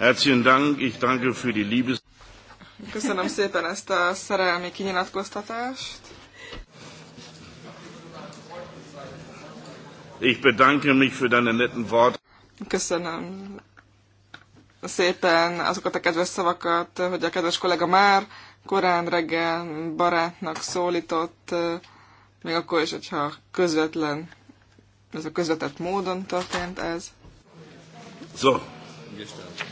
Herzlichen Dank, ich danke für die Liebes... Köszönöm szépen ezt a szerelmi kinyilatkoztatást. Ich bedanke mich für deine netten Worte. Köszönöm szépen azokat a kedves szavakat, hogy a kedves kollega már korán reggel barátnak szólított, még akkor is, hogyha közvetlen, ez a közvetett módon történt ez. So. Gestalt.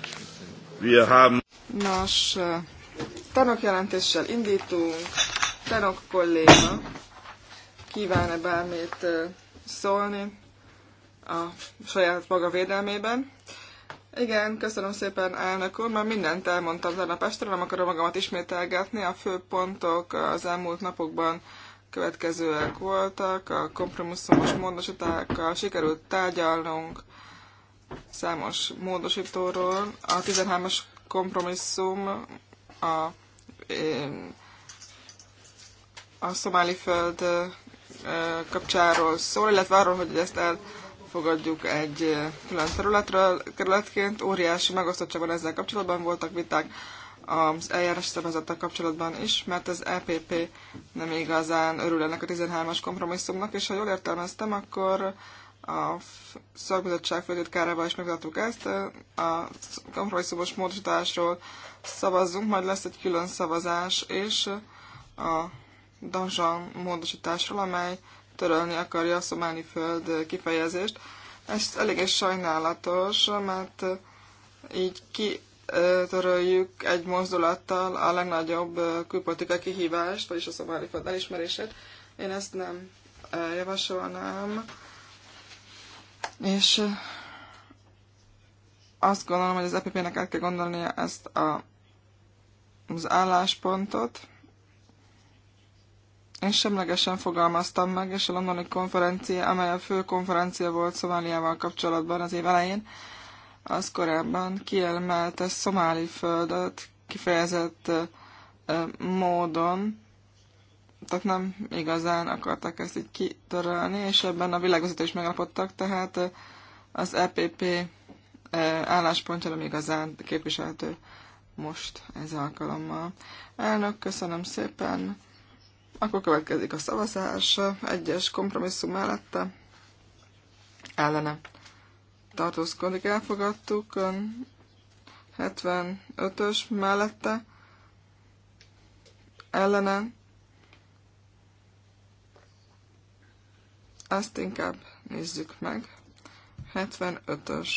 Wir haben... Nos, tanokjelentéssel indítunk. Tanok kolléga kíván-e bármit szólni a saját maga védelmében? Igen, köszönöm szépen, elnök úr, mert mindent elmondtam tegnap este, nem akarom magamat ismételgetni. A fő pontok az elmúlt napokban következőek voltak, a kompromisszumos módosítákkal sikerült tárgyalnunk számos módosítóról. A 13-as kompromisszum a, a szomáli föld kapcsáról szól, illetve arról, hogy ezt elfogadjuk egy külön területről, kerületként. Óriási megosztottságban ezzel kapcsolatban voltak viták az eljárás szabályzattal kapcsolatban is, mert az EPP nem igazán örül ennek a 13-as kompromisszumnak, és ha jól értelmeztem, akkor a szakbizottság főtitkárával is megadtuk ezt. A kompromisszumos módosításról szavazzunk, majd lesz egy külön szavazás, és a Dajan módosításról, amely törölni akarja a szomáli föld kifejezést. Ez eléggé sajnálatos, mert így kitöröljük egy mozdulattal a legnagyobb külpolitikai kihívást, vagyis a szomáli föld elismerését. Én ezt nem javasolnám és azt gondolom, hogy az EPP-nek át kell gondolnia ezt a, az álláspontot. Én semlegesen fogalmaztam meg, és a londoni konferencia, amely a fő konferencia volt Szomáliával kapcsolatban az év elején, az korábban kiemelte Szomáli földet kifejezett módon, tehát nem igazán akartak ezt így kitörölni, és ebben a világvezető is megalapodtak, tehát az EPP álláspontja nem igazán képviselhető most ez alkalommal. Elnök, köszönöm szépen. Akkor következik a szavazás egyes kompromisszum mellette. Ellene. Tartózkodik, elfogadtuk. 75-ös mellette. Ellene Azt inkább nézzük meg. 75-ös.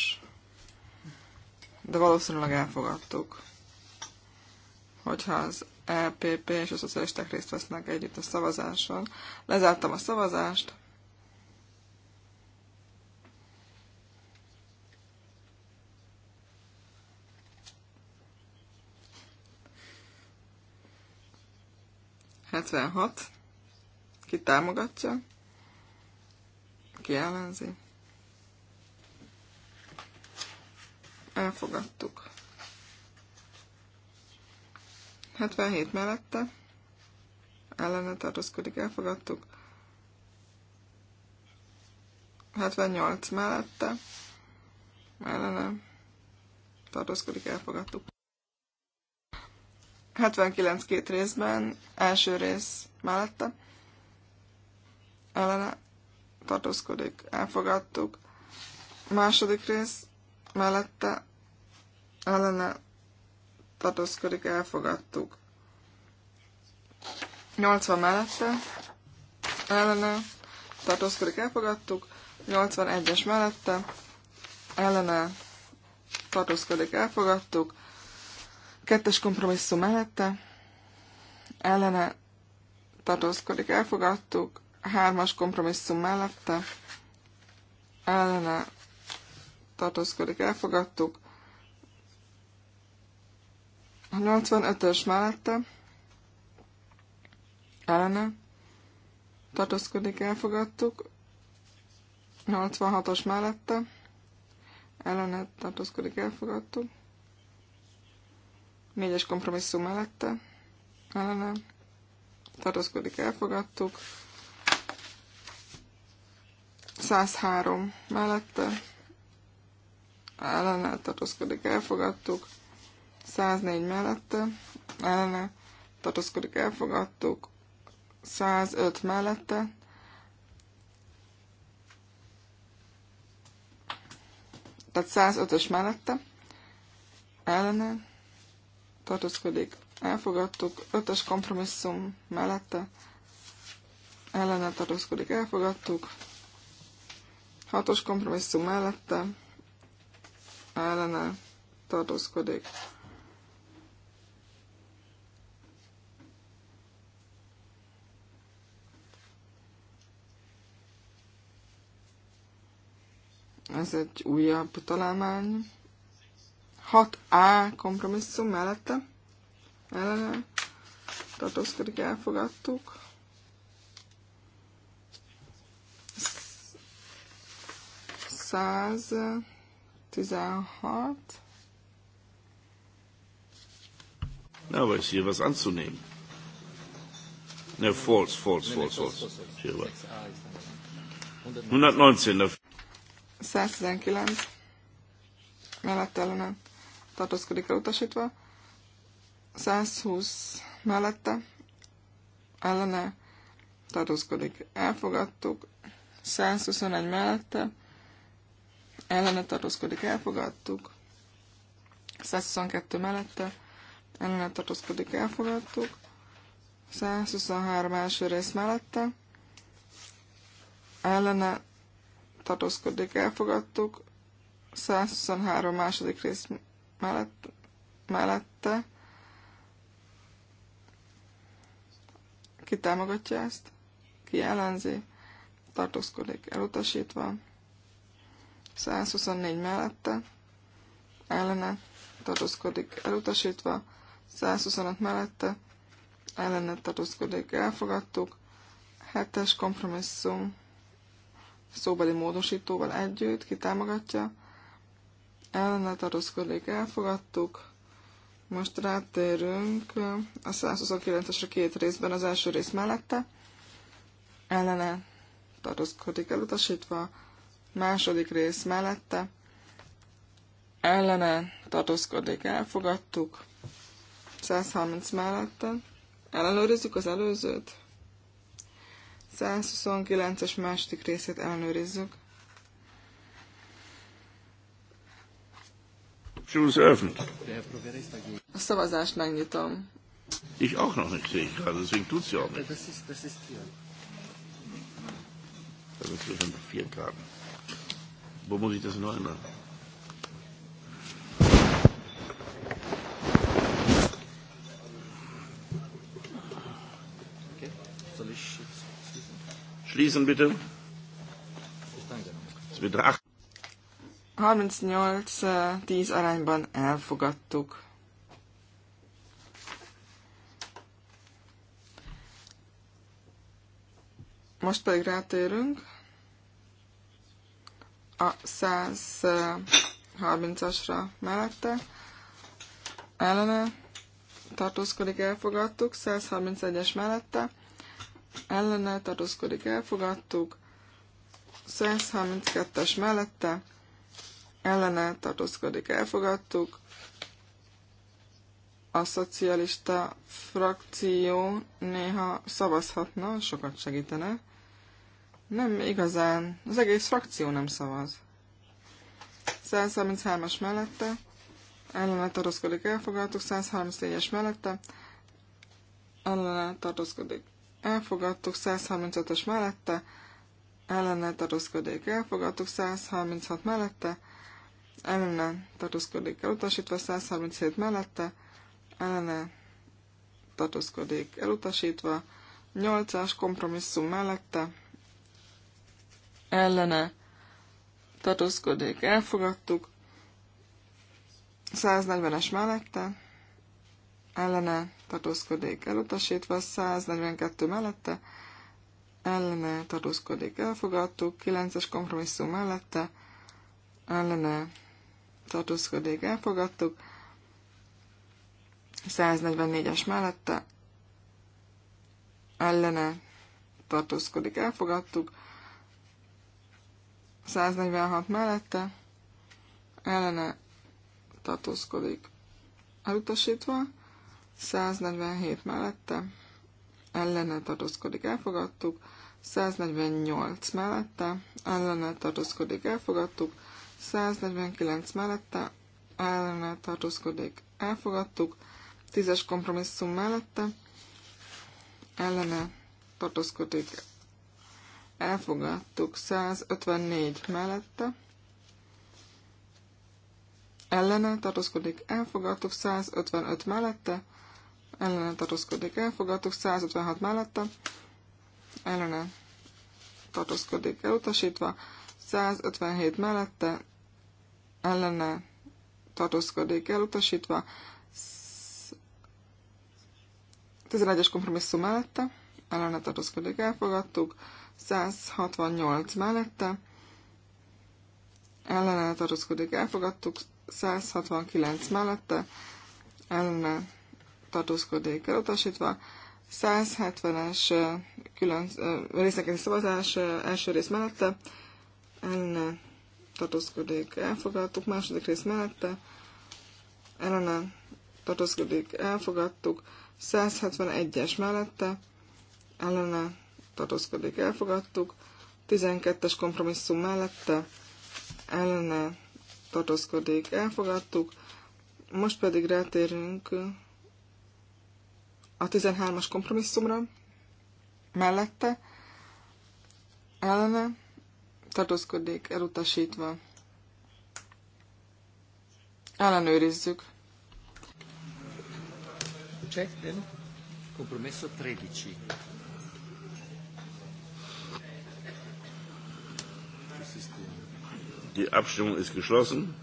De valószínűleg elfogadtuk. Hogyha az EPP és a szocialisták részt vesznek együtt a szavazáson. Lezártam a szavazást. Hetvenhat. Ki támogatja? ki ellenzi. Elfogadtuk. 77 mellette ellene tartózkodik, elfogadtuk. 78 mellette ellene tartózkodik, elfogadtuk. 79 két részben, első rész mellette ellene tartózkodik, elfogadtuk. Második rész mellette ellene tartózkodik, elfogadtuk. 80 mellette ellene tartózkodik, elfogadtuk. 81-es mellette ellene tartózkodik, elfogadtuk. Kettes kompromisszum mellette ellene tartózkodik, elfogadtuk hármas kompromisszum mellette ellene tartózkodik, elfogadtuk. A 85-ös mellette ellene tartózkodik, elfogadtuk. 86-os mellette ellene tartózkodik, elfogadtuk. 4-es kompromisszum mellette ellene tartózkodik, elfogadtuk. 103 mellette ellene tartózkodik, elfogadtuk. 104 mellette ellene tartózkodik, elfogadtuk. 105 mellette tehát 105-ös mellette ellene tartózkodik, elfogadtuk, 5-ös kompromisszum mellette ellene tartózkodik, elfogadtuk, Hatos kompromisszum mellette ellene tartózkodik. Ez egy újabb találmány. 6A kompromisszum mellette ellene tartózkodik, elfogadtuk. 116. Na, aber ist hier was anzunehmen. Ne, false, false, false, false. Hier war. 119 119. Mellett ellene tartózkodik elutasítva. 120 mellette ellene tartózkodik. Elfogadtuk. 121 mellette ellene tartózkodik, elfogadtuk. 122 mellette ellene tartózkodik, elfogadtuk. 123 első rész mellette ellene tartózkodik, elfogadtuk. 123 második rész mellett, mellette ki támogatja ezt, ki ellenzi, tartózkodik elutasítva. 124 mellette, ellene tartózkodik elutasítva, 125 mellette, ellene tartózkodik elfogadtuk, 7-es kompromisszum szóbeli módosítóval együtt, ki támogatja, ellene tartózkodik elfogadtuk, most rátérünk a 129-esre két részben az első rész mellette, ellene tartózkodik elutasítva, Második rész mellette ellene tartózkodik, elfogadtuk. 130 mellette. Ellenőrizzük az előzőt. 129-es második részét ellenőrizzük. A szavazást megnyitom. Ich auch noch nicht sehe ich gerade, deswegen tut sie auch nicht. Das ist, das ist hier. Da sind vier Karten. Wo muss ich das noch ändern? Schließen bitte. Es wird 38-10 arányban elfogadtuk. Most pedig rátérünk a 130-asra mellette, ellene tartózkodik, elfogadtuk, 131-es mellette, ellene tartózkodik, elfogadtuk, 132-es mellette, ellene tartózkodik, elfogadtuk, a szocialista frakció néha szavazhatna, sokat segítene. Nem igazán. Az egész frakció nem szavaz. 133-as mellette. Ellene tartózkodik, elfogadtuk. 134-es mellette. Ellene tartózkodik, elfogadtuk. 135-ös mellette. Ellene tartózkodik, elfogadtuk. 136 mellette. Ellene tartózkodik, elutasítva. 137 mellette. Ellene tartózkodik, elutasítva. 8-as kompromisszum mellette ellene tartózkodik, elfogadtuk. 140-es mellette ellene tartózkodik, elutasítva. 142 mellette ellene tartózkodik, elfogadtuk. 9-es kompromisszum mellette ellene tartózkodik, elfogadtuk. 144-es mellette ellene tartózkodik, elfogadtuk. 146 mellette ellene tartózkodik elutasítva, 147 mellette ellene tartózkodik elfogadtuk, 148 mellette ellene tartózkodik elfogadtuk, 149 mellette ellene tartózkodik elfogadtuk, 10-es kompromisszum mellette ellene tartózkodik elfogadtuk 154 mellette, ellene tartózkodik, elfogadtuk 155 mellette, ellene tartózkodik, elfogadtuk 156 mellette, ellene tartózkodik, elutasítva 157 mellette, ellene tartózkodik, elutasítva 11-es kompromisszum mellette, ellene tartózkodik, elfogadtuk 168 mellette, ellene tartózkodik, elfogadtuk, 169 mellette, ellene tartózkodik, elutasítva, 170-es külön szavazás első rész mellette, ellene tartózkodik, elfogadtuk, második rész mellette, ellene tartózkodik, elfogadtuk, 171-es mellette, ellene tartózkodik, elfogadtuk. 12-es kompromisszum mellette ellene tartózkodik, elfogadtuk. Most pedig rátérünk a 13-as kompromisszumra mellette ellene tartózkodik, elutasítva. Ellenőrizzük. Check, then. Compromesso 13. Die Abstimmung ist geschlossen.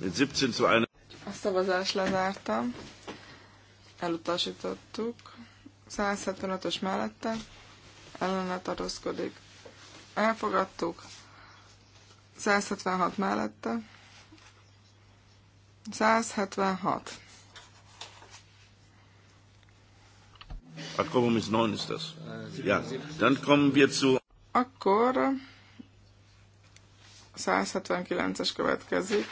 Mit 17 zu 1. A szavazás lezárta. Elutasítottuk. 175-ös mellette ellene tartózkodik. Elfogadtuk. 176 mellette. 176. Akkor, Kompromiss 9 ist das. Ja, dann kommen wir zu. Akkor 179-es következik.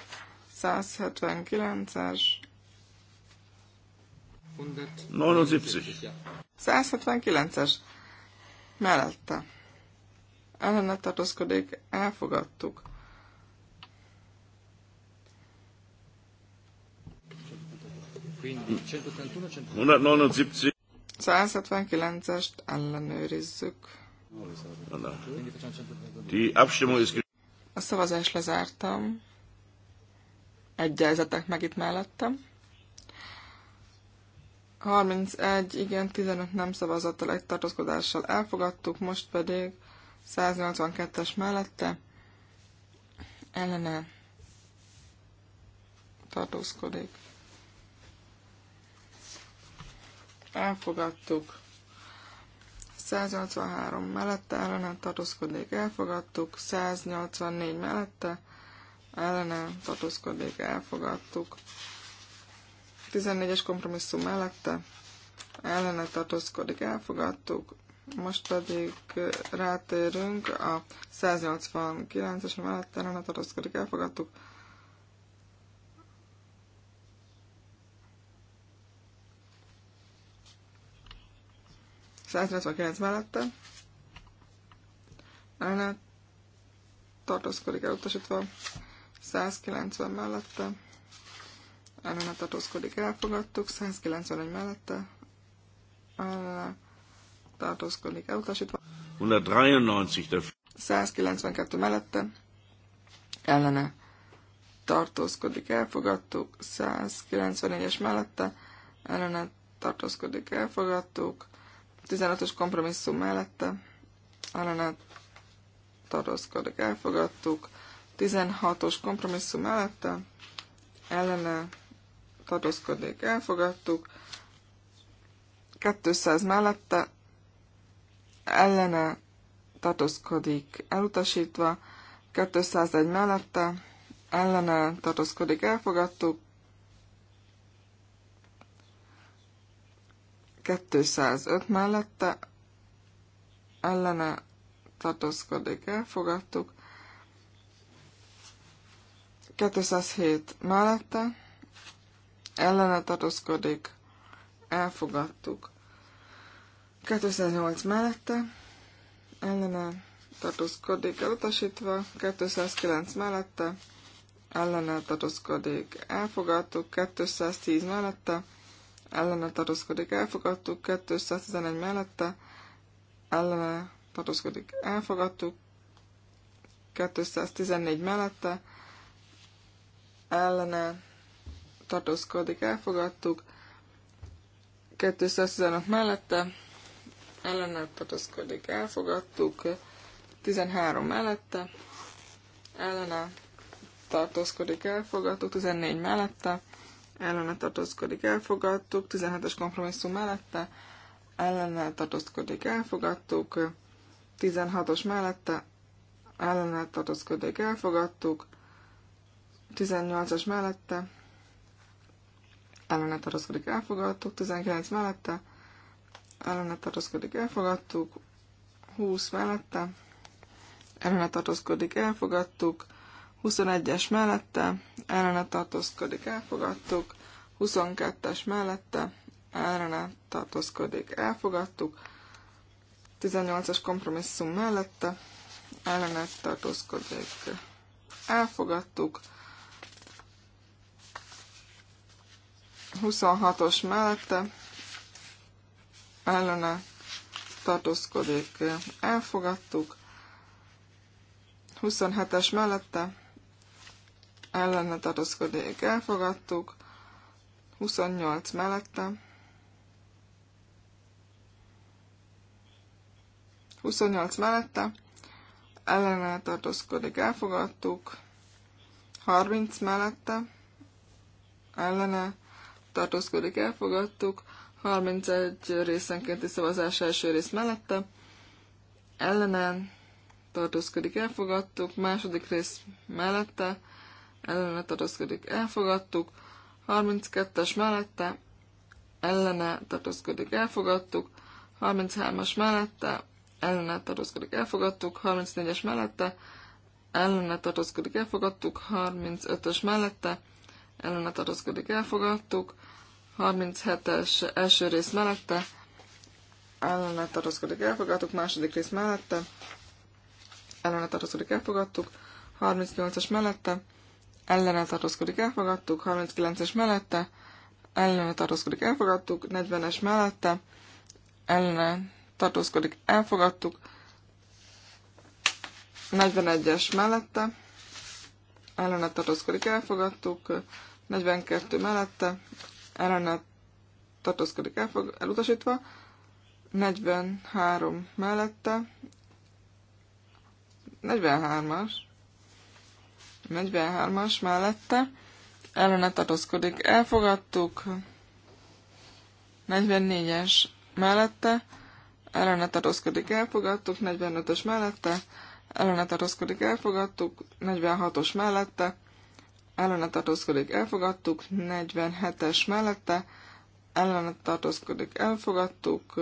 179-es. 179-es. Mellette. Ellene tartózkodik, elfogadtuk. Quindi 171 179-est ellenőrizzük. Die Abstimmung ist a szavazást lezártam. Egyelzetek meg itt mellettem. 31, igen, 15 nem szavazattal, egy tartózkodással elfogadtuk, most pedig 182-es mellette ellene tartózkodik. Elfogadtuk. 183 mellette ellenem tartózkodik, elfogadtuk. 184 mellette ellenem tartózkodik, elfogadtuk. 14-es kompromisszum mellette ellene tartózkodik, elfogadtuk. Most pedig rátérünk a 189-es mellette ellene tartózkodik, elfogadtuk. 189 mellette. Ellene tartózkodik elutasítva. 190 mellette. Ellene tartózkodik elfogadtuk. 191 mellette. Ellene tartózkodik elutasítva. 193 192 mellette. Ellene tartózkodik elfogadtuk. 194-es mellette. Ellene tartózkodik elfogadtuk. 16-os kompromisszum mellette ellene tartózkodik, elfogadtuk. 16-os kompromisszum mellette ellene tartózkodik, elfogadtuk. 200 mellette ellene tartózkodik, elutasítva. 201 mellette ellene tartózkodik, elfogadtuk. 205 mellette ellene tartózkodik, elfogadtuk. 207 mellette ellene tartózkodik, elfogadtuk. 208 mellette ellene tartózkodik, elutasítva. 209 mellette ellene tartózkodik, elfogadtuk. 210 mellette ellene tartózkodik, elfogadtuk, 211 mellette, ellene tartózkodik, elfogadtuk, 214 mellette, ellene tartózkodik, elfogadtuk, 215 mellette, ellene tartózkodik, elfogadtuk, 13 mellette, ellene tartózkodik, elfogadtuk, 14 mellette, ellene tartózkodik, elfogadtuk, 17-es kompromisszum mellette, ellene tartózkodik, elfogadtuk, 16-os mellette, ellene tartózkodik, elfogadtuk, 18-as mellette, ellene tartózkodik, elfogadtuk, 19 mellette, ellene tartózkodik, elfogadtuk, 20 mellette, ellene tartózkodik, elfogadtuk, 21-es mellette ellene tartózkodik, elfogadtuk. 22-es mellette ellene tartózkodik, elfogadtuk. 18-as kompromisszum mellette ellene tartózkodik, elfogadtuk. 26-os mellette ellene tartózkodik, elfogadtuk. 27-es mellette ellene tartózkodik, elfogadtuk. 28 mellette. 28 mellette. Ellene tartózkodik, elfogadtuk. 30 mellette. Ellene tartózkodik, elfogadtuk. 31 részenkénti szavazás első rész mellette. Ellenen tartózkodik, elfogadtuk. Második rész mellette ellene tartozkodik, elfogadtuk. 32-es mellette ellene tartozkodik, elfogadtuk. 33-as mellette ellene tartozkodik, elfogadtuk. 34-es mellette ellene tartozkodik, elfogadtuk. 35-ös mellette ellene tartozkodik, elfogadtuk. 37-es első rész mellette ellene tartozkodik, elfogadtuk. Második rész mellette ellene tartozkodik, elfogadtuk. 38-as mellette ellene tartózkodik, elfogadtuk, 39-es mellette, ellene tartózkodik, elfogadtuk, 40-es mellette, ellene tartózkodik, elfogadtuk, 41-es mellette, ellene tartózkodik, elfogadtuk, 42 mellette, ellene tartózkodik, elfog, elutasítva, 43 mellette, 43-as, 43-as mellette ellene tartózkodik. Elfogadtuk. 44-es mellette ellene tartózkodik. Elfogadtuk. 45-ös mellette ellene tartózkodik. Elfogadtuk. 46-os mellette ellene tartózkodik. Elfogadtuk. 47-es mellette ellene tartózkodik. Elfogadtuk.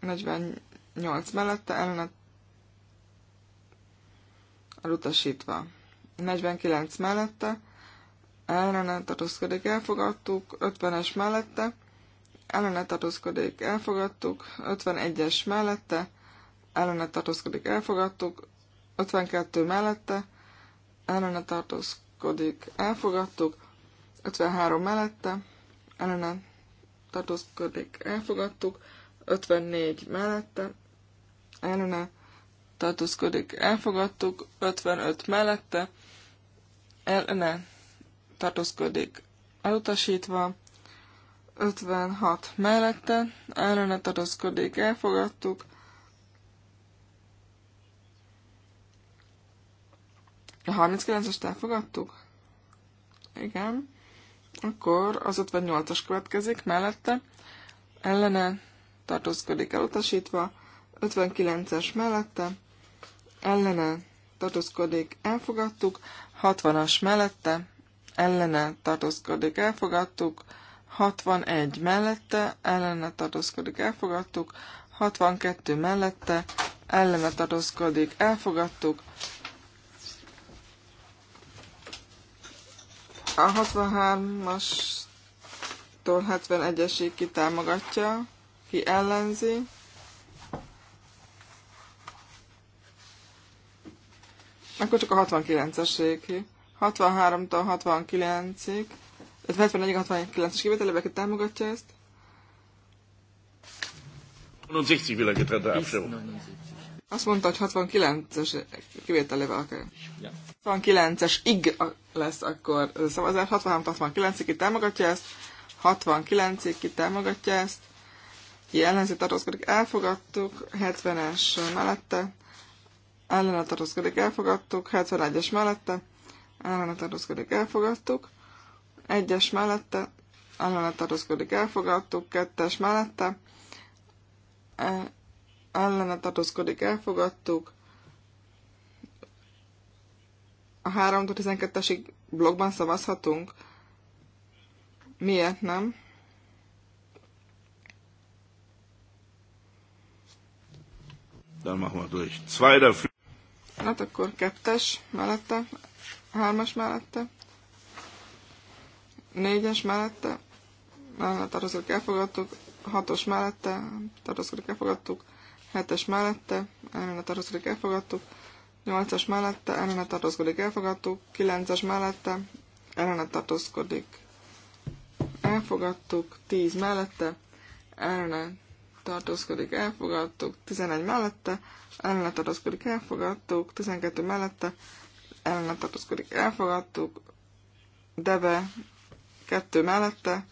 48 mellette ellene elutasítva. 49 mellette, ellene tartózkodik, elfogadtuk, 50-es mellette, ellene tartózkodik, elfogadtuk, 51-es mellette, ellene tartózkodik, elfogadtuk, 52 mellette, ellene tartózkodik, elfogadtuk, 53 mellette, ellene tartózkodik, elfogadtuk, 54 mellette, ellene tartózkodik, elfogadtuk, 55 mellette, ellene tartózkodik elutasítva, 56 mellette ellene tartózkodik elfogadtuk, 39-est elfogadtuk? Igen. Akkor az 58-as következik mellette. Ellene tartózkodik elutasítva. 59-es mellette. Ellene tartózkodik elfogadtuk. 60-as mellette ellene tartózkodik, elfogadtuk. 61 mellette ellene tartózkodik, elfogadtuk. 62 mellette ellene tartózkodik, elfogadtuk. A 63-astól 71-esig kitámogatja, ki ellenzi, Akkor csak a 69-eségi. 63-tól 69-ig. 71 69-es kivételébe ki támogatja ezt? 69 világít a Azt mondta, hogy 69-es kivételével akar. 69-es ig lesz akkor szavazás. 63-69-ig ki támogatja ezt. 69-ig ki támogatja ezt. Ki ellenzi tartózkodik. Elfogadtuk. 70-es mellette ellene tartózkodik, elfogadtuk, 71-es mellette, ellene tartózkodik, elfogadtuk, 1-es mellette, ellene tartózkodik, elfogadtuk, 2-es mellette, e, ellene tartózkodik, elfogadtuk, a 3-12-esig blogban szavazhatunk? Miért nem? Dann machen wir durch. Zwei dafür bocsánat, akkor kettes mellette, hármas mellette, négyes mellette, mellette tartozkodik elfogadtuk, hatos mellette, tartozkodik elfogadtuk, hetes mellette, elméne tartozkodik elfogadtuk, nyolcas mellette, elméne tartozkodik elfogadtuk, kilences mellette, elméne tartozkodik elfogadtuk, tíz mellette, elméne tartózkodik, elfogadtuk, 11 mellette, ellene tartózkodik, elfogadtuk, 12 mellette, ellene tartózkodik, elfogadtuk, deve 2 mellette,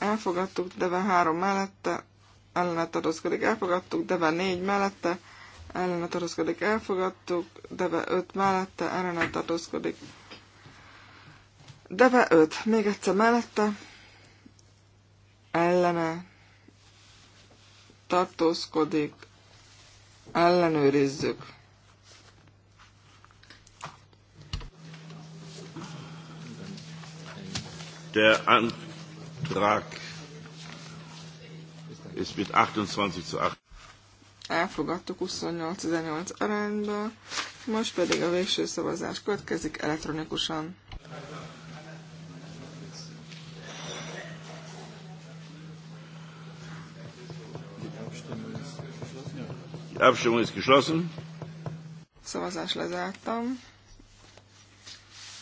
elfogadtuk, deve 3 mellette, ellene tartózkodik, elfogadtuk, deve 4 mellette, ellene tartózkodik, elfogadtuk, deve 5 mellette, ellene tartózkodik, deve 5, még egyszer mellette, ellene tartózkodik, ellenőrizzük. Der Antrag ist mit 28 zu 8. Elfogadtuk 28-18 arányba, most pedig a végső szavazás következik elektronikusan. Abstimmung ist geschlossen. Szavazás lezártam.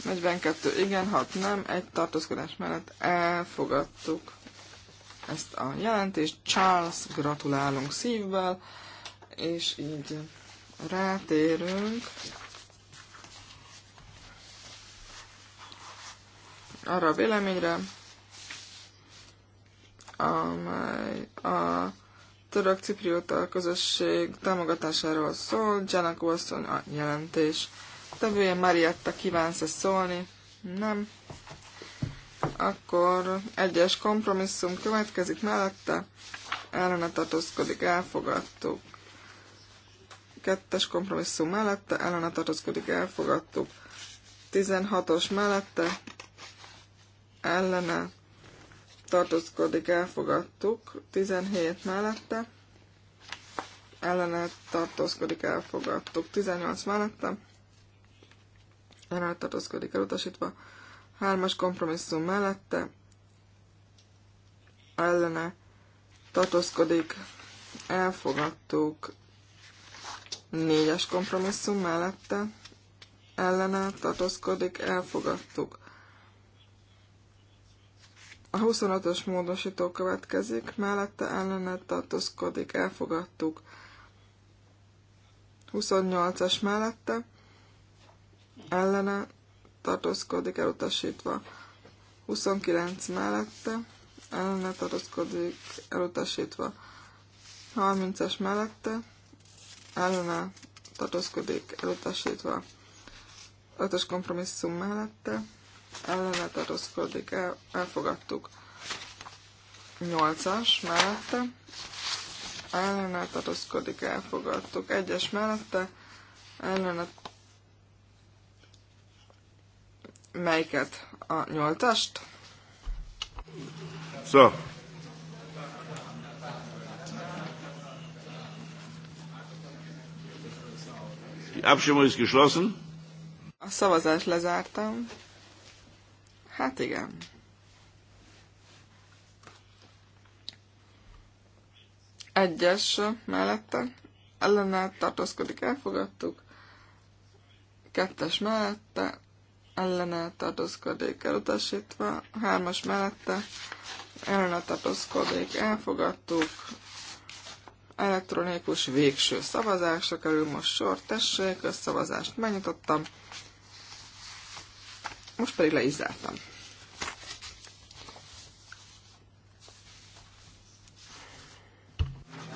42 igen, 6 nem, egy tartózkodás mellett elfogadtuk ezt a jelentést. Charles, gratulálunk szívvel, és így rátérünk arra a véleményre, amely a török cipriota közösség támogatásáról szól, Janak Olszon a jelentés. Tevője Marietta kívánsz -e szólni? Nem. Akkor egyes kompromisszum következik mellette, erre ne tartózkodik, elfogadtuk. Kettes kompromisszum mellette, ellene tartózkodik, elfogadtuk. 16-os mellette, ellene tartózkodik, elfogadtuk. 17 mellette ellene tartózkodik, elfogadtuk. 18 mellette ellene tartózkodik, elutasítva. 3-as kompromisszum mellette ellene tartózkodik, elfogadtuk. 4-es kompromisszum mellette ellene tartózkodik, elfogadtuk. A 26-os módosító következik, mellette ellenet tartózkodik, elfogadtuk. 28-as mellette ellene tartózkodik, elutasítva. 29 mellette ellene tartózkodik, elutasítva. 30-as mellette ellene tartózkodik, elutasítva. 5-ös kompromisszum mellette ellene tartózkodik, el, elfogadtuk. 8-as mellette, ellene tartózkodik, elfogadtuk. Egyes mellette, ellenet... melyiket? A 8-ast? So. Die Abstimmung ist geschlossen. A szavazást lezártam. Hát igen. Egyes mellette ellene tartózkodik, elfogadtuk. Kettes mellette ellene tartózkodik, elutasítva. Hármas mellette ellene tartózkodik, elfogadtuk. Elektronikus végső szavazásra kerül most sor. Tessék, szavazást megnyitottam. Most pedig le is zártam.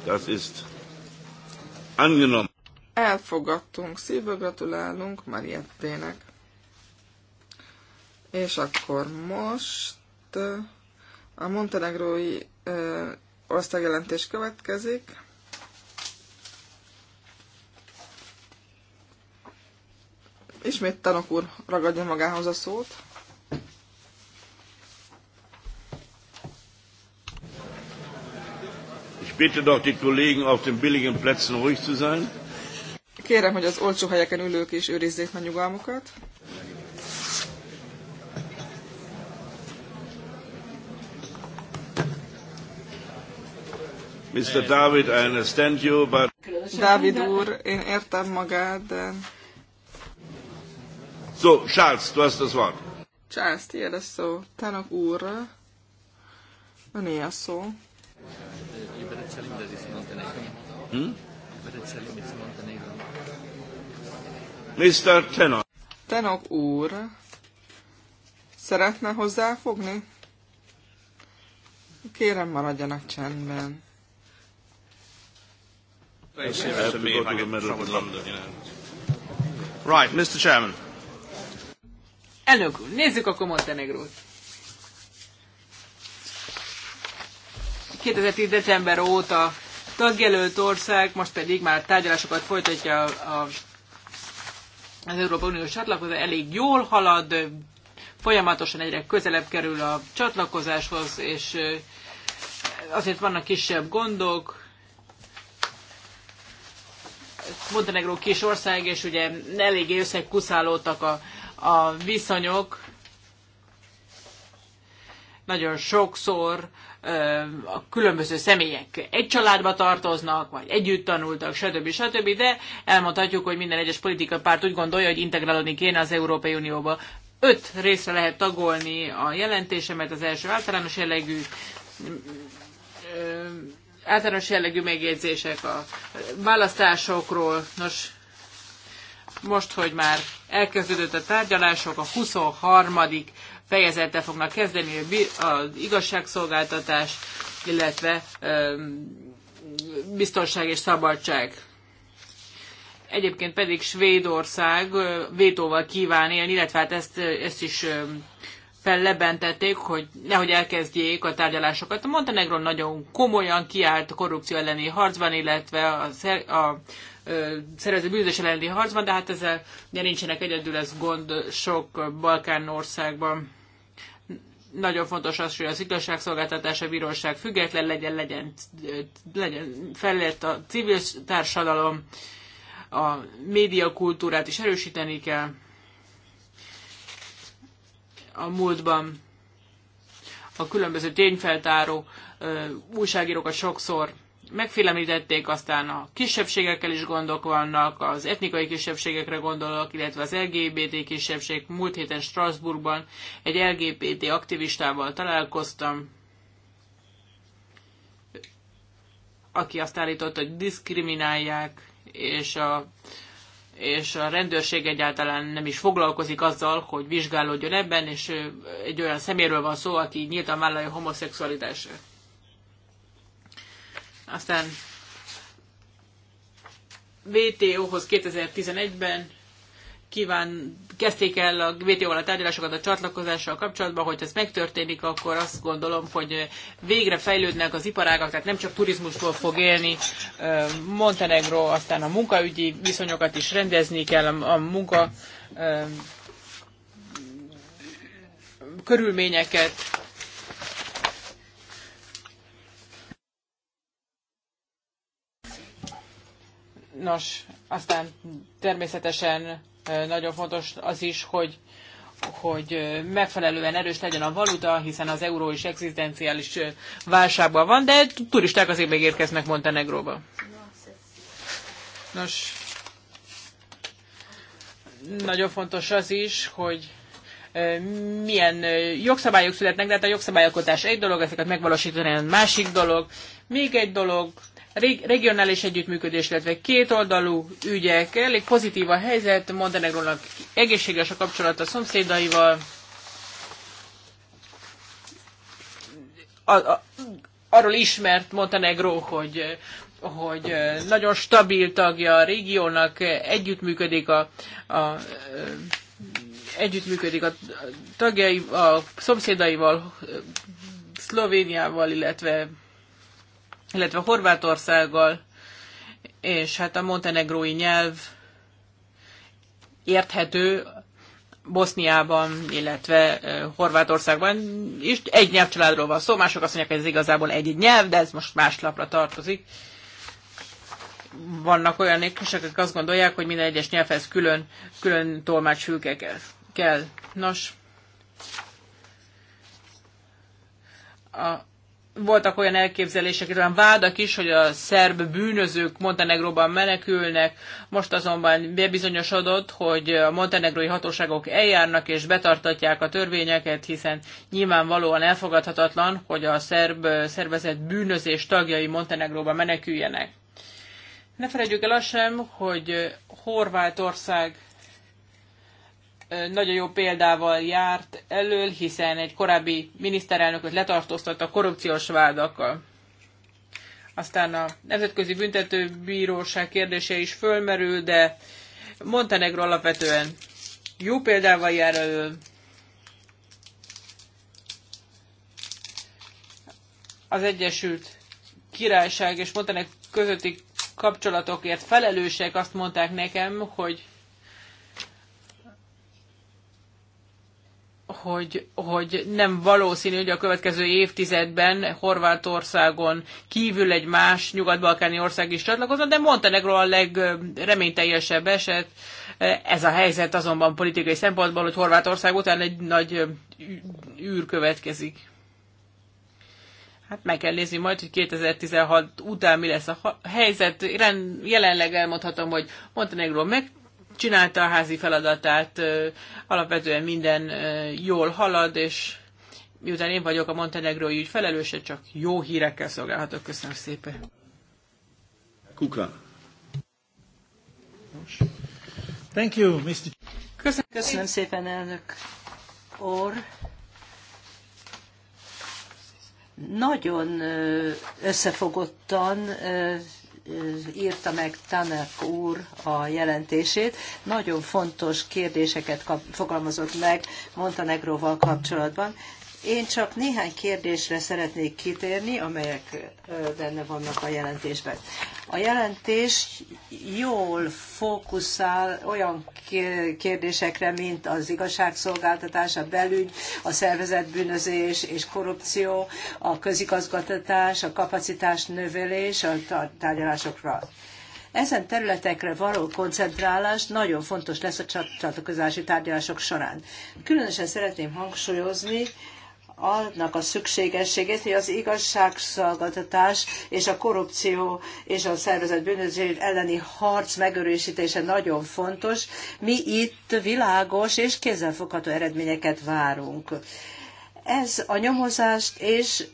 Das ist angenommen. Elfogadtunk, szívből gratulálunk Mariettének. És akkor most a montenegrói ö, országjelentés következik. Ismét tanok úr ragadja magához a szót. Ich bitte doch die Kollegen auf den billigen Plätzen ruhig zu sein. Kérem, hogy az olcsó helyeken ülők is őrizzék meg nyugalmukat. Mr. David, I understand you, but... David úr, én értem magát, de So, Charles, du hast das Wort. Charles, tiéd a szó. Tanok úr, Und ja, so. Hm? Mr. Tenok. Tenok úr, szeretne hozzáfogni? Kérem, maradjanak csendben. Right, Mr. Chairman. Elnök úr, nézzük akkor Montenegrót. 2010. december óta tagjelölt ország, most pedig már tárgyalásokat folytatja a, a, az Európai Uniós csatlakozás, elég jól halad, folyamatosan egyre közelebb kerül a csatlakozáshoz, és azért vannak kisebb gondok. Montenegró kis ország, és ugye eléggé összekuszálódtak a, a viszonyok nagyon sokszor a különböző személyek egy családba tartoznak, vagy együtt tanultak, stb. stb. De elmondhatjuk, hogy minden egyes politikai párt úgy gondolja, hogy integrálódni kéne az Európai Unióba. Öt részre lehet tagolni a jelentésemet, az első általános jellegű általános jellegű megjegyzések a választásokról. Nos, most, hogy már elkezdődött a tárgyalások, a 23. fejezete fognak kezdeni az igazságszolgáltatás, illetve biztonság és szabadság. Egyébként pedig Svédország vétóval kíván élni, illetve hát ezt, ezt is fellebentették, hogy nehogy elkezdjék a tárgyalásokat. A Montenegro nagyon komolyan kiállt a korrupció elleni harcban, illetve a, a szerező bűnözés elleni harcban, de hát ezzel ugye nincsenek egyedül, ez gond sok Balkán országban. Nagyon fontos az, hogy az igazságszolgáltatás, a bíróság független legyen, legyen, legyen felett a civil társadalom, a médiakultúrát is erősíteni kell. A múltban a különböző tényfeltáró újságírókat sokszor megfélemlítették, aztán a kisebbségekkel is gondok vannak, az etnikai kisebbségekre gondolok, illetve az LGBT kisebbség. Múlt héten Strasbourgban egy LGBT aktivistával találkoztam, aki azt állította, hogy diszkriminálják, és a, és a rendőrség egyáltalán nem is foglalkozik azzal, hogy vizsgálódjon ebben, és egy olyan szeméről van szó, aki nyíltan vállalja homoszexualitását. Aztán WTO-hoz 2011-ben kíván, kezdték el a WTO-val a tárgyalásokat a csatlakozással kapcsolatban, hogy ez megtörténik, akkor azt gondolom, hogy végre fejlődnek az iparágak, tehát nem csak turizmusból fog élni Montenegro, aztán a munkaügyi viszonyokat is rendezni kell, a munka körülményeket, Nos, aztán természetesen nagyon fontos az is, hogy hogy megfelelően erős legyen a valuta, hiszen az euró is egzisztenciális válságban van, de turisták azért még érkeznek Montenegróba. Nos, nagyon fontos az is, hogy milyen jogszabályok születnek, de hát a jogszabályalkotás egy dolog, ezeket megvalósítani egy másik dolog. Még egy dolog, regionális együttműködés, illetve kétoldalú ügyek. Elég pozitív a helyzet, Montenegrónak egészséges a kapcsolata a szomszédaival. A, a, arról ismert Montenegró, hogy hogy nagyon stabil tagja a régiónak, együttműködik a, a, a együttműködik a tagjai, a szomszédaival, Szlovéniával, illetve illetve Horvátországgal, és hát a montenegrói nyelv érthető Boszniában, illetve Horvátországban is. Egy nyelvcsaládról van szó, mások azt mondják, hogy ez igazából egy nyelv, de ez most más lapra tartozik. Vannak olyan is, akik azt gondolják, hogy minden egyes nyelvhez külön, külön tolmácsfülke kell. Nos, a voltak olyan elképzelések, olyan vádak is, hogy a szerb bűnözők Montenegróban menekülnek, most azonban bebizonyosodott, hogy a montenegrói hatóságok eljárnak és betartatják a törvényeket, hiszen nyilvánvalóan elfogadhatatlan, hogy a szerb szervezet bűnözés tagjai Montenegróban meneküljenek. Ne felejtjük el azt sem, hogy Horvátország nagyon jó példával járt elől, hiszen egy korábbi miniszterelnököt letartóztatta korrupciós vádakkal. Aztán a Nemzetközi Büntetőbíróság kérdése is fölmerül, de Montenegro alapvetően jó példával jár elől. Az Egyesült Királyság és Montenegro közötti kapcsolatokért felelősek azt mondták nekem, hogy hogy, hogy nem valószínű, hogy a következő évtizedben Horvátországon kívül egy más nyugat-balkáni ország is csatlakozna, de Montenegro a legreményteljesebb eset. Ez a helyzet azonban politikai szempontból, hogy Horvátország után egy nagy űr következik. Hát meg kell nézni majd, hogy 2016 után mi lesz a helyzet. Jelenleg elmondhatom, hogy Montenegro meg csinálta a házi feladatát, alapvetően minden jól halad, és miután én vagyok a montenegrói ügy felelőse, csak jó hírekkel szolgálhatok. Köszönöm szépen. Kuka. Thank you, Mr. Köszönöm, Köszönöm szépen, elnök Or Nagyon összefogottan írta meg Tanek úr a jelentését. Nagyon fontos kérdéseket kap, fogalmazott meg Montenegróval kapcsolatban, én csak néhány kérdésre szeretnék kitérni, amelyek benne vannak a jelentésben. A jelentés jól fókuszál olyan kérdésekre, mint az igazságszolgáltatás, a belügy, a szervezetbűnözés és korrupció, a közigazgatás, a kapacitás növelés, a tárgyalásokra. Ezen területekre való koncentrálás nagyon fontos lesz a csatlakozási tárgyalások során. Különösen szeretném hangsúlyozni, annak a szükségességét, hogy az igazságszolgáltatás és a korrupció és a szervezet bűnözés elleni harc megerősítése nagyon fontos. Mi itt világos és kézzelfogható eredményeket várunk. Ez a nyomozást és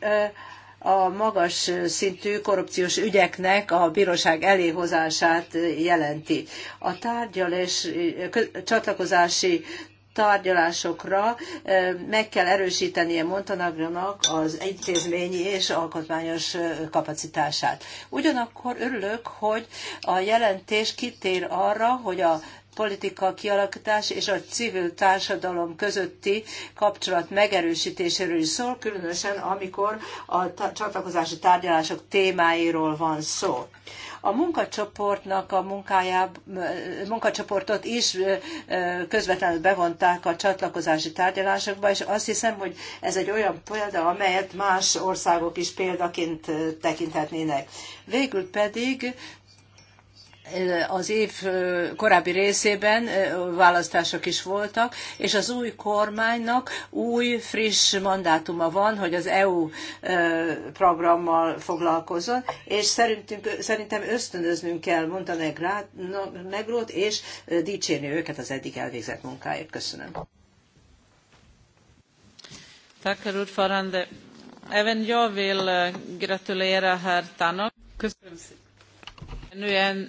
a magas szintű korrupciós ügyeknek a bíróság eléhozását jelenti. A tárgyalás csatlakozási tárgyalásokra meg kell erősítenie Montenegrónak az intézményi és alkotmányos kapacitását. Ugyanakkor örülök, hogy a jelentés kitér arra, hogy a politika kialakítás és a civil társadalom közötti kapcsolat megerősítéséről is szól, különösen amikor a csatlakozási tárgyalások témáiról van szó. A munkacsoportnak a munkájába, eh, munkacsoportot is eh, eh, közvetlenül bevonták a csatlakozási tárgyalásokba, és azt hiszem, hogy ez egy olyan példa, amelyet más országok is példaként tekinthetnének. Végül pedig az év korábbi részében választások is voltak, és az új kormánynak új, friss mandátuma van, hogy az EU programmal foglalkozzon, és szerintünk, szerintem ösztönöznünk kell Montenegrót, és dicsérni őket az eddig elvégzett munkáért. Köszönöm. Köszönöm szépen. Uh,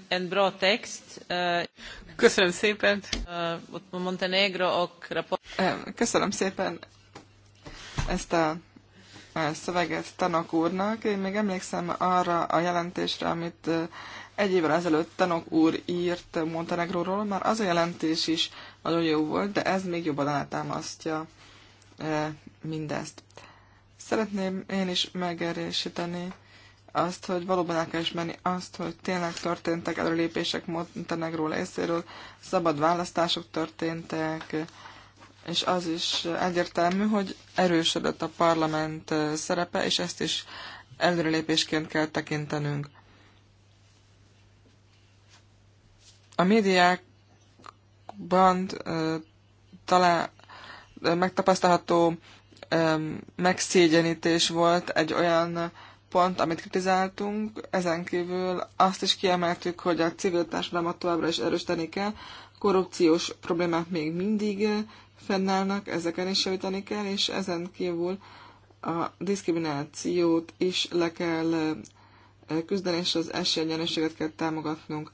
köszönöm szépen. Uh, Montenegro Köszönöm szépen ezt a szöveget Tanok úrnak. Én még emlékszem arra a jelentésre, amit egy évvel ezelőtt Tanok úr írt Montenegróról. Már az a jelentés is nagyon jó volt, de ez még jobban alátámasztja mindezt. Szeretném én is megerősíteni azt, hogy valóban el kell ismerni azt, hogy tényleg történtek előlépések Montenegró részéről, szabad választások történtek, és az is egyértelmű, hogy erősödött a parlament szerepe, és ezt is előrelépésként kell tekintenünk. A médiákban talán megtapasztalható megszégyenítés volt egy olyan pont, amit kritizáltunk, ezen kívül azt is kiemeltük, hogy a civil társadalmat továbbra is erősíteni kell, korrupciós problémák még mindig fennállnak, ezeken is javítani kell, és ezen kívül a diszkriminációt is le kell eh, küzdeni, és az esélyegyenlőséget kell támogatnunk.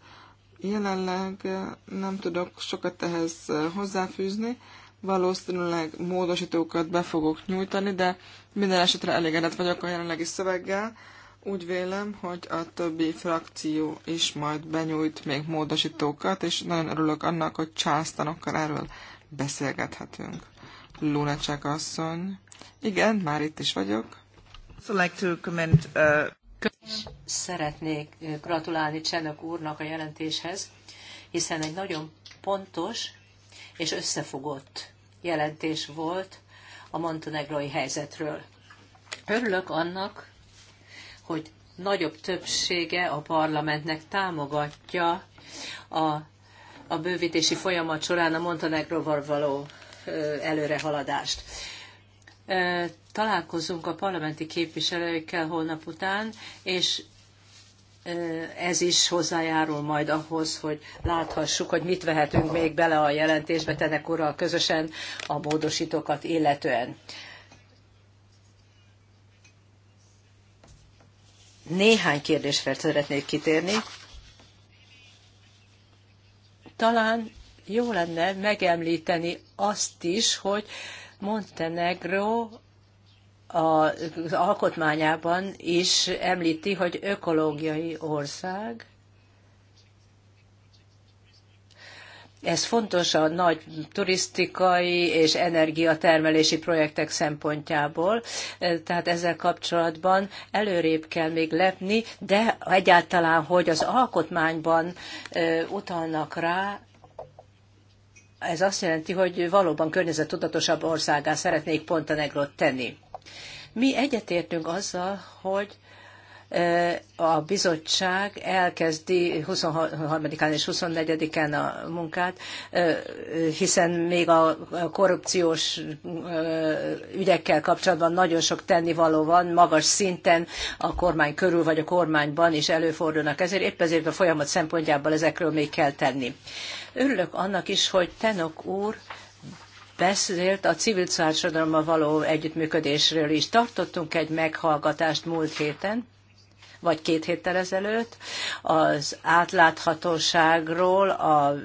Jelenleg eh, nem tudok sokat ehhez eh, hozzáfűzni, Valószínűleg módosítókat be fogok nyújtani, de minden esetre elégedett vagyok a jelenlegi szöveggel. Úgy vélem, hogy a többi frakció is majd benyújt még módosítókat, és nagyon örülök annak, hogy császtanokkal erről beszélgethetünk. Lunacek asszony. Igen, már itt is vagyok. So like to comment, uh, Szeretnék uh, gratulálni Csenök úrnak a jelentéshez, hiszen egy nagyon pontos és összefogott jelentés volt a montenegrói helyzetről. Örülök annak, hogy nagyobb többsége a parlamentnek támogatja a, a bővítési folyamat során a Montenegróval való előrehaladást. Találkozunk a parlamenti képviselőkkel holnap után, és ez is hozzájárul majd ahhoz, hogy láthassuk, hogy mit vehetünk még bele a jelentésbe Tenek ura közösen a módosítókat illetően. Néhány kérdésre szeretnék kitérni. Talán jó lenne megemlíteni azt is, hogy Montenegro az alkotmányában is említi, hogy ökológiai ország. Ez fontos a nagy turisztikai és energiatermelési projektek szempontjából, tehát ezzel kapcsolatban előrébb kell még lepni, de egyáltalán, hogy az alkotmányban utalnak rá, ez azt jelenti, hogy valóban környezettudatosabb országá szeretnék Pontenegrot tenni. Mi egyetértünk azzal, hogy e, a bizottság elkezdi 23-án és 24-án a munkát, e, hiszen még a korrupciós e, ügyekkel kapcsolatban nagyon sok tennivaló van, magas szinten a kormány körül vagy a kormányban is előfordulnak, ezért épp ezért a folyamat szempontjából ezekről még kell tenni. Örülök annak is, hogy Tenok úr beszélt a civil társadalommal való együttműködésről is. Tartottunk egy meghallgatást múlt héten, vagy két héttel ezelőtt, az átláthatóságról a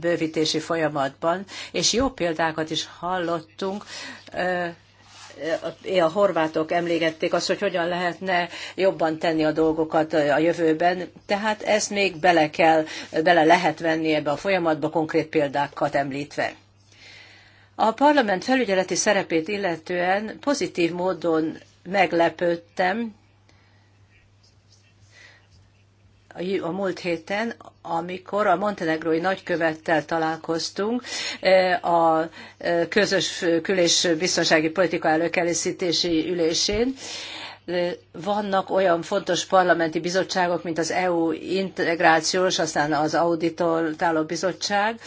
bővítési folyamatban, és jó példákat is hallottunk a horvátok emlégették azt, hogy hogyan lehetne jobban tenni a dolgokat a jövőben. Tehát ezt még bele kell, bele lehet venni ebbe a folyamatba konkrét példákat említve. A parlament felügyeleti szerepét illetően pozitív módon meglepődtem a múlt héten, amikor a montenegrói nagykövettel találkoztunk e, a e, közös külés biztonsági politika előkészítési ülésén e, vannak olyan fontos parlamenti bizottságok, mint az EU integrációs, aztán az auditáló bizottság,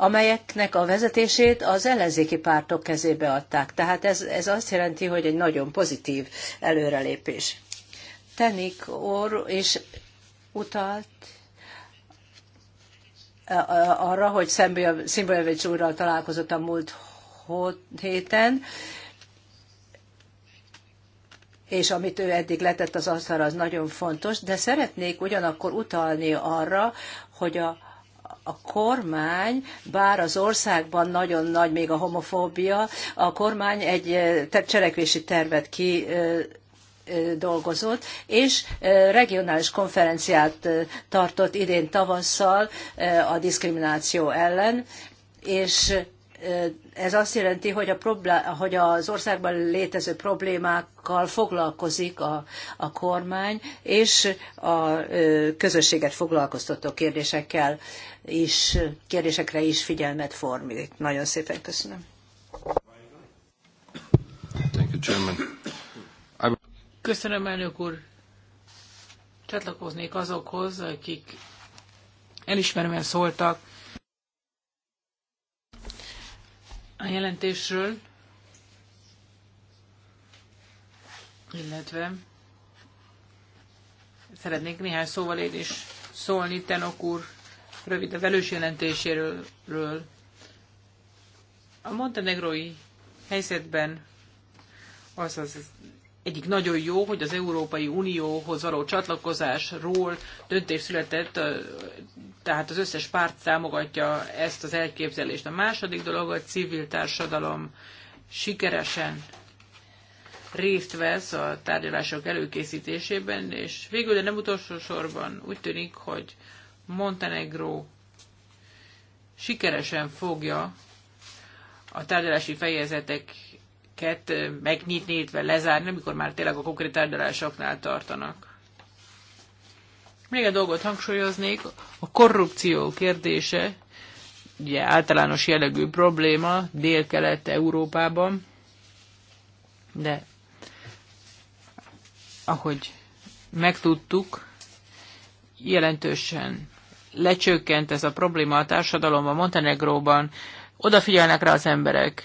amelyeknek a vezetését az ellenzéki pártok kezébe adták. Tehát ez, ez azt jelenti, hogy egy nagyon pozitív előrelépés. Tenik Orr is utalt e, e, arra, hogy Szimbolyevics úrral találkozott a múlt héten, és amit ő eddig letett az asztalra, az nagyon fontos, de szeretnék ugyanakkor utalni arra, hogy a a kormány, bár az országban nagyon nagy még a homofóbia, a kormány egy eh, cselekvési tervet ki eh, eh, dolgozott, és regionális konferenciát tartott idén tavasszal a diszkrimináció ellen, és ez azt jelenti, hogy, a problém, hogy az országban létező problémákkal foglalkozik a, a kormány, és a közösséget foglalkoztató kérdésekkel is, kérdésekre is figyelmet formít. Nagyon szépen köszönöm. Köszönöm, elnök úr. Csatlakoznék azokhoz, akik elismerően szóltak a jelentésről, illetve szeretnék néhány szóval én is szólni Tenok úr rövid a velős jelentéséről. A montenegrói helyzetben az az egyik nagyon jó, hogy az Európai Unióhoz való csatlakozásról döntés született tehát az összes párt támogatja ezt az elképzelést. A második dolog, hogy civil társadalom sikeresen részt vesz a tárgyalások előkészítésében, és végül, de nem utolsó sorban úgy tűnik, hogy Montenegro sikeresen fogja a tárgyalási fejezeteket megnyitni, illetve lezárni, amikor már tényleg a konkrét tárgyalásoknál tartanak. Még egy dolgot hangsúlyoznék, a korrupció kérdése, ugye általános jellegű probléma Dél-Kelet-Európában, de ahogy megtudtuk, jelentősen lecsökkent ez a probléma a társadalomban, Montenegróban, odafigyelnek rá az emberek,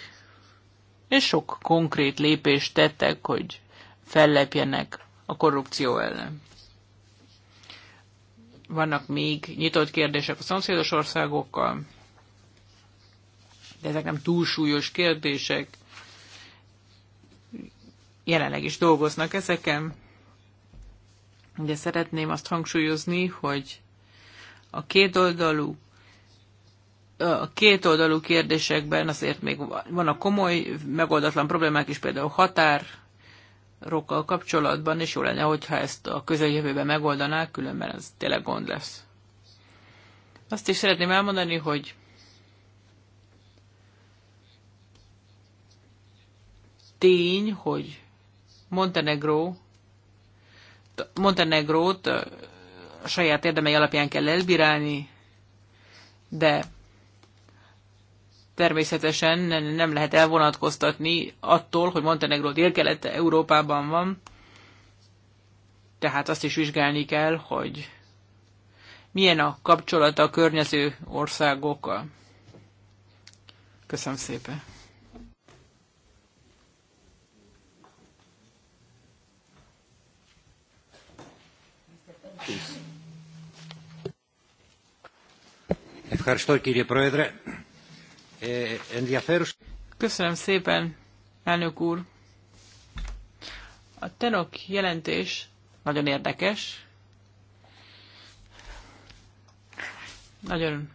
és sok konkrét lépést tettek, hogy fellepjenek a korrupció ellen vannak még nyitott kérdések a szomszédos országokkal, de ezek nem túlsúlyos kérdések. Jelenleg is dolgoznak ezeken, de szeretném azt hangsúlyozni, hogy a kétoldalú a kétoldalú kérdésekben azért még van a komoly, megoldatlan problémák is, például határ, rokkal kapcsolatban, és jó lenne, hogyha ezt a közeljövőben megoldanák, különben ez tényleg gond lesz. Azt is szeretném elmondani, hogy tény, hogy Montenegro, Montenegrót a saját érdemei alapján kell elbírálni, de természetesen nem lehet elvonatkoztatni attól, hogy Montenegro délkelete Európában van, tehát azt is vizsgálni kell, hogy milyen a kapcsolata a környező országokkal. Köszönöm szépen! Köszönöm. κύριε Eh, Köszönöm szépen, elnök úr. A tenok jelentés nagyon érdekes, nagyon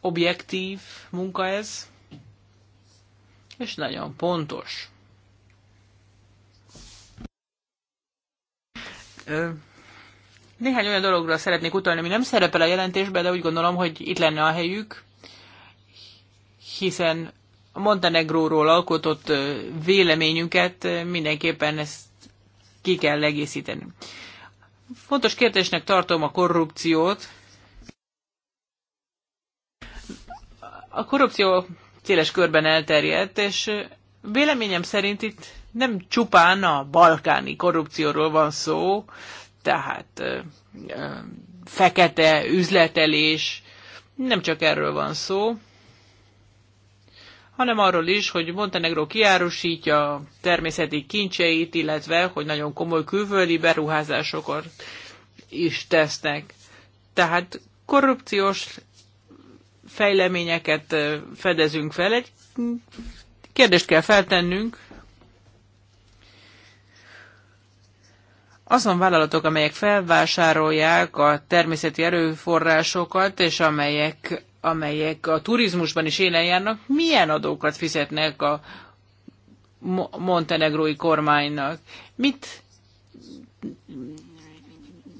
objektív munka ez, és nagyon pontos. Néhány olyan dologra szeretnék utalni, ami nem szerepel a jelentésben, de úgy gondolom, hogy itt lenne a helyük hiszen a Montenegróról alkotott véleményünket mindenképpen ezt ki kell egészíteni. Fontos kérdésnek tartom a korrupciót. A korrupció széles körben elterjedt, és véleményem szerint itt nem csupán a balkáni korrupcióról van szó, tehát fekete üzletelés, nem csak erről van szó, hanem arról is, hogy Montenegro kiárusítja természeti kincseit, illetve, hogy nagyon komoly külföldi beruházásokat is tesznek. Tehát korrupciós fejleményeket fedezünk fel. Egy kérdést kell feltennünk. Azon vállalatok, amelyek felvásárolják a természeti erőforrásokat, és amelyek amelyek a turizmusban is élen járnak, milyen adókat fizetnek a montenegrói kormánynak? Mit,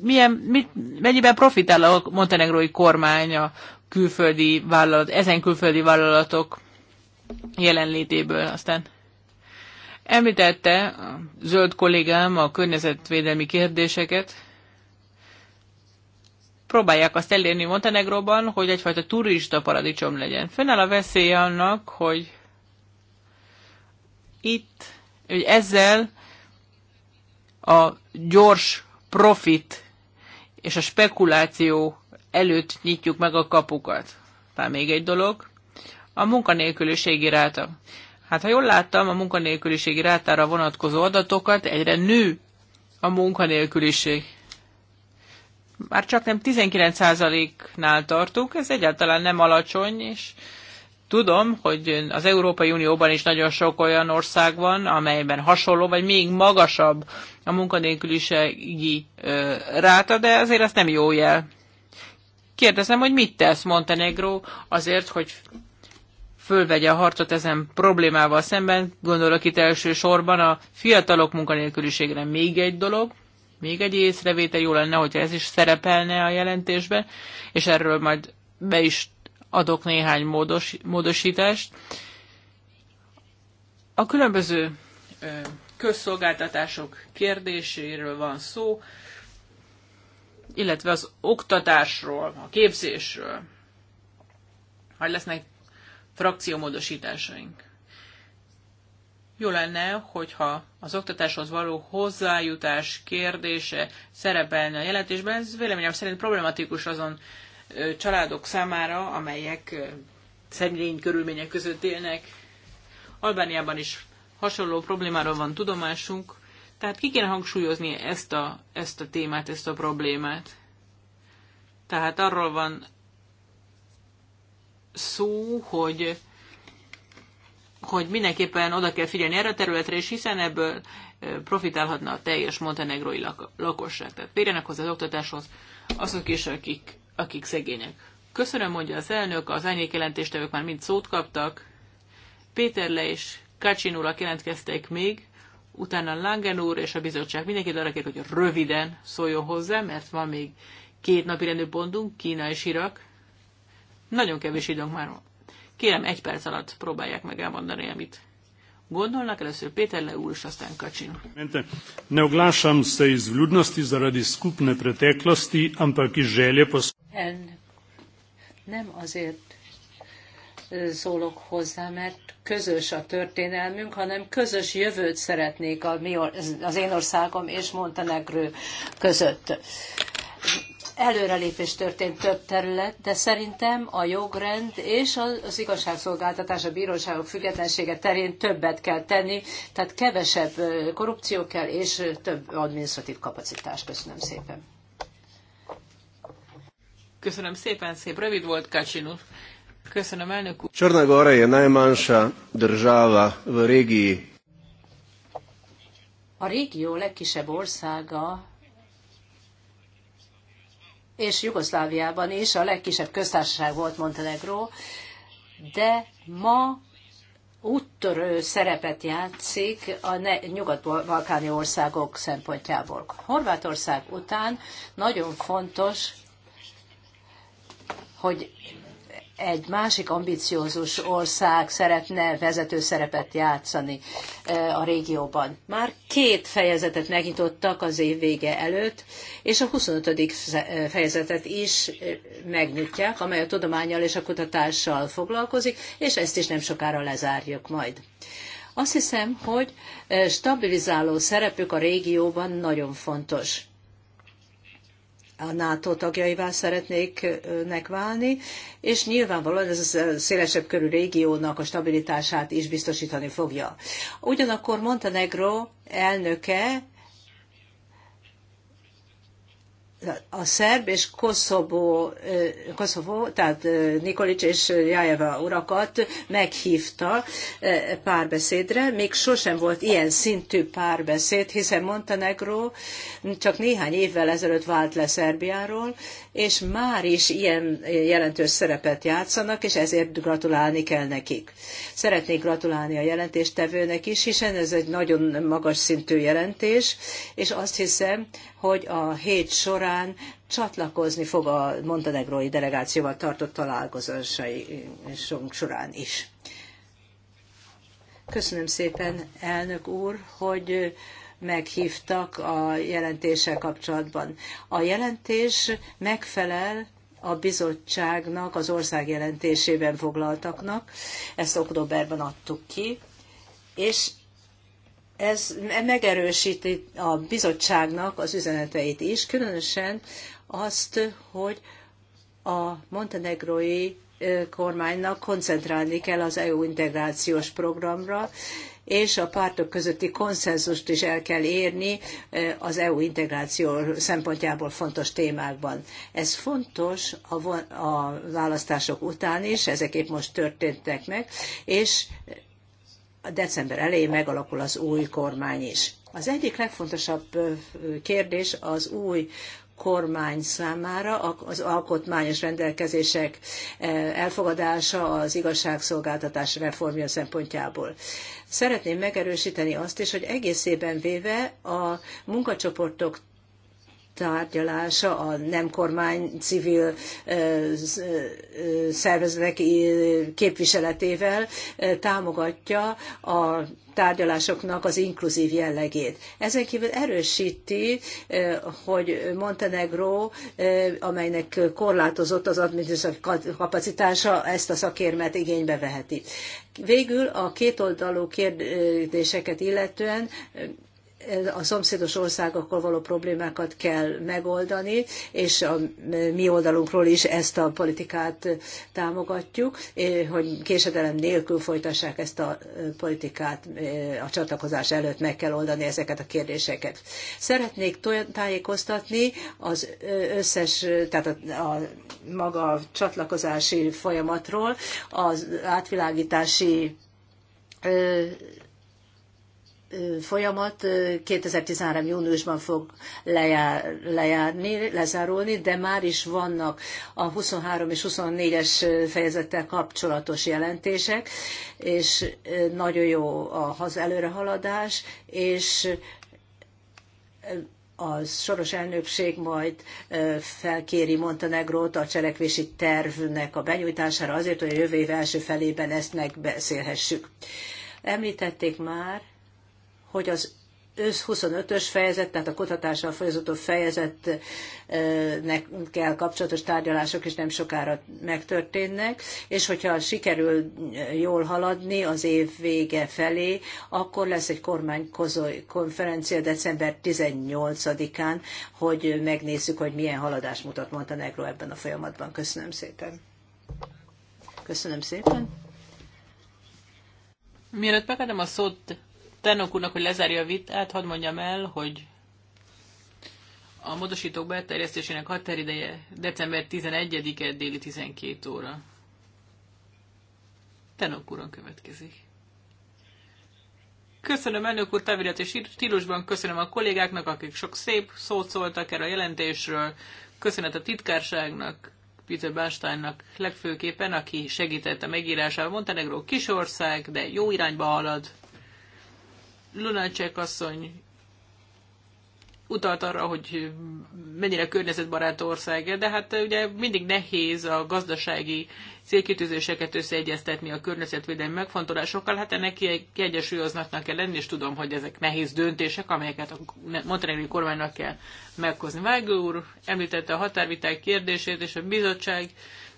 milyen, mit, mennyiben profitál a montenegrói kormány a külföldi vállalat, ezen külföldi vállalatok jelenlétéből aztán? Említette a zöld kollégám a környezetvédelmi kérdéseket, próbálják azt elérni Montenegróban, hogy egyfajta turista paradicsom legyen. Fönnáll a veszély annak, hogy itt, hogy ezzel a gyors profit és a spekuláció előtt nyitjuk meg a kapukat. Tehát még egy dolog, a munkanélküliségi ráta. Hát ha jól láttam, a munkanélküliségi rátára vonatkozó adatokat egyre nő a munkanélküliség már csak nem 19%-nál tartunk, ez egyáltalán nem alacsony, és tudom, hogy az Európai Unióban is nagyon sok olyan ország van, amelyben hasonló, vagy még magasabb a munkanélküliségi ráta, de azért ez nem jó jel. Kérdezem, hogy mit tesz Montenegro azért, hogy fölvegye a harcot ezen problémával szemben. Gondolok itt elsősorban a fiatalok munkanélküliségre még egy dolog, még egy észrevétel jó lenne, hogyha ez is szerepelne a jelentésben, és erről majd be is adok néhány módos, módosítást. A különböző közszolgáltatások kérdéséről van szó, illetve az oktatásról, a képzésről. Hogy lesznek frakciómódosításaink jó lenne, hogyha az oktatáshoz való hozzájutás kérdése szerepelne a jelentésben. Ez véleményem szerint problematikus azon családok számára, amelyek szemlény körülmények között élnek. Albániában is hasonló problémáról van tudomásunk, tehát ki kéne hangsúlyozni ezt a, ezt a témát, ezt a problémát. Tehát arról van szó, hogy hogy mindenképpen oda kell figyelni erre a területre, és hiszen ebből profitálhatna a teljes montenegrói lakosság. Tehát férjenek hozzá az oktatáshoz azok is, akik, akik szegények. Köszönöm, mondja az elnök, az árnyékjelentéstevők már mind szót kaptak. Péter Le és Kacsin urak jelentkeztek még, utána Langen úr és a bizottság mindenki arra kér, hogy röviden szóljon hozzá, mert van még két napi rendőpontunk, Kína és Irak. Nagyon kevés időnk már van. Kérem, egy perc alatt próbálják meg elmondani, amit gondolnak. Először Péter Le úr, és aztán Kacsin. Ne oglašam se iz vljudnosti zaradi skupne preteklosti, ampak iz želje Nem azért szólok hozzá, mert közös a történelmünk, hanem közös jövőt szeretnék a mi, az én országom és Montenegro között előrelépés történt több terület, de szerintem a jogrend és az igazságszolgáltatás, a bíróságok függetlensége terén többet kell tenni, tehát kevesebb korrupció kell és több administratív kapacitás. Köszönöm szépen. Köszönöm szépen, szép rövid volt, Kacsinu. Köszönöm, elnök úr. Črna je najmanjša država v regiji. A régió legkisebb országa és Jugoszláviában is a legkisebb köztársaság volt Montenegro, de ma úttörő szerepet játszik a nyugat-balkáni országok szempontjából. Horvátország után nagyon fontos, hogy egy másik ambiciózus ország szeretne vezető szerepet játszani eh, a régióban. Már két fejezetet megnyitottak az év vége előtt, és a 25. Eh, fejezetet is eh, megnyitják, amely a tudományjal és a kutatással foglalkozik, és ezt is nem sokára lezárjuk majd. Azt hiszem, hogy stabilizáló szerepük a régióban nagyon fontos a NATO tagjaival szeretnéknek válni, és nyilvánvalóan ez a szélesebb körű régiónak a stabilitását is biztosítani fogja. Ugyanakkor Montenegro elnöke a szerb és Koszobó, Koszovó, tehát Nikolics és Jajeva urakat meghívta párbeszédre. Még sosem volt ilyen szintű párbeszéd, hiszen Montenegro csak néhány évvel ezelőtt vált le Szerbiáról, és már is ilyen jelentős szerepet játszanak, és ezért gratulálni kell nekik. Szeretnék gratulálni a jelentéstevőnek is, hiszen ez egy nagyon magas szintű jelentés, és azt hiszem, hogy a hét során csatlakozni fog a montenegrói delegációval tartott találkozásai során is. Köszönöm szépen, elnök úr, hogy meghívtak a jelentéssel kapcsolatban. A jelentés megfelel a bizottságnak az ország jelentésében foglaltaknak, ezt októberben adtuk ki, és ez megerősíti a bizottságnak az üzeneteit is, különösen azt, hogy a montenegrói kormánynak koncentrálni kell az EU integrációs programra, és a pártok közötti konszenzust is el kell érni az EU integráció szempontjából fontos témákban. Ez fontos a, választások után is, ezek épp most történtek meg, és december elején megalakul az új kormány is. Az egyik legfontosabb kérdés az új kormány számára az alkotmányos rendelkezések elfogadása az igazságszolgáltatás reformja szempontjából. Szeretném megerősíteni azt is, hogy egészében véve a munkacsoportok tárgyalása a nem kormány civil szervezetek képviseletével támogatja a tárgyalásoknak az inkluzív jellegét. Ezen kívül erősíti, hogy Montenegro, amelynek korlátozott az adminisztrációs kapacitása, ezt a szakérmet igénybe veheti. Végül a kétoldalú kérdéseket illetően a szomszédos országokkal való problémákat kell megoldani, és a mi oldalunkról is ezt a politikát támogatjuk, eh, hogy késedelem nélkül folytassák ezt a eh, politikát, eh, a csatlakozás előtt meg kell oldani ezeket a kérdéseket. Szeretnék tájékoztatni az összes, tehát a, a maga csatlakozási folyamatról, az átvilágítási folyamat 2013. júniusban fog lejár, lejárni, lezárulni, de már is vannak a 23 és 24-es fejezettel kapcsolatos jelentések, és nagyon jó az előrehaladás, és a soros elnökség majd felkéri Montenegrót a cselekvési tervnek a benyújtására azért, hogy a jövő év első felében ezt megbeszélhessük. Említették már, hogy az ősz 25-ös fejezet, tehát a kutatással folytató fejezetnek kell kapcsolatos tárgyalások is nem sokára megtörténnek, és hogyha sikerül jól haladni az év vége felé, akkor lesz egy konferencia december 18-án, hogy megnézzük, hogy milyen haladást mutat Montenegro ebben a folyamatban. Köszönöm szépen. Köszönöm szépen. Mielőtt megadom a szót Tennok úrnak, hogy lezárja a vitát, hadd mondjam el, hogy a módosítók beterjesztésének határideje december 11-e déli 12 óra. Tenok úron következik. Köszönöm elnök úr távirat és stílusban, köszönöm a kollégáknak, akik sok szép szót szóltak erre a jelentésről, köszönet a titkárságnak, Peter Bernsteinnak legfőképpen, aki segített a megírásával. Montenegró kisország, de jó irányba halad. Lunacek asszony utalt arra, hogy mennyire környezetbarát ország, de hát eh, ugye mindig nehéz a gazdasági célkitűzéseket összeegyeztetni a környezetvédelmi megfontolásokkal, hát ennek kiegyensúlyoznaknak kell lenni, és tudom, hogy ezek nehéz döntések, amelyeket a montenegrói kormánynak kell meghozni. Vágó úr említette a határviták kérdését, és a bizottság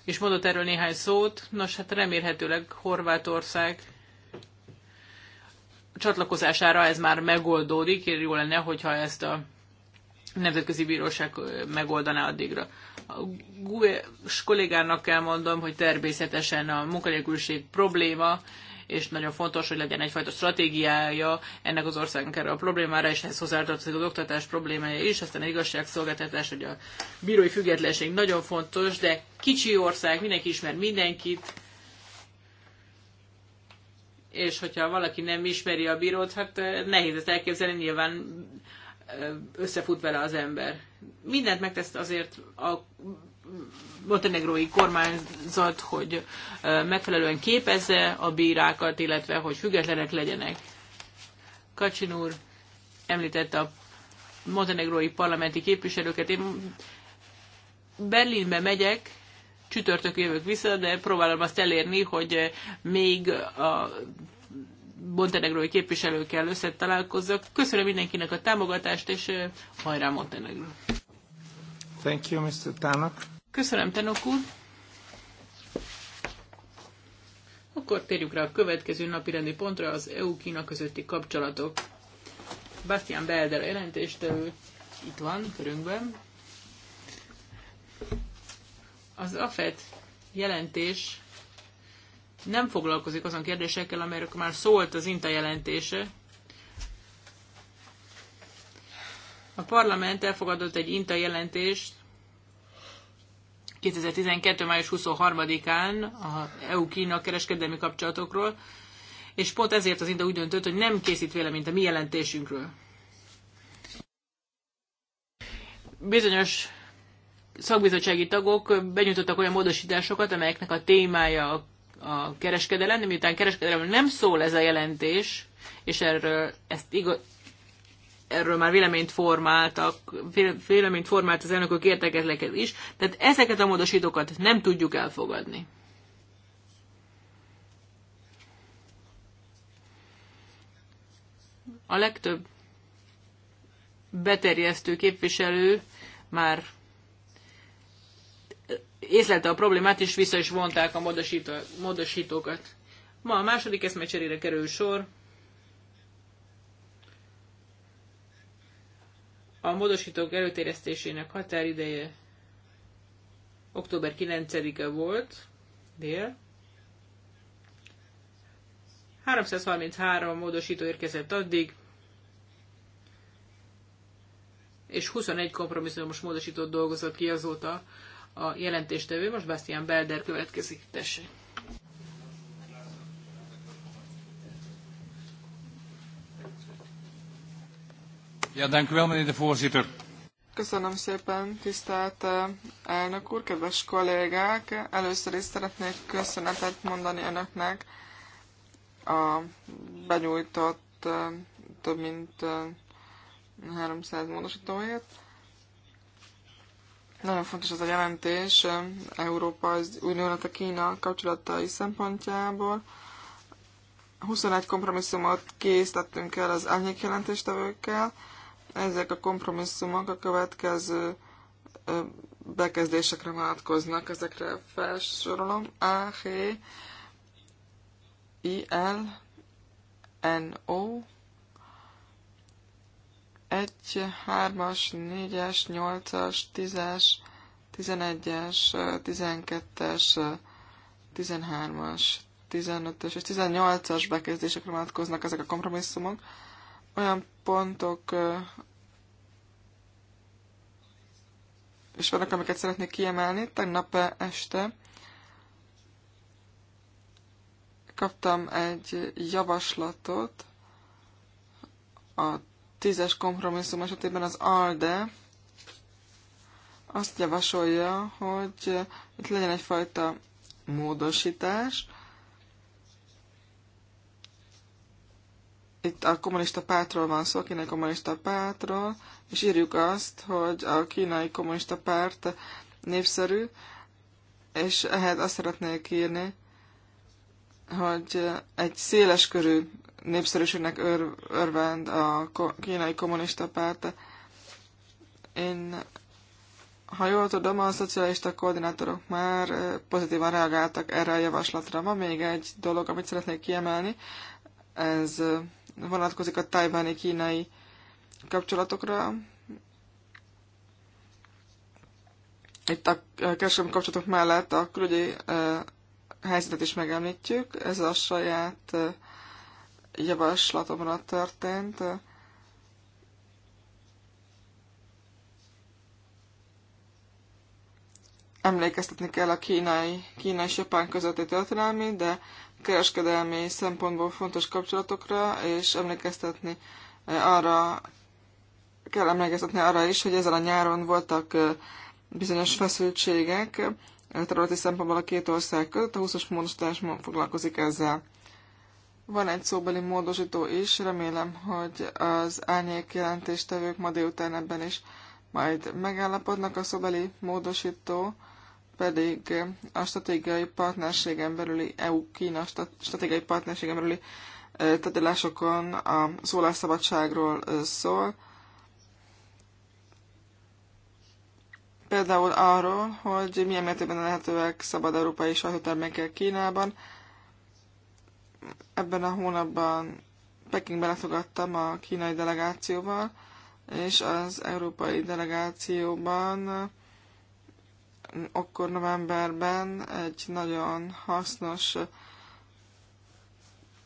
is mondott erről néhány szót, nos hát remélhetőleg Horvátország csatlakozására ez már megoldódik, és jó lenne, hogyha ezt a nemzetközi bíróság megoldaná addigra. A GUE-s kollégának kell mondom, hogy természetesen a munkanélküliség probléma, és nagyon fontos, hogy legyen egyfajta stratégiája ennek az országnak erre a problémára, és ehhez hozzátartozik az oktatás problémája is, aztán az igazságszolgáltatás, hogy a bírói függetlenség nagyon fontos, de kicsi ország, mindenki ismer mindenkit, és hogyha valaki nem ismeri a bírót, hát nehéz ezt elképzelni, nyilván összefut vele az ember. Mindent megtesz azért a montenegrói kormányzat, hogy megfelelően képezze a bírákat, illetve hogy függetlenek legyenek. Kacsin úr említette a montenegrói parlamenti képviselőket. Én Berlinbe megyek, csütörtök jövök vissza, de próbálom azt elérni, hogy eh, még a montenegrói képviselőkkel összetalálkozzak. Köszönöm mindenkinek a támogatást, és eh, hajrá Montenegró! Thank you, Mr. Tanok. Köszönöm, Tanok úr. Akkor térjük rá a következő napi rendi pontra, az EU-Kína közötti kapcsolatok. Bastian Belder jelentéstevő itt van, körünkben. Az AFET jelentés nem foglalkozik azon kérdésekkel, amelyek már szólt az INTA jelentése. A parlament elfogadott egy INTA jelentést 2012. május 23-án a EU-Kína kereskedelmi kapcsolatokról, és pont ezért az INTA úgy döntött, hogy nem készít véleményt a mi jelentésünkről. Bizonyos szakbizottsági tagok benyújtottak olyan módosításokat, amelyeknek a témája a, a kereskedelem, de miután kereskedelem nem szól ez a jelentés, és erről, ezt igaz, erről már véleményt formáltak, véleményt formált az elnökök értekezleket is, tehát ezeket a módosítókat nem tudjuk elfogadni. A legtöbb beterjesztő képviselő már észlelte a problémát, és vissza is vonták a módosító, módosítókat. Ma a második eszmecserére kerül sor. A módosítók előterjesztésének határideje október 9-e volt, dél. 333 módosító érkezett addig, és 21 kompromisszumos módosítót dolgozott ki azóta a jelentéstevő. Most Bastian Belder következik, tessék. Ja, dank u wel, meneer de voorzitter. Köszönöm szépen, tisztelt eh, elnök úr, kedves kollégák! Először is szeretnék köszönetet mondani önöknek a benyújtott eh, több mint 300 eh, módosítóért. Nagyon fontos ez a jelentés eh, Európa az Uniónak a Kína kapcsolatai szempontjából. 21 kompromisszumot készítettünk el az elnyék jelentéstevőkkel. Ezek a kompromisszumok a következő eh, bekezdésekre vonatkoznak, ezekre felsorolom. A, H, I, L, N, O, egy, hármas, négyes, nyolcas, tízes, tizenegyes, tizenkettes, tizenhármas, tizenötös és tizennyolcas bekezdésekre vonatkoznak ezek a kompromisszumok. Olyan pontok, és vannak, amiket szeretnék kiemelni, tegnap este kaptam egy javaslatot a tízes kompromisszum esetében az ALDE azt javasolja, hogy itt legyen egyfajta módosítás. Itt a kommunista pártról van szó, a kínai kommunista pártról, és írjuk azt, hogy a kínai kommunista párt népszerű, és ehhez azt szeretnék írni, hogy egy széleskörű népszerűségnek ör, örvend a kínai kommunista párt. Én, ha jól tudom, a szocialista koordinátorok már pozitívan reagáltak erre a javaslatra. Van még egy dolog, amit szeretnék kiemelni, ez vonatkozik a tajvani kínai kapcsolatokra. Itt a kereskedelmi kapcsolatok mellett a külügyi helyzetet is megemlítjük. Ez a saját javaslatomra történt. Emlékeztetni kell a kínai, kínai és Japán közötti történelmi, de kereskedelmi szempontból fontos kapcsolatokra, és emlékeztetni eh, arra, kell emlékeztetni arra is, hogy ezen a nyáron voltak eh, bizonyos feszültségek eh, területi szempontból a két ország között, a 20-as módosítás foglalkozik ezzel. Van egy szóbeli módosító is, remélem, hogy az árnyék jelentéstevők ma délután ebben is majd megállapodnak. A szóbeli módosító pedig a stratégiai partnerségen belüli EU-Kína stratégiai partnerségen belüli tárgyalásokon a szólásszabadságról szól. Például arról, hogy milyen mértékben lehetőek szabad európai sajtótermékek Kínában, ebben a hónapban Pekingbe lefogadtam a kínai delegációval, és az európai delegációban akkor novemberben egy nagyon hasznos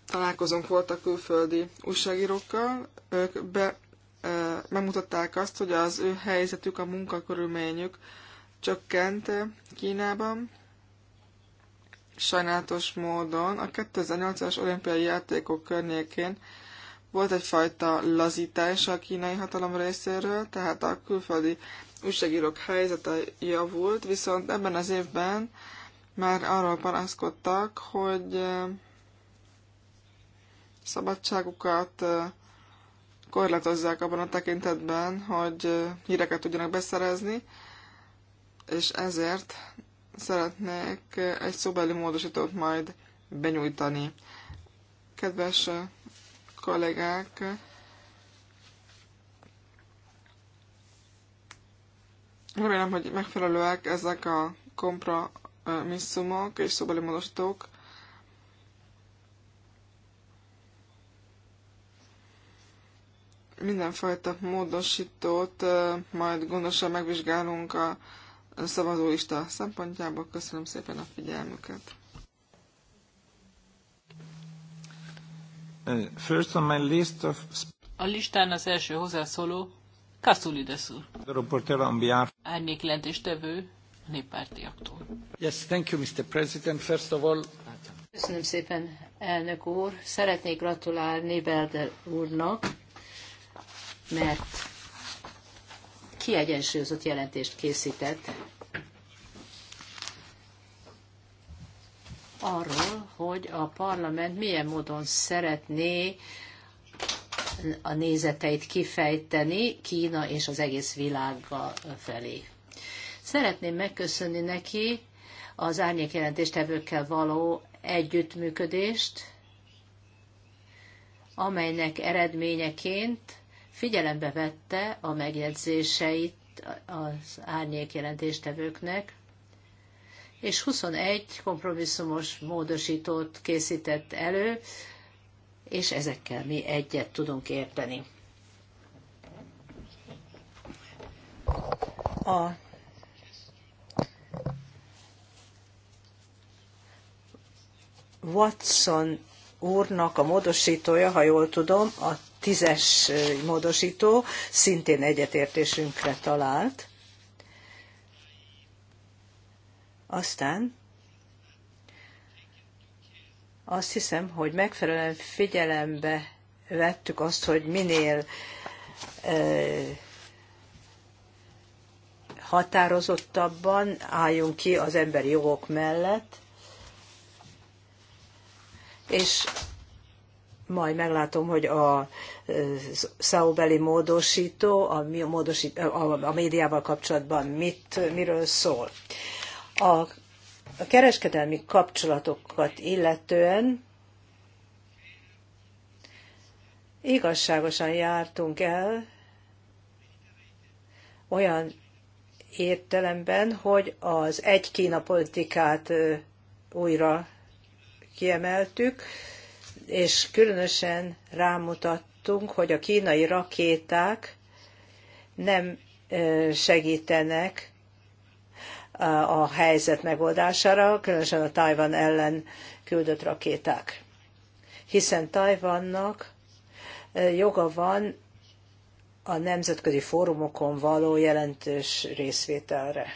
találkozónk volt a külföldi újságírókkal. Ők be, e, megmutatták azt, hogy az ő helyzetük, a munkakörülményük csökkent Kínában, sajnálatos módon a 2008-as olimpiai játékok környékén volt egyfajta lazítás a kínai hatalom részéről, tehát a külföldi újságírók helyzete javult, viszont ebben az évben már arról panaszkodtak, hogy szabadságukat korlátozzák abban a tekintetben, hogy híreket tudjanak beszerezni, és ezért szeretnék egy szóbeli módosítót majd benyújtani. Kedves kollégák, remélem, hogy megfelelőek ezek a kompromisszumok és szóbeli módosítók. Mindenfajta módosítót majd gondosan megvizsgálunk a szavazólista szempontjából. Köszönöm szépen a figyelmüket. Uh, first on my list of... A listán az első hozzászóló Kasszulides úr. The reporter on behalf... a néppártiaktól. Yes, thank you, Mr. President. First of all... Köszönöm szépen, elnök úr. Szeretnék gratulálni Belder úrnak, mert kiegyensúlyozott jelentést készített arról, hogy a parlament milyen módon szeretné a nézeteit kifejteni Kína és az egész világgal felé. Szeretném megköszönni neki az árnyékjelentéstevőkkel való együttműködést, amelynek eredményeként figyelembe vette a megjegyzéseit az árnyék jelentéstevőknek, és 21 kompromisszumos módosítót készített elő, és ezekkel mi egyet tudunk érteni. A Watson úrnak a módosítója, ha jól tudom, a tízes módosító szintén egyetértésünkre talált. Aztán azt hiszem, hogy megfelelően figyelembe vettük azt, hogy minél határozottabban álljunk ki az emberi jogok mellett, és majd meglátom, hogy a száubeli módosító a, módosít, a, a médiával kapcsolatban mit, miről szól. A, a kereskedelmi kapcsolatokat illetően igazságosan jártunk el olyan értelemben, hogy az egy Kína politikát újra kiemeltük, és különösen rámutattunk, hogy a kínai rakéták nem segítenek a helyzet megoldására, különösen a Tajvan ellen küldött rakéták. Hiszen Tajvannak joga van a nemzetközi fórumokon való jelentős részvételre.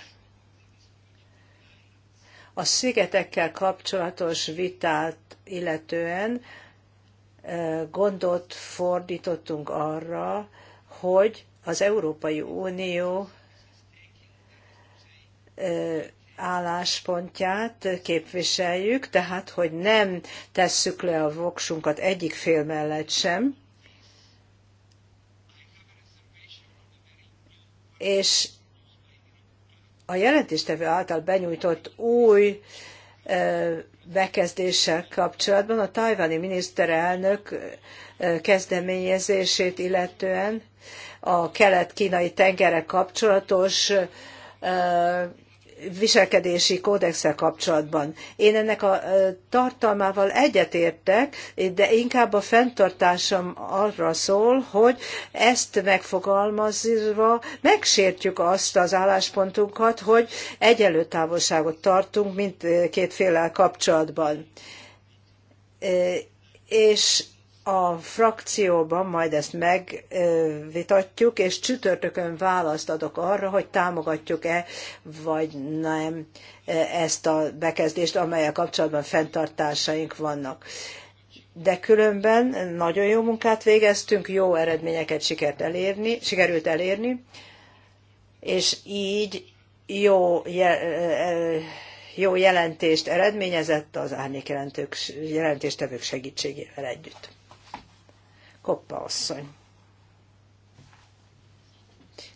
A szigetekkel kapcsolatos vitát illetően gondot fordítottunk arra, hogy az Európai Unió álláspontját képviseljük, tehát hogy nem tesszük le a voksunkat egyik fél mellett sem, és a jelentéstevő által benyújtott új bekezdéssel kapcsolatban a tajvani miniszterelnök kezdeményezését illetően a kelet-kínai tengere kapcsolatos viselkedési kódexel kapcsolatban. Én ennek a tartalmával egyetértek, de inkább a fenntartásom arra szól, hogy ezt megfogalmazva megsértjük azt az álláspontunkat, hogy egyenlő távolságot tartunk mindkét félel kapcsolatban. És a frakcióban majd ezt megvitatjuk, és csütörtökön választ adok arra, hogy támogatjuk-e vagy nem eh, ezt a bekezdést, amelyek kapcsolatban fenntartásaink vannak. De különben nagyon jó munkát végeztünk, jó eredményeket sikert elérni, sikerült elérni, és így jó, eh, jó jelentést eredményezett az árnyék jelentők, jelentéstevők segítségével együtt. Koppa asszony.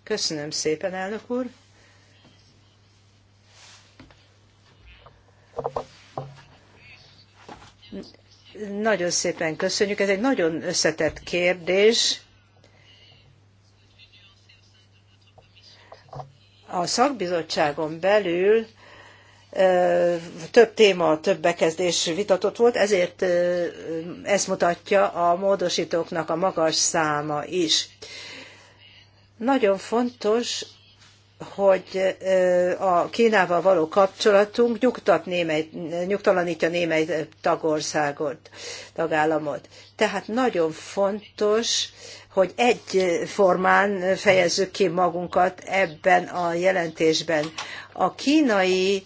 Köszönöm szépen, elnök úr. Nagyon szépen köszönjük. Ez egy nagyon összetett kérdés. A szakbizottságon belül több téma, több bekezdés vitatott volt, ezért ezt mutatja a módosítóknak a magas száma is. Nagyon fontos, hogy a Kínával való kapcsolatunk nyugtat némely, nyugtalanítja némely tagországot, tagállamot. Tehát nagyon fontos, hogy egyformán fejezzük ki magunkat ebben a jelentésben. A kínai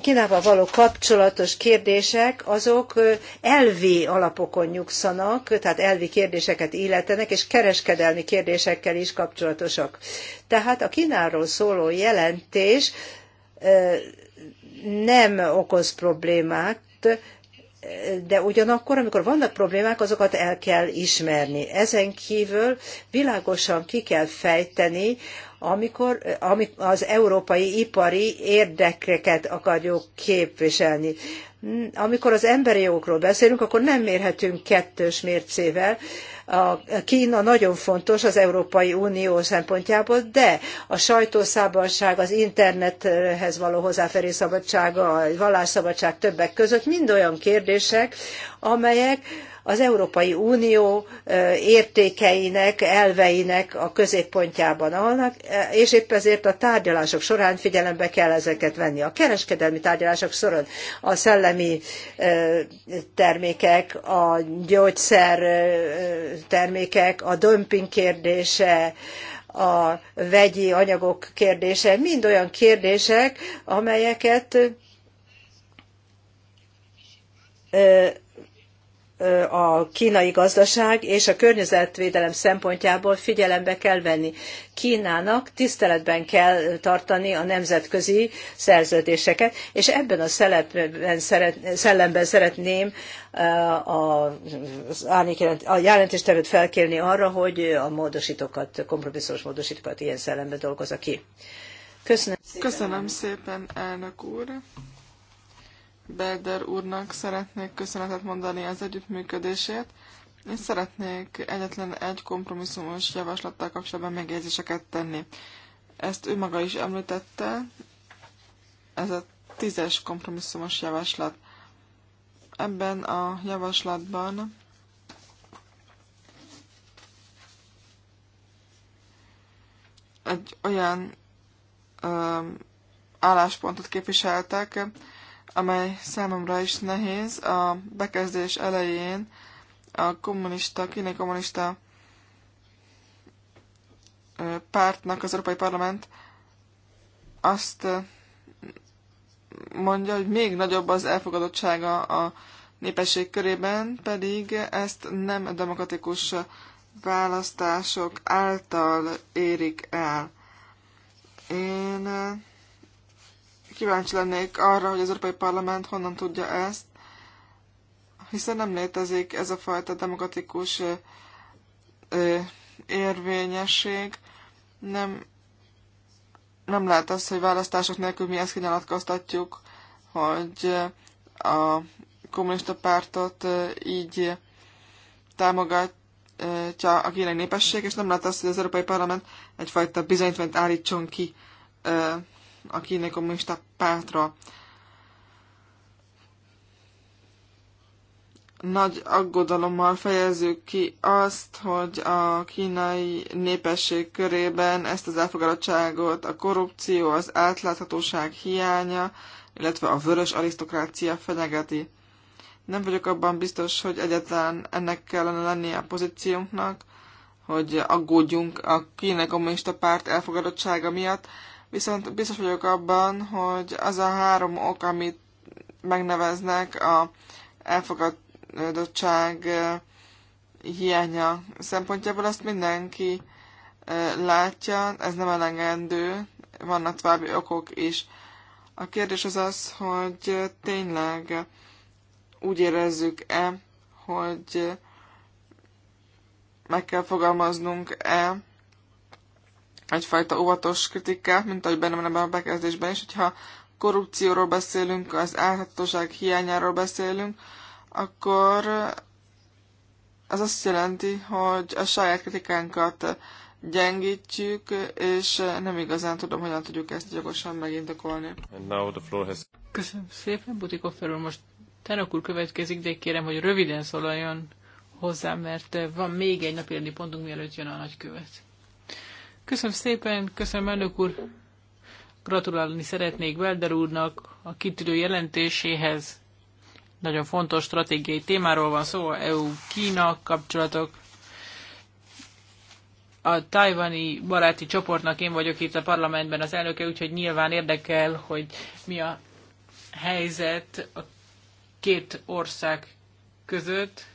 Kínával való kapcsolatos kérdések, azok elvi alapokon nyugszanak, tehát elvi kérdéseket illetenek, és kereskedelmi kérdésekkel is kapcsolatosak. Tehát a Kínáról szóló jelentés nem okoz problémát, de ugyanakkor, amikor vannak problémák, azokat el kell ismerni. Ezen kívül világosan ki kell fejteni amikor eh, amit az európai ipari érdekeket akarjuk képviselni. Mm, amikor az emberi jogokról beszélünk, akkor nem mérhetünk kettős mércével. A Kína nagyon fontos az Európai Unió szempontjából, de a sajtószabadság, az internethez való hozzáférés szabadsága, a vallásszabadság többek között mind olyan kérdések, amelyek az Európai Unió értékeinek, elveinek a középpontjában állnak, és épp ezért a tárgyalások során figyelembe kell ezeket venni. A kereskedelmi tárgyalások során a szellemi termékek, a gyógyszer termékek, a dömping kérdése, a vegyi anyagok kérdése, mind olyan kérdések, amelyeket a kínai gazdaság és a környezetvédelem szempontjából figyelembe kell venni. Kínának tiszteletben kell tartani a nemzetközi szerződéseket, és ebben a szellemben szeretném eh, a jelentéstevőt felkérni arra, hogy a módosítókat, kompromisszós módosítókat ilyen szellemben dolgozza ki. Köszönöm Köszönöm szépen, elnök úr. Belder úrnak szeretnék köszönetet mondani az együttműködését, és szeretnék egyetlen egy kompromisszumos javaslattal kapcsolatban megjegyzéseket tenni. Ezt ő maga is említette, ez a tízes kompromisszumos javaslat. Ebben a javaslatban egy olyan ö, álláspontot képviseltek, amely számomra is nehéz. A bekezdés elején a kommunista, kínai kommunista pártnak az Európai Parlament azt mondja, hogy még nagyobb az elfogadottsága a népesség körében, pedig ezt nem demokratikus választások által érik el. Én Kíváncsi lennék arra, hogy az Európai Parlament honnan tudja ezt, hiszen nem létezik ez a fajta demokratikus ö, érvényesség. Nem, nem lehet az, hogy választások nélkül mi ezt kinyilatkoztatjuk, hogy a kommunista pártot így támogatja a kínai népesség, és nem lehet az, hogy az Európai Parlament egyfajta bizonyítványt állítson ki a kínai kommunista pártra. Nagy aggodalommal fejezzük ki azt, hogy a kínai népesség körében ezt az elfogadottságot a korrupció, az átláthatóság hiánya, illetve a vörös arisztokrácia fenyegeti. Nem vagyok abban biztos, hogy egyetlen ennek kellene lennie a pozíciónknak, hogy aggódjunk a kínai kommunista párt elfogadottsága miatt, viszont biztos vagyok abban, hogy az a három ok, amit megneveznek a elfogadottság hiánya szempontjából, azt mindenki látja, ez nem elengedő, vannak további okok is. A kérdés az az, hogy tényleg úgy érezzük-e, hogy meg kell fogalmaznunk-e egyfajta óvatos kritika, mint ahogy benne van ebben a bekezdésben is, hogyha korrupcióról beszélünk, az álhatóság hiányáról beszélünk, akkor ez azt jelenti, hogy a saját kritikánkat gyengítjük, és nem igazán tudom, hogyan tudjuk ezt gyakosan megindokolni. Has... Köszönöm szépen, Butikoffer úr. Most Tenok úr következik, de kérem, hogy röviden szólaljon hozzá, mert van még egy napi pontunk, mielőtt jön a nagykövet. Köszönöm szépen, köszönöm elnök úr. Gratulálni szeretnék Belder úrnak a kitűnő jelentéséhez. Nagyon fontos stratégiai témáról van szó, EU-Kína kapcsolatok. A tajvani baráti csoportnak én vagyok itt a parlamentben az elnöke, úgyhogy nyilván érdekel, hogy mi a helyzet a két ország között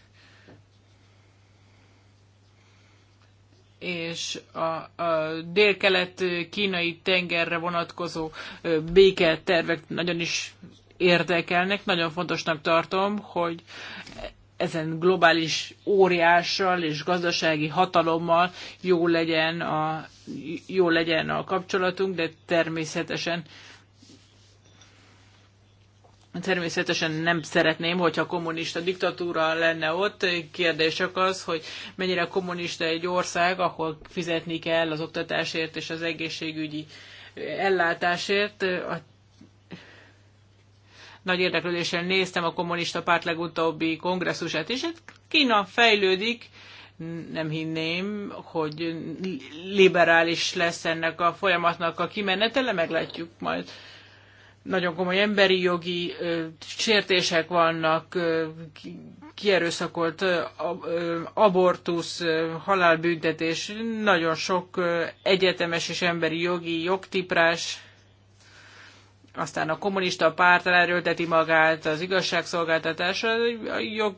és a, a délkelet kínai tengerre vonatkozó béketervek nagyon is érdekelnek. Nagyon fontosnak tartom, hogy ezen globális óriással és gazdasági hatalommal jó legyen a, jó legyen a kapcsolatunk, de természetesen Természetesen nem szeretném, hogyha kommunista diktatúra lenne ott. Kérdés csak az, hogy mennyire kommunista egy ország, ahol fizetni kell az oktatásért és az egészségügyi ellátásért. A nagy érdeklődéssel néztem a kommunista párt legutóbbi kongresszusát is. Hát Kína fejlődik, nem hinném, hogy liberális lesz ennek a folyamatnak a kimenetele, meglátjuk majd nagyon komoly emberi jogi ö, sértések vannak, ö, kierőszakolt ö, abortusz, ö, halálbüntetés, nagyon sok ö, egyetemes és emberi jogi jogtiprás, aztán a kommunista párt elerőlteti magát, az igazságszolgáltatás, a jog,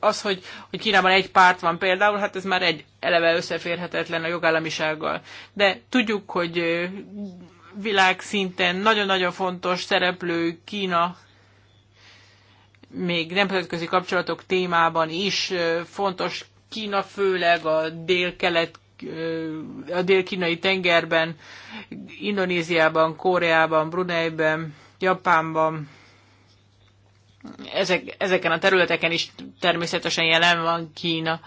az, hogy, hogy Kínában egy párt van például, hát ez már egy eleve összeférhetetlen a jogállamisággal. De tudjuk, hogy világszinten nagyon-nagyon fontos szereplő Kína még nemzetközi kapcsolatok témában is fontos Kína, főleg a dél-kelet a dél-kínai tengerben, Indonéziában, Koreában, Bruneiben, Japánban, ezek, ezeken a területeken is természetesen jelen van Kína.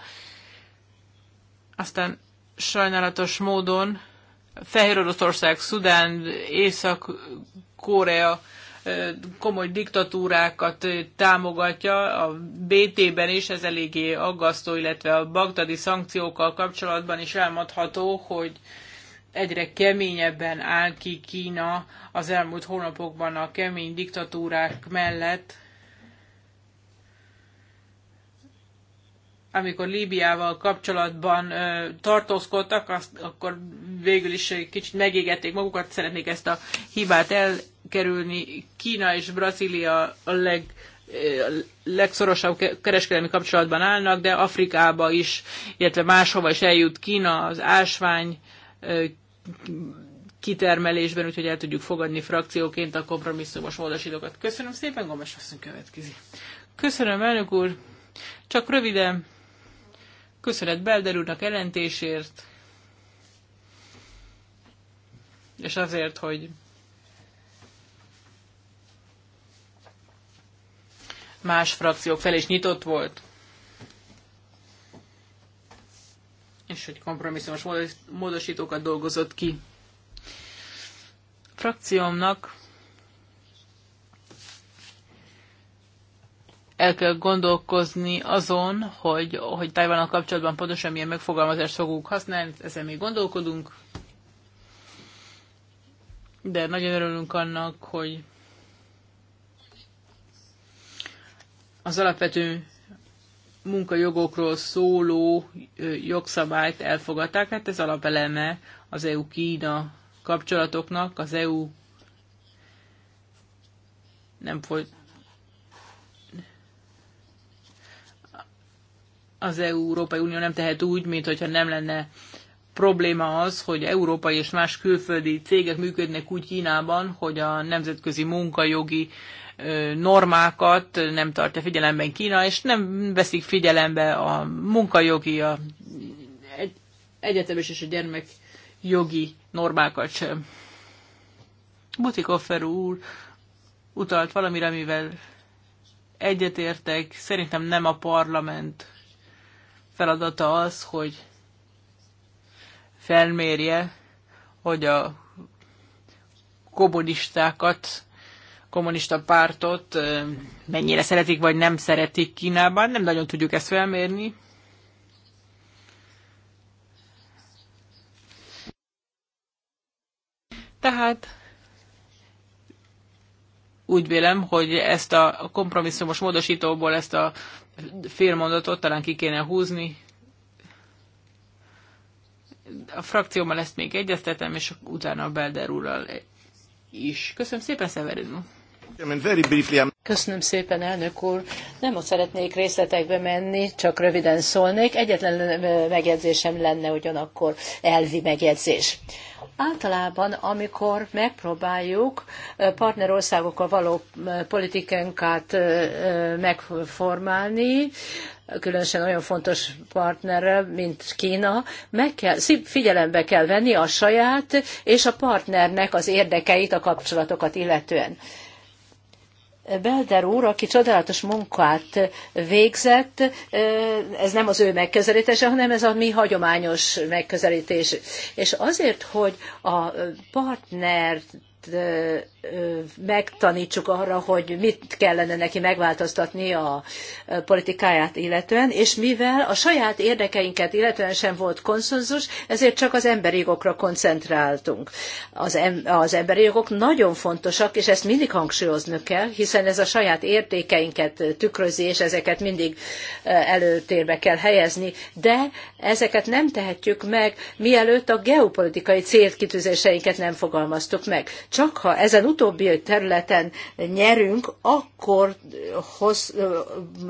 Aztán sajnálatos módon Fehér Oroszország, Szudán, Észak-Korea komoly diktatúrákat támogatja, a BT-ben is ez eléggé aggasztó, illetve a bagdadi szankciókkal kapcsolatban is elmondható, hogy egyre keményebben áll ki Kína az elmúlt hónapokban a kemény diktatúrák mellett, amikor Líbiával kapcsolatban ö, tartózkodtak, azt, akkor végül is egy kicsit megégették magukat, szeretnék ezt a hibát elkerülni. Kína és Brazília a leg, legszorosabb kereskedelmi kapcsolatban állnak, de Afrikába is, illetve máshova is eljut Kína az ásvány kitermelésben, úgyhogy el tudjuk fogadni frakcióként a kompromisszumos oldasidokat. Köszönöm szépen, Gomes asszony következik. Köszönöm, elnök úr. Csak röviden Köszönet Belder úrnak jelentésért, és azért, hogy más frakciók fel is nyitott volt. És hogy kompromisszumos módosítókat dolgozott ki. A frakciómnak el kell gondolkozni azon, hogy, hogy Tajvannal kapcsolatban pontosan milyen megfogalmazást fogunk használni, ezen még gondolkodunk. De nagyon örülünk annak, hogy az alapvető munkajogokról szóló jogszabályt elfogadták, hát ez alapeleme az EU-Kína kapcsolatoknak, az EU nem folyt az Európai Unió nem tehet úgy, mint hogyha nem lenne probléma az, hogy európai és más külföldi cégek működnek úgy Kínában, hogy a nemzetközi munkajogi normákat nem tartja figyelemben Kína, és nem veszik figyelembe a munkajogi, a egyetemes és a gyermek jogi normákat sem. Butikoffer úr utalt valamire, amivel egyetértek, szerintem nem a parlament feladata az, hogy felmérje, hogy a kommunistákat, kommunista pártot mennyire szeretik vagy nem szeretik Kínában. Nem nagyon tudjuk ezt felmérni. Tehát úgy vélem, hogy ezt a kompromisszumos módosítóból ezt a fél mondatot talán ki kéne húzni. A frakciómmal ezt még egyeztetem, és utána a Belder úrral is. Köszönöm szépen, Severino! Köszönöm szépen, elnök úr. Nem most szeretnék részletekbe menni, csak röviden szólnék. Egyetlen megjegyzésem lenne ugyanakkor elvi megjegyzés. Általában, amikor megpróbáljuk partnerországokkal való politikánkat megformálni, különösen olyan fontos partnerrel, mint Kína, meg kell, figyelembe kell venni a saját és a partnernek az érdekeit, a kapcsolatokat illetően. Belder úr, aki csodálatos munkát végzett, ez nem az ő megközelítése, hanem ez a mi hagyományos megközelítés. És azért, hogy a partnert megtanítsuk arra, hogy mit kellene neki megváltoztatni a politikáját illetően, és mivel a saját érdekeinket illetően sem volt konszenzus, ezért csak az emberi jogokra koncentráltunk. Az, em- az emberi jogok nagyon fontosak, és ezt mindig hangsúlyozni kell, hiszen ez a saját értékeinket tükrözi, és ezeket mindig előtérbe kell helyezni, de ezeket nem tehetjük meg, mielőtt a geopolitikai célkitűzéseinket nem fogalmaztuk meg csak ha ezen utóbbi területen nyerünk, akkor hoz,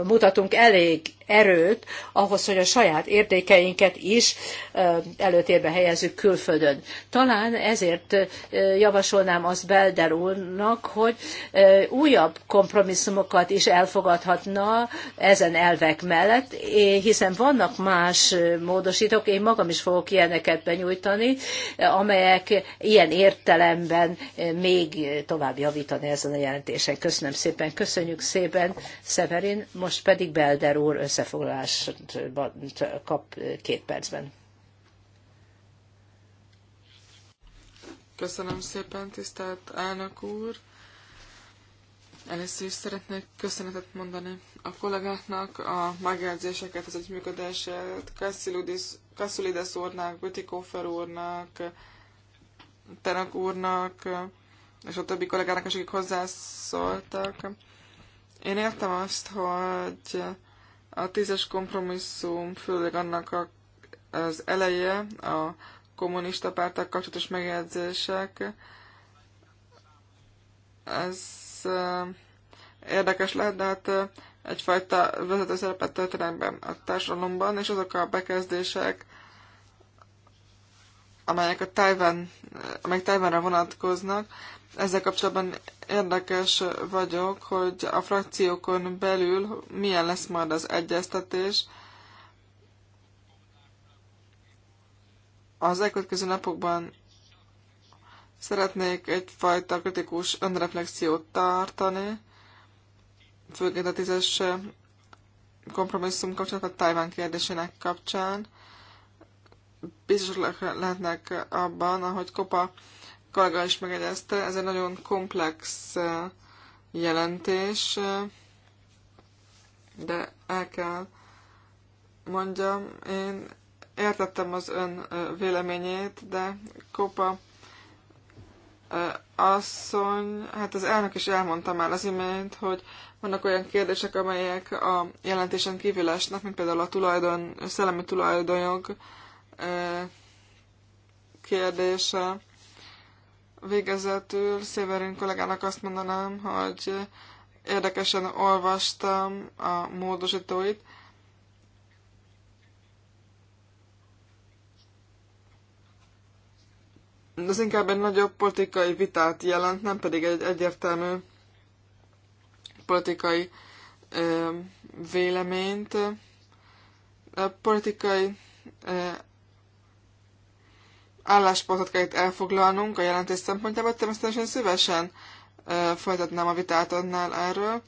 mutatunk elég erőt ahhoz, hogy a saját értékeinket is előtérbe helyezzük külföldön. Talán ezért javasolnám azt Belder úrnak, hogy újabb kompromisszumokat is elfogadhatna ezen elvek mellett, hiszen vannak más módosítók, én magam is fogok ilyeneket benyújtani, amelyek ilyen értelemben még tovább javítani ezen a jelentésen. Köszönöm szépen, köszönjük szépen, Severin, most pedig Belder úr össze összefoglalást kap két percben. Köszönöm szépen, tisztelt elnök úr! Először is szeretnék köszönetet mondani a kollégáknak a megjegyzéseket, az együttműködését, Kasszilides úrnak, Bütikófer úrnak, Tenak úrnak, és a többi kollégának is, akik hozzászóltak. Én értem azt, hogy a tízes kompromisszum főleg annak a, az eleje, a kommunista pártak kapcsolatos megjegyzések, ez érdekes lehet, de hát egyfajta vezető szerepet töltenek be a társadalomban, és azok a bekezdések, amelyek a Tájván, amelyek Tájvánra vonatkoznak, ezzel kapcsolatban érdekes vagyok, hogy a frakciókon belül milyen lesz majd az egyeztetés. Az elkövetkező napokban szeretnék egyfajta kritikus önreflexiót tartani, főként a tízes kompromisszum kapcsolatban Tajván kérdésének kapcsán. Biztos lehetnek abban, ahogy Kopa kollega is megegyezte, ez egy nagyon komplex jelentés, de el kell mondjam, én értettem az ön véleményét, de Kopa asszony, hát az elnök is elmondta már az imént, hogy vannak olyan kérdések, amelyek a jelentésen kívül esnek, mint például a tulajdon, a szellemi tulajdonjog kérdése, Végezetül Széverin kollégának azt mondanám, hogy érdekesen olvastam a módosítóit, ez inkább egy nagyobb politikai vitát jelent, nem pedig egy egyértelmű politikai ö, véleményt. A politikai ö, álláspontot kell itt elfoglalnunk a jelentés szempontjából, természetesen szívesen folytatnám a vitát annál erről.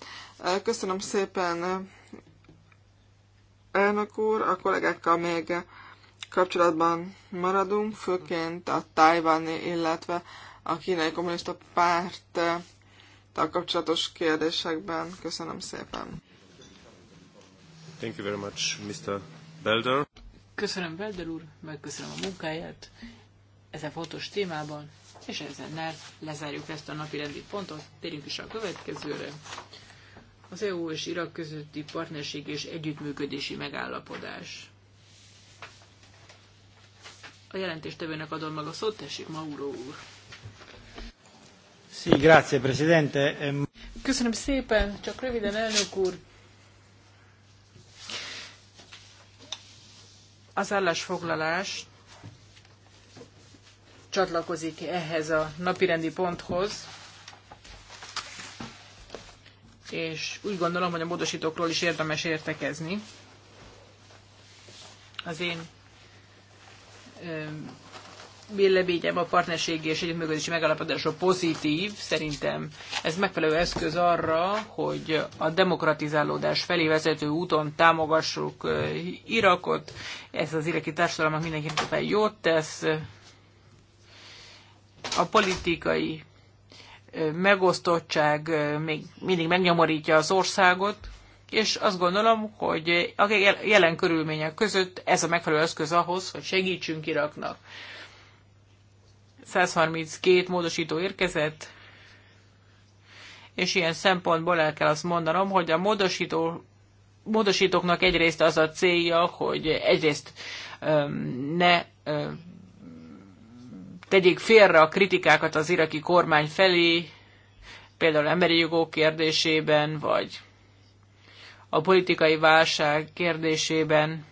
Köszönöm szépen, elnök úr, a kollégákkal még kapcsolatban maradunk, főként a tájváni, illetve a kínai kommunista párt kapcsolatos kérdésekben. Köszönöm szépen. Thank you very much, Mr. Belder. Köszönöm Belder úr, megköszönöm a munkáját, ezen fontos témában, és ezennel lezárjuk ezt a napi rendi pontot, térjünk is a következőre. Az EU és Irak közötti partnerség és együttműködési megállapodás. A jelentéstevőnek adom meg a szót, tessék, Mauro úr. Sí, grazie, Presidente. Ehm, Köszönöm szépen, csak röviden, elnök úr. Az állásfoglalást csatlakozik ehhez a napirendi ponthoz, és úgy gondolom, hogy a módosítókról is érdemes értekezni. Az én véleményem a partnerségi és együttműködési megalapodása pozitív, szerintem ez megfelelő eszköz arra, hogy a demokratizálódás felé vezető úton támogassuk Irakot, ez az iraki társadalomnak mindenképpen jót tesz, a politikai megosztottság még mindig megnyomorítja az országot, és azt gondolom, hogy a jelen körülmények között ez a megfelelő eszköz ahhoz, hogy segítsünk Iraknak. 132 módosító érkezett, és ilyen szempontból el kell azt mondanom, hogy a módosító, módosítóknak egyrészt az a célja, hogy egyrészt ne tegyék félre a kritikákat az iraki kormány felé, például emberi jogok kérdésében, vagy a politikai válság kérdésében.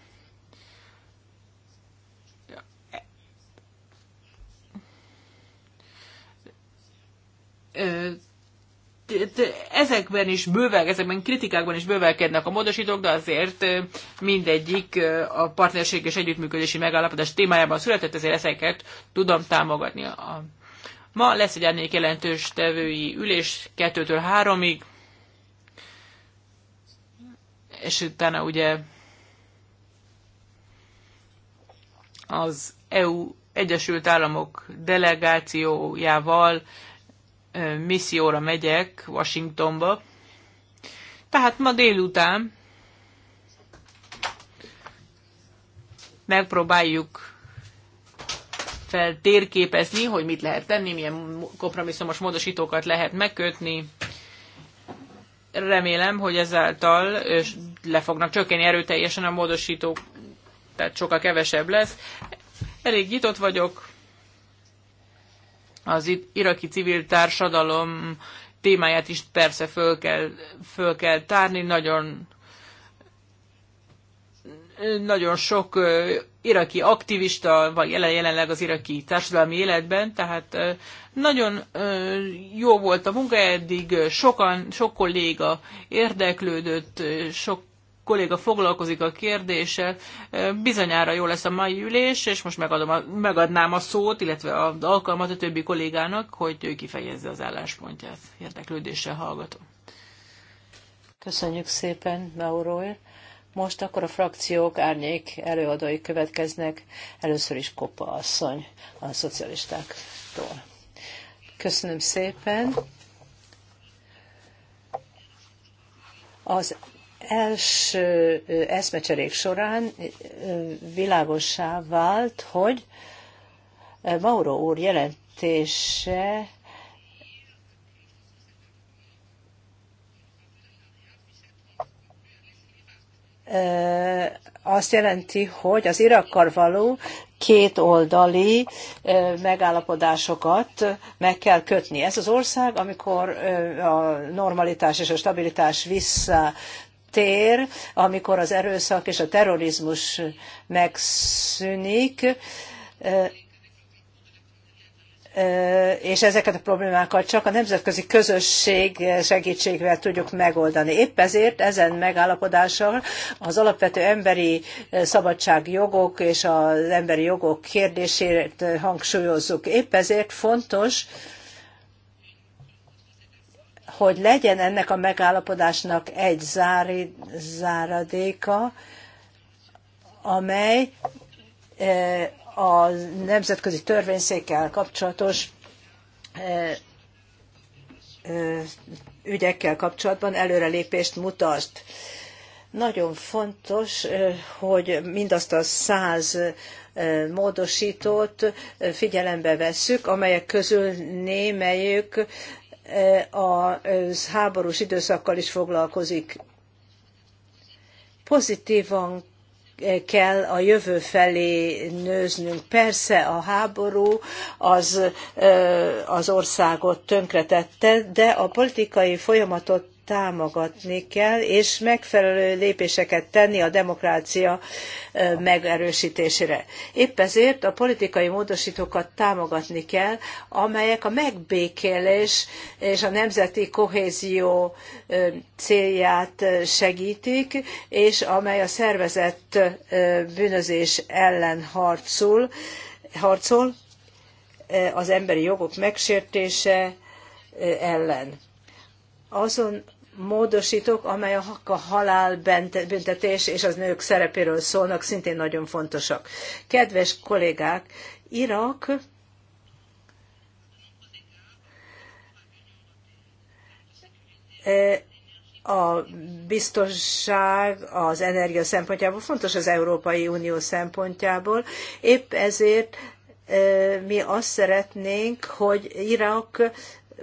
Ö, ezekben is bővel, ezekben kritikákban is bővelkednek a módosítók, de azért mindegyik a partnerség és együttműködési megállapodás témájában született, ezért ezeket tudom támogatni. A, ma lesz egy ennél jelentős tevői ülés 2-től 3-ig, és utána ugye az EU Egyesült Államok delegációjával misszióra megyek Washingtonba. Tehát ma délután megpróbáljuk feltérképezni, hogy mit lehet tenni, milyen kompromisszumos módosítókat lehet megkötni. Remélem, hogy ezáltal le fognak csökkenni erőteljesen a módosítók, tehát sokkal kevesebb lesz. Elég nyitott vagyok, az iraki civil társadalom témáját is persze föl kell, föl kell tárni. Nagyon, nagyon sok iraki aktivista vagy jelen, jelenleg az iraki társadalmi életben, tehát nagyon jó volt a munka eddig, sokan, sok kolléga érdeklődött, sok kolléga foglalkozik a kérdéssel. Bizonyára jó lesz a mai ülés, és most megadom a, megadnám a szót, illetve az alkalmat a többi kollégának, hogy ő kifejezze az álláspontját. Érdeklődéssel hallgatom. Köszönjük szépen, Mauroy. Most akkor a frakciók árnyék előadói következnek. Először is Kopa asszony a szocialistáktól. Köszönöm szépen. Az első eszmecserék során világossá vált, hogy Mauro úr jelentése azt jelenti, hogy az Irakkal való kétoldali megállapodásokat meg kell kötni. Ez az ország, amikor a normalitás és a stabilitás vissza tér, amikor az erőszak és a terrorizmus megszűnik, és ezeket a problémákat csak a nemzetközi közösség segítségével tudjuk megoldani. Épp ezért ezen megállapodással az alapvető emberi szabadságjogok és az emberi jogok kérdését hangsúlyozzuk. Épp ezért fontos, hogy legyen ennek a megállapodásnak egy zári, záradéka, amely e, a nemzetközi törvényszékkel kapcsolatos e, e, ügyekkel kapcsolatban előrelépést mutat. Nagyon fontos, hogy mindazt a száz módosítót figyelembe vesszük, amelyek közül némelyük a háborús időszakkal is foglalkozik. Pozitívan kell a jövő felé nőznünk. Persze a háború az, az országot tönkretette, de a politikai folyamatot támogatni kell, és megfelelő lépéseket tenni a demokrácia megerősítésére. Épp ezért a politikai módosítókat támogatni kell, amelyek a megbékélés és a nemzeti kohézió célját segítik, és amely a szervezett bűnözés ellen harcol, harcol az emberi jogok megsértése ellen azon módosítók, amely a halálbüntetés és az nők szerepéről szólnak, szintén nagyon fontosak. Kedves kollégák, Irak e, a biztonság az energia szempontjából fontos az Európai Unió szempontjából. Épp ezért e, mi azt szeretnénk, hogy Irak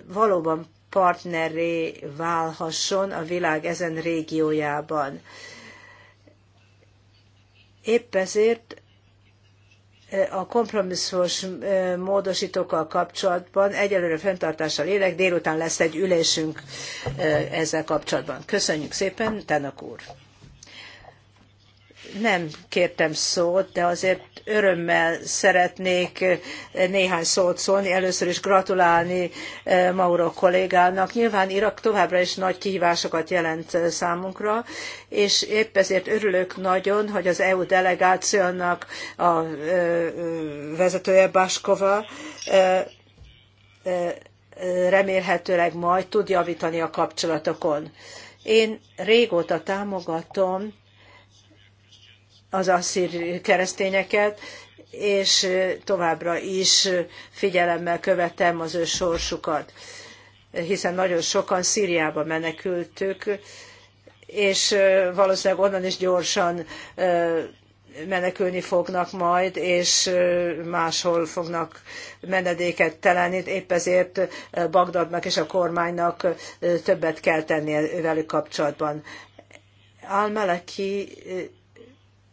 valóban partneré válhasson a világ ezen régiójában. Épp ezért e, a kompromisszós e, módosítókkal kapcsolatban egyelőre fenntartással élek, délután lesz egy ülésünk e, ezzel kapcsolatban. Köszönjük szépen, Tanak úr! nem kértem szót, de azért örömmel szeretnék eh, néhány szót szólni. Először is gratulálni eh, Mauro kollégának. Nyilván Irak továbbra is nagy kihívásokat jelent eh, számunkra, és épp ezért örülök nagyon, hogy az EU delegációnak a vezetője Baskova remélhetőleg majd tud javítani a kapcsolatokon. Én régóta támogatom az asszír keresztényeket, és továbbra is figyelemmel követem az ő sorsukat, hiszen nagyon sokan Szíriába menekültük, és valószínűleg onnan is gyorsan menekülni fognak majd, és máshol fognak menedéket találni. Épp ezért Bagdadnak és a kormánynak többet kell tennie velük kapcsolatban. al maleki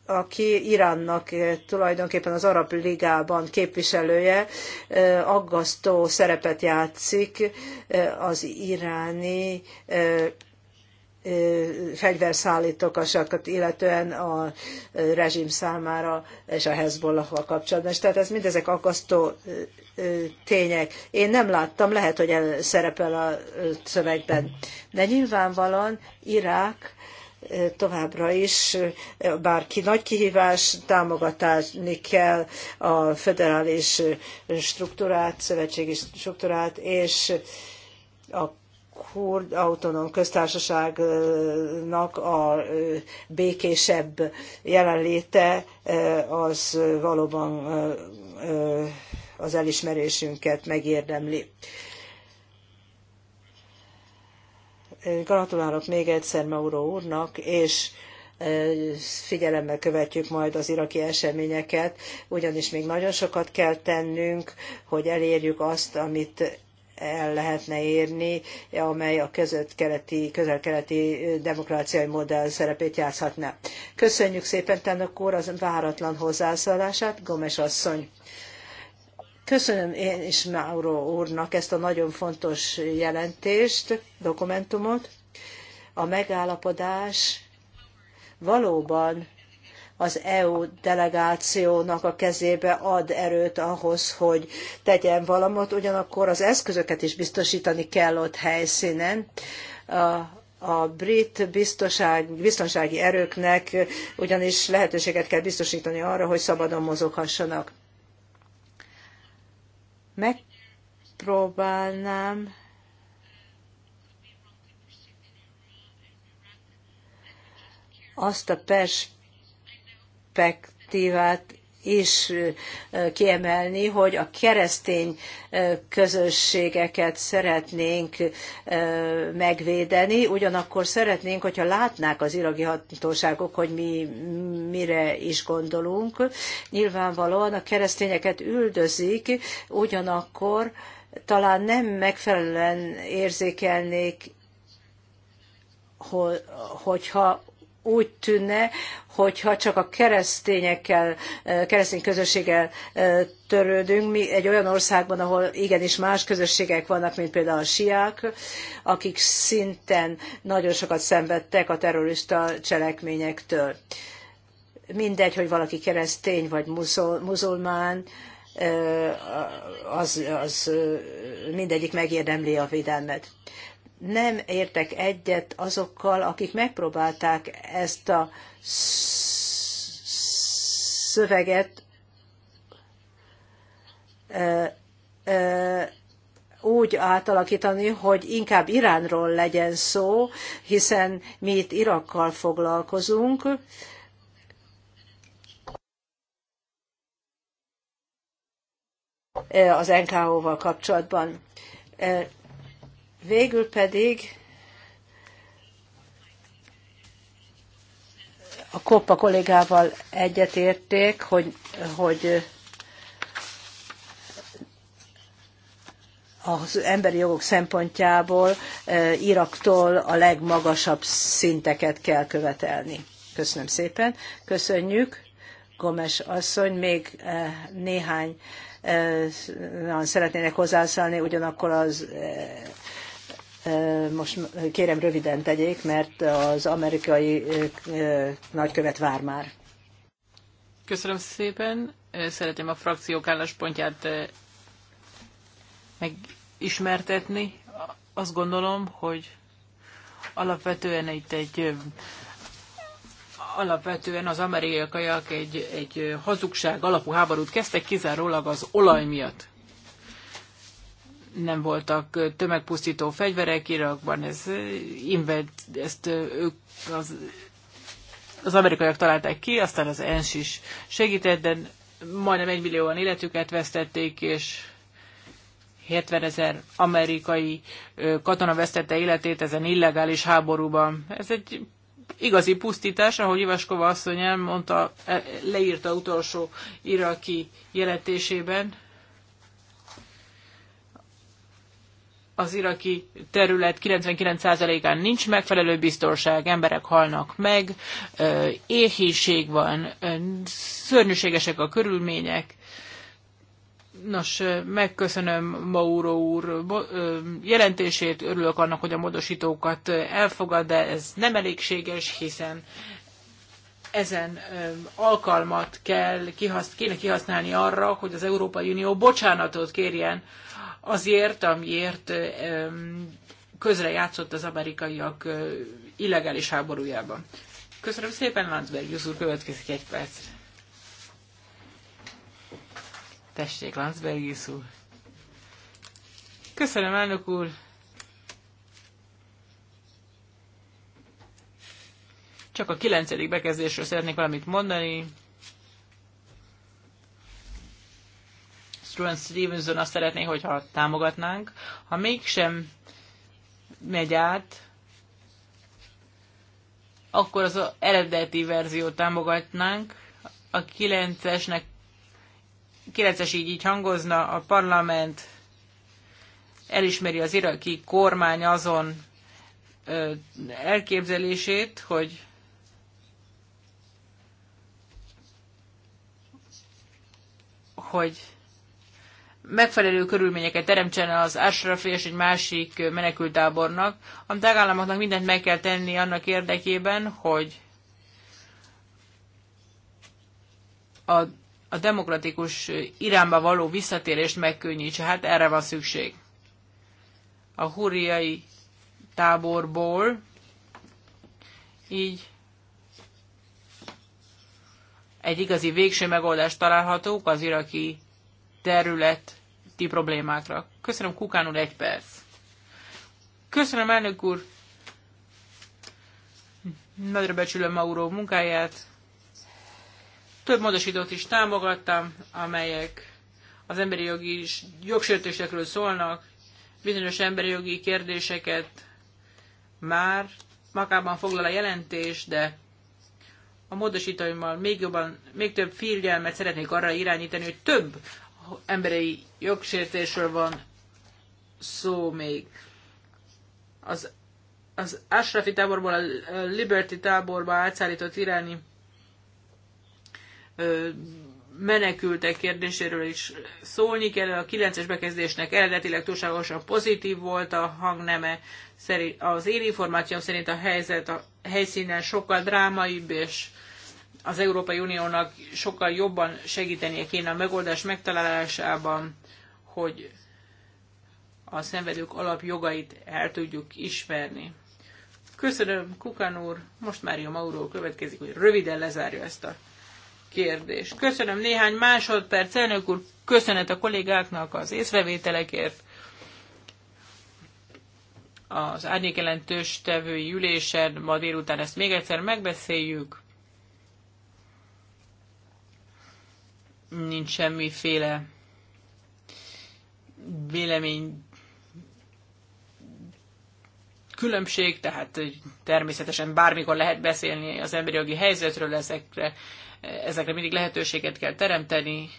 aki Iránnak eh, tulajdonképpen az Arab Ligában képviselője, eh, aggasztó szerepet játszik eh, az iráni fegyverszállítókasakat, illetően a rezsim számára és a Hezbollahval kapcsolatban. És tehát ez mindezek aggasztó tények. Én nem láttam, lehet, hogy el szerepel a szövegben. De nyilvánvalóan Irák továbbra is, bárki nagy kihívás, támogatni kell a federális struktúrát, szövetségi struktúrát, és a kurd autonóm köztársaságnak a békésebb jelenléte az valóban az elismerésünket megérdemli. Gratulálok még egyszer Mauro úrnak, és e, figyelemmel követjük majd az iraki eseményeket, ugyanis még nagyon sokat kell tennünk, hogy elérjük azt, amit el lehetne érni, amely a közel keleti közel-keleti demokráciai modell szerepét játszhatná. Köszönjük szépen Tennök úr az váratlan hozzászólását, Gomes asszony. Köszönöm én is Mauro úrnak ezt a nagyon fontos jelentést, dokumentumot. A megállapodás valóban az EU delegációnak a kezébe ad erőt ahhoz, hogy tegyen valamit, ugyanakkor az eszközöket is biztosítani kell ott helyszínen. A, a brit biztonság, biztonsági erőknek ugyanis lehetőséget kell biztosítani arra, hogy szabadon mozoghassanak megpróbálnám azt a perspektívát is kiemelni, hogy a keresztény közösségeket szeretnénk megvédeni, ugyanakkor szeretnénk, hogyha látnák az iragi hatóságok, hogy mi mire is gondolunk. Nyilvánvalóan a keresztényeket üldözik, ugyanakkor talán nem megfelelően érzékelnék hogyha úgy tűnne, hogyha csak a keresztényekkel, eh, keresztény közösséggel eh, törődünk, mi egy olyan országban, ahol igenis más közösségek vannak, mint például a siák, akik szinten nagyon sokat szenvedtek a terrorista cselekményektől. Mindegy, hogy valaki keresztény vagy muszol, muzulmán, eh, az, az mindegyik megérdemli a védelmet nem értek egyet azokkal, akik megpróbálták ezt a szöveget úgy átalakítani, hogy inkább Iránról legyen szó, hiszen mi itt Irakkal foglalkozunk. az NKO-val kapcsolatban. Végül pedig a Koppa kollégával egyetérték, hogy, hogy az emberi jogok szempontjából e, Iraktól a legmagasabb szinteket kell követelni. Köszönöm szépen. Köszönjük. Gomes asszony, még e, néhány e, szeretnének hozzászállni, ugyanakkor az most kérem röviden tegyék, mert az amerikai nagykövet vár már. Köszönöm szépen. Szeretném a frakciók álláspontját megismertetni. Azt gondolom, hogy alapvetően itt egy alapvetően az amerikaiak egy, egy hazugság alapú háborút kezdtek kizárólag az olaj miatt nem voltak tömegpusztító fegyverek Irakban, ez invent, ezt ők az, az amerikaiak találták ki, aztán az ENS is segített, de majdnem egy millióan életüket vesztették, és 70 ezer amerikai katona vesztette életét ezen illegális háborúban. Ez egy igazi pusztítás, ahogy Ivaskova asszony elmondta, e, leírta utolsó iraki jelentésében. az iraki terület 99%-án nincs megfelelő biztonság, emberek halnak meg, éhínség van, szörnyűségesek a körülmények. Nos, megköszönöm Mauro úr jelentését, örülök annak, hogy a módosítókat elfogad, de ez nem elégséges, hiszen ezen alkalmat kell kihasz, kéne kihasználni arra, hogy az Európai Unió bocsánatot kérjen azért, amiért közrejátszott az amerikaiak illegális háborújában. Köszönöm szépen, Landsberg úr, következik egy perc. Tessék, Landsberg úr. Köszönöm, elnök úr. Csak a kilencedik bekezdésről szeretnék valamit mondani. Struan Stevenson azt szeretné, hogyha támogatnánk. Ha mégsem megy át, akkor az eredeti verziót támogatnánk. A 9-esnek 9-es így, így hangozna, a parlament elismeri az iraki kormány azon ö, elképzelését, hogy hogy megfelelő körülményeket teremtsen az Ashrafi és egy másik menekültábornak. A tagállamoknak mindent meg kell tenni annak érdekében, hogy a, a demokratikus irányba való visszatérést megkönnyítse. Hát erre van szükség. A huriai táborból így egy igazi végső megoldást találhatók az iraki területi problémákra. Köszönöm, Kukán úr, egy perc. Köszönöm, elnök úr. Nagyra becsülöm Mauro munkáját. Több módosítót is támogattam, amelyek az emberi jogi jogsértésekről szólnak, bizonyos emberi jogi kérdéseket már magában foglal a jelentés, de a módosítóimmal még jobban, még több figyelmet szeretnék arra irányítani, hogy több emberi jogsértésről van szó még. Az, az Ashrafi táborból a Liberty táborba átszállított iráni ö, menekültek kérdéséről is szólni kell. A 9-es bekezdésnek eredetileg túlságosan pozitív volt a hangneme. Szerint, az én információm szerint a helyzet a helyszínen sokkal drámaibb és az Európai Uniónak sokkal jobban segítenie kéne a megoldás megtalálásában, hogy a szenvedők alapjogait el tudjuk ismerni. Köszönöm, Kukan úr, most Mário Mauro következik, hogy röviden lezárja ezt a kérdést. Köszönöm néhány másodperc, elnök úr, köszönet a kollégáknak az észrevételekért. Az árnyékjelentős tevői ülésen ma délután ezt még egyszer megbeszéljük. nincs semmiféle vélemény különbség, tehát természetesen bármikor lehet beszélni az emberi jogi helyzetről, ezekre, ezekre mindig lehetőséget kell teremteni,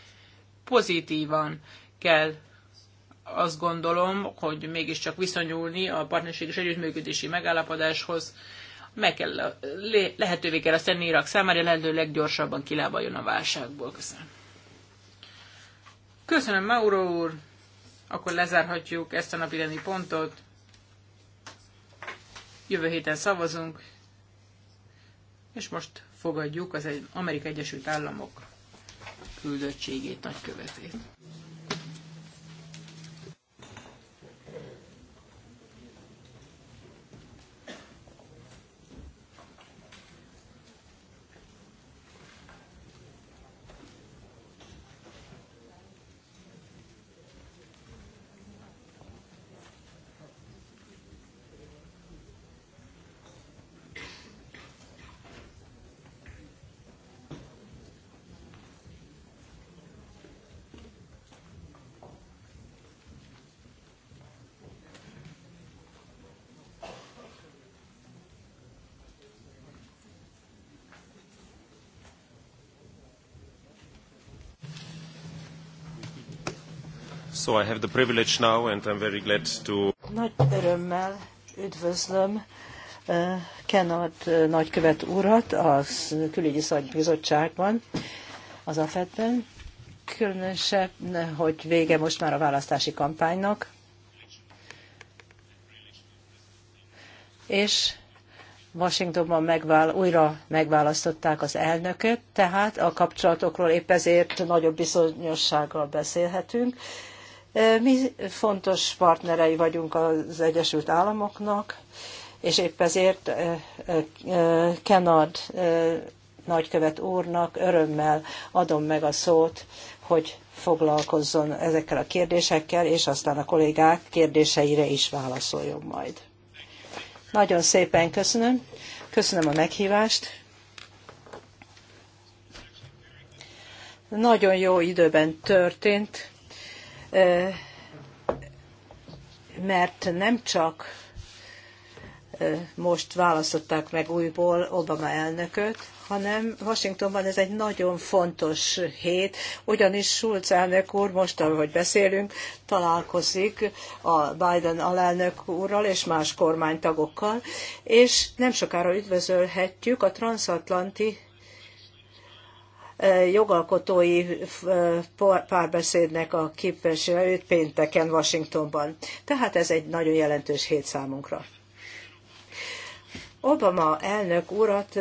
pozitívan kell azt gondolom, hogy mégiscsak viszonyulni a partnerség és együttműködési megállapodáshoz, meg kell, lehetővé kell azt tenni Irak számára, lehető leggyorsabban kilábaljon a válságból. Köszönöm. Köszönöm, Mauro úr! Akkor lezárhatjuk ezt a napirendi pontot. Jövő héten szavazunk, és most fogadjuk az Amerikai Egyesült Államok küldöttségét, nagykövetét. So I have the privilege now, and I'm very glad to... Nagy örömmel üdvözlöm eh, Kenard eh, nagykövet urat a külügyi szakbizottságban, az AFED-ben. Különösebb, hogy vége most már a választási kampánynak. És Washingtonban megvál, újra megválasztották az elnököt, tehát a kapcsolatokról épp ezért nagyobb bizonyossággal beszélhetünk, mi fontos partnerei vagyunk az Egyesült Államoknak, és épp ezért Kenard nagykövet úrnak örömmel adom meg a szót, hogy foglalkozzon ezekkel a kérdésekkel, és aztán a kollégák kérdéseire is válaszoljon majd. Nagyon szépen köszönöm. Köszönöm a meghívást. Nagyon jó időben történt, mert nem csak most választották meg újból Obama elnököt, hanem Washingtonban ez egy nagyon fontos hét, ugyanis Schulz elnök úr, most, ahogy beszélünk, találkozik a Biden alelnök úrral és más kormánytagokkal, és nem sokára üdvözölhetjük a transatlanti jogalkotói párbeszédnek a képviselő őt pénteken Washingtonban. Tehát ez egy nagyon jelentős hét számunkra. Obama elnök urat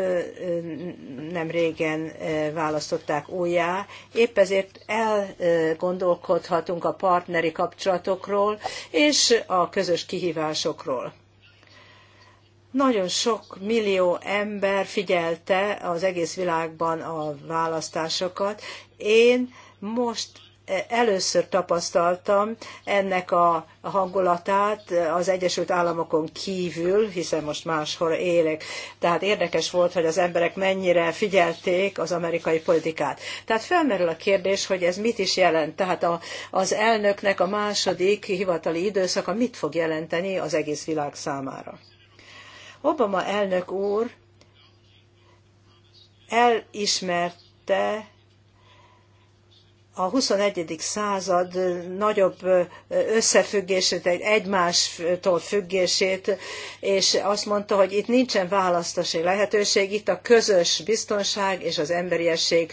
nem régen választották újjá, épp ezért elgondolkodhatunk a partneri kapcsolatokról és a közös kihívásokról. Nagyon sok millió ember figyelte az egész világban a választásokat. Én most eh, először tapasztaltam ennek a hangulatát az Egyesült Államokon kívül, hiszen most máshol élek. Tehát érdekes volt, hogy az emberek mennyire figyelték az amerikai politikát. Tehát felmerül a kérdés, hogy ez mit is jelent. Tehát a, az elnöknek a második hivatali időszaka mit fog jelenteni az egész világ számára. Obama elnök úr elismerte a 21. század nagyobb összefüggését, egy egymástól függését, és azt mondta, hogy itt nincsen választási lehetőség, itt a közös biztonság és az emberiesség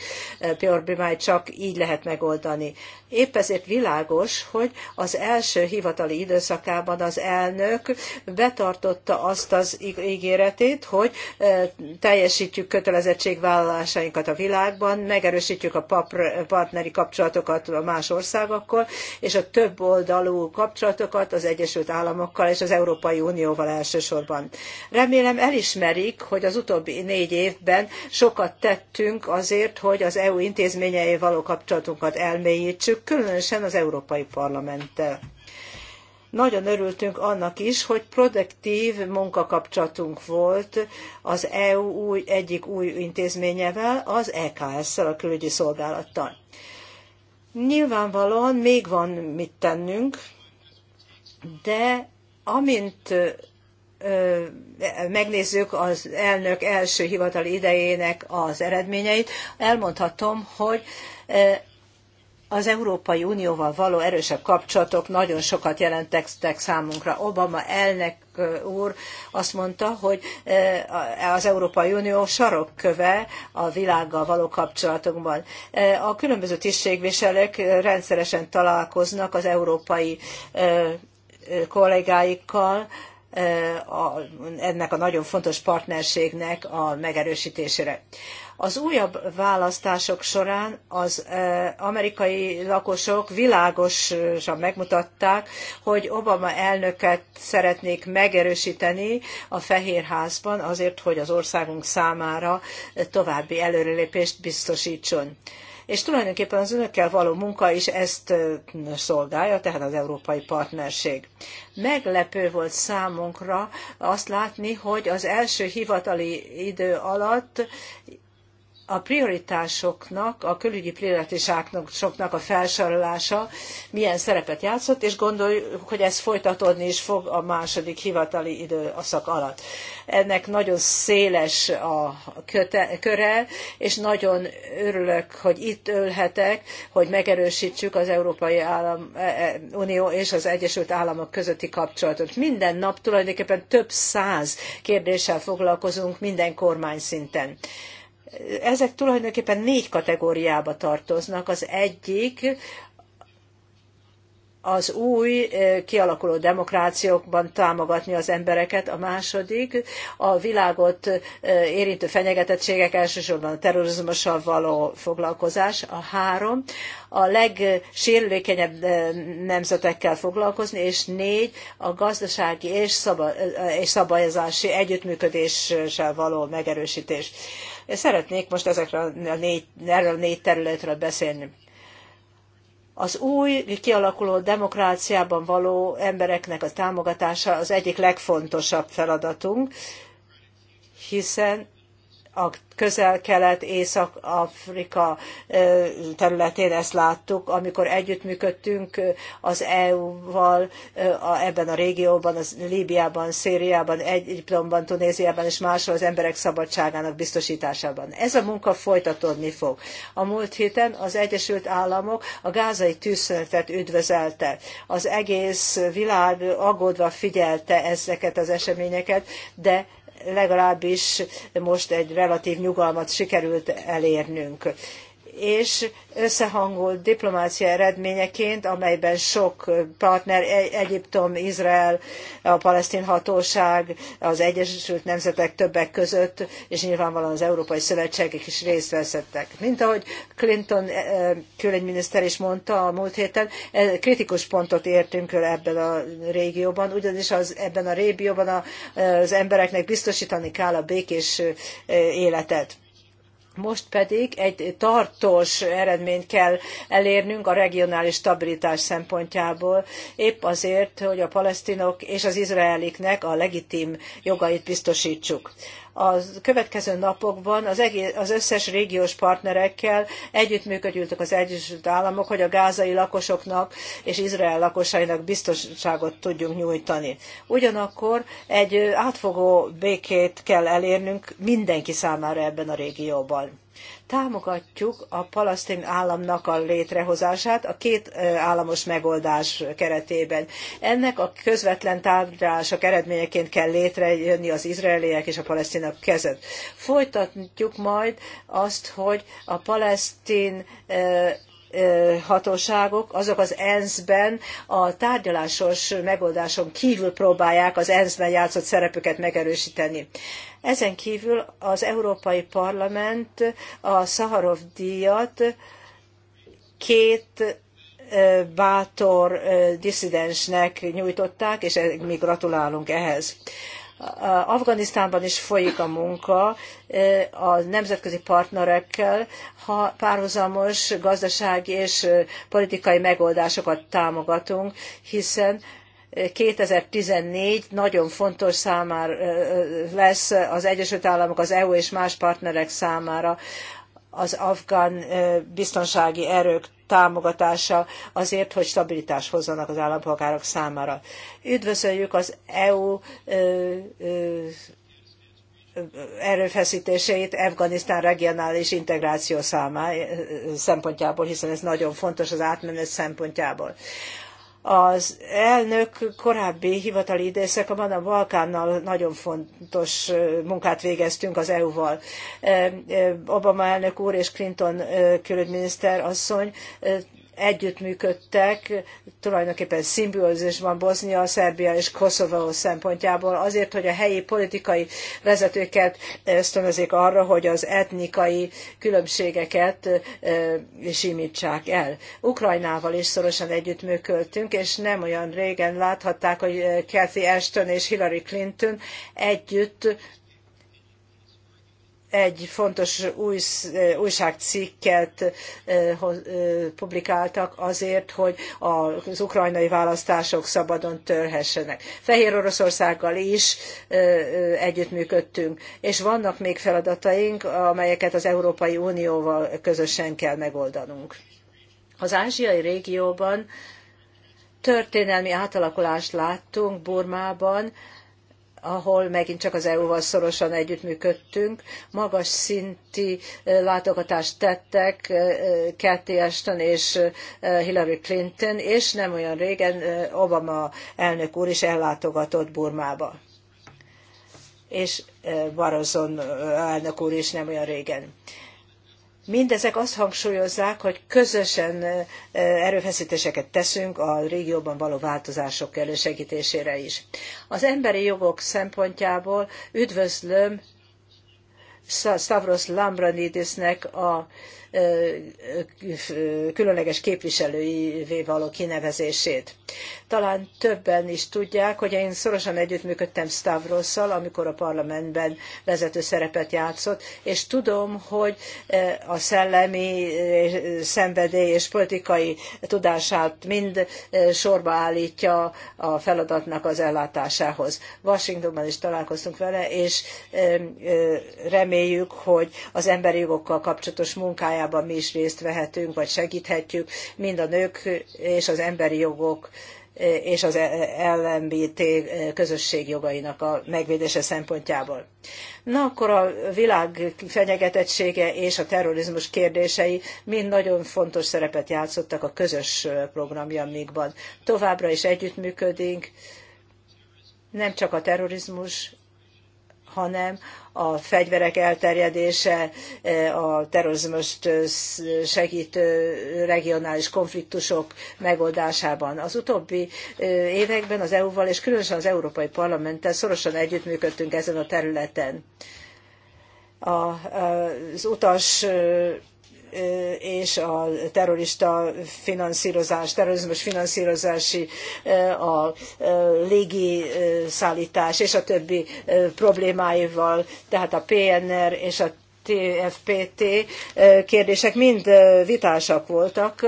Pior csak így lehet megoldani. Épp ezért világos, hogy az első hivatali időszakában az elnök betartotta azt az ígéretét, hogy e, teljesítjük kötelezettségvállalásainkat a világban, megerősítjük a partneri kapcsolatokat a más országokkal, és a több oldalú kapcsolatokat az Egyesült Államokkal és az Európai Unióval elsősorban. Remélem elismerik, hogy az utóbbi négy évben sokat tettünk azért, hogy az EU intézményei való kapcsolatunkat elmélyítsük, különösen az Európai Parlamenttel. Nagyon örültünk annak is, hogy produktív munkakapcsolatunk volt az EU új, egyik új intézményevel, az EKS-szel, a külügyi szolgálattal. Nyilvánvalóan még van mit tennünk, de amint megnézzük az elnök első hivatali idejének az eredményeit, elmondhatom, hogy az Európai Unióval való erősebb kapcsolatok nagyon sokat jelentettek számunkra. Obama elnök úr azt mondta, hogy az Európai Unió sarokköve a világgal való kapcsolatokban. A különböző tisztségviselők rendszeresen találkoznak az európai kollégáikkal, ennek a nagyon fontos partnerségnek a megerősítésére. Az újabb választások során az amerikai lakosok világosan megmutatták, hogy Obama elnöket szeretnék megerősíteni a Fehérházban azért, hogy az országunk számára további előrelépést biztosítson és tulajdonképpen az önökkel való munka is ezt szolgálja, tehát az európai partnerség. Meglepő volt számunkra azt látni, hogy az első hivatali idő alatt a prioritásoknak, a külügyi prioritásoknak a felsorolása milyen szerepet játszott, és gondoljuk, hogy ez folytatódni is fog a második hivatali időszak alatt. Ennek nagyon széles a köte, köre, és nagyon örülök, hogy itt ölhetek, hogy megerősítsük az Európai Állam, e, e, Unió és az Egyesült Államok közötti kapcsolatot. Minden nap tulajdonképpen több száz kérdéssel foglalkozunk minden kormány szinten ezek tulajdonképpen négy kategóriába tartoznak. Az egyik az új kialakuló demokrációkban támogatni az embereket, a második a világot érintő fenyegetettségek, elsősorban a terrorizmussal való foglalkozás, a három a legsérülékenyebb nemzetekkel foglalkozni, és négy a gazdasági és, szaba, és szabályozási együttműködéssel való megerősítés. Szeretnék most ezekről a négy, erről a négy területről beszélni az új kialakuló demokráciában való embereknek a támogatása az egyik legfontosabb feladatunk, hiszen a közel-kelet, Észak-Afrika területén ezt láttuk, amikor együttműködtünk az EU-val ebben a régióban, az Líbiában, Szériában, Egyiptomban, Tunéziában és máshol az emberek szabadságának biztosításában. Ez a munka folytatódni fog. A múlt héten az Egyesült Államok a gázai tűzszünetet üdvözelte. Az egész világ aggódva figyelte ezeket az eseményeket, de legalábbis most egy relatív nyugalmat sikerült elérnünk és összehangolt diplomácia eredményeként, amelyben sok partner, e- Egyiptom, Izrael, a palesztin hatóság, az Egyesült Nemzetek többek között, és nyilvánvalóan az Európai Szövetségek is részt veszettek. Mint ahogy Clinton e, e, külügyminiszter is mondta a múlt héten, kritikus pontot értünk el ebben a régióban, ugyanis az, ebben a régióban az embereknek biztosítani kell a békés életet most pedig egy tartós eredményt kell elérnünk a regionális stabilitás szempontjából, épp azért, hogy a palesztinok és az izraeliknek a legitim jogait biztosítsuk a következő napokban az, egész, az összes régiós partnerekkel együttműködjünk az Egyesült Államok, hogy a gázai lakosoknak és Izrael lakosainak biztonságot tudjunk nyújtani. Ugyanakkor egy átfogó békét kell elérnünk mindenki számára ebben a régióban támogatjuk a palasztin államnak a létrehozását a két államos megoldás keretében. Ennek a közvetlen tárgyalások eredményeként kell létrejönni az izraeliek és a palesztinok között. Folytatjuk majd azt, hogy a palesztin hatóságok, azok az ENSZ-ben a tárgyalásos megoldáson kívül próbálják az ENSZ-ben játszott szerepüket megerősíteni. Ezen kívül az Európai Parlament a Szaharov díjat két bátor disszidensnek nyújtották, és mi gratulálunk ehhez. Afganisztánban is folyik a munka a nemzetközi partnerekkel, ha párhuzamos gazdasági és politikai megoldásokat támogatunk, hiszen 2014 nagyon fontos számára lesz az Egyesült Államok, az EU és más partnerek számára az afgán biztonsági erők támogatása azért, hogy stabilitást hozzanak az állampolgárok számára. Üdvözöljük az EU erőfeszítéseit Afganisztán regionális integráció számá, szempontjából, hiszen ez nagyon fontos az átmenet szempontjából. Az elnök korábbi hivatali időszakban a Balkánnal nagyon fontos munkát végeztünk az EU-val. Obama elnök úr és Clinton külügyminiszter asszony együttműködtek, tulajdonképpen szimbiózisban Bosznia, Szerbia és Koszovó szempontjából, azért, hogy a helyi politikai vezetőket ösztönözik arra, hogy az etnikai különbségeket simítsák el. Ukrajnával is szorosan együttműködtünk, és nem olyan régen láthatták, hogy Kathy Ashton és Hillary Clinton együtt egy fontos új, újságcikket publikáltak azért, hogy az ukrajnai választások szabadon törhessenek. Fehér Oroszországgal is együttműködtünk, és vannak még feladataink, amelyeket az Európai Unióval közösen kell megoldanunk. Az ázsiai régióban történelmi átalakulást láttunk Burmában, ahol megint csak az EU-val szorosan együttműködtünk, magas szinti eh, látogatást tettek eh, eh, Cathy Ashton és Hillary Clinton, és nem olyan régen Obama elnök úr is ellátogatott Burmába. És Barazon elnök úr is nem olyan régen. Mindezek azt hangsúlyozzák, hogy közösen erőfeszítéseket teszünk a régióban való változások elősegítésére is. Az emberi jogok szempontjából üdvözlöm Stavros Lambranidisnek a különleges képviselőjévé való kinevezését talán többen is tudják, hogy én szorosan együttműködtem Stavrosszal, amikor a parlamentben vezető szerepet játszott, és tudom, hogy e, a szellemi e, szenvedély és politikai tudását mind e, sorba állítja a feladatnak az ellátásához. Washingtonban is találkoztunk vele, és reméljük, hogy az emberi jogokkal kapcsolatos munkájában mi is részt vehetünk, vagy segíthetjük, mind a nők és az emberi jogok és az LMBT közösség jogainak a megvédése szempontjából. Na akkor a világ fenyegetettsége és a terrorizmus kérdései mind nagyon fontos szerepet játszottak a közös programjainkban. Továbbra is együttműködünk, nem csak a terrorizmus hanem a fegyverek elterjedése, eh, a terrorizmust eh, segítő regionális konfliktusok megoldásában. Az utóbbi eh, években az EU-val és különösen az Európai Parlamenttel szorosan együttműködtünk ezen a területen. Az utas és a terrorista finanszírozás, terrorizmus finanszírozási, a légi szállítás és a többi problémáival, tehát a PNR és a TFPT kérdések mind vitásak voltak,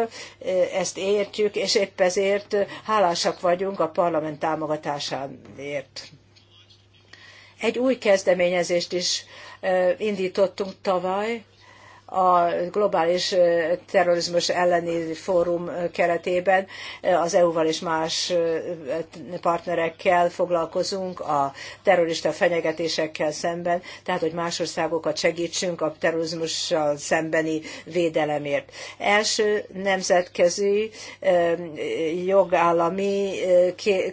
ezt értjük, és épp ezért hálásak vagyunk a parlament támogatásáért. Egy új kezdeményezést is indítottunk tavaly, a globális terrorizmus elleni fórum keretében az EU-val és más partnerekkel foglalkozunk a terrorista fenyegetésekkel szemben, tehát hogy más országokat segítsünk a terrorizmussal szembeni védelemért. Első nemzetközi jogállami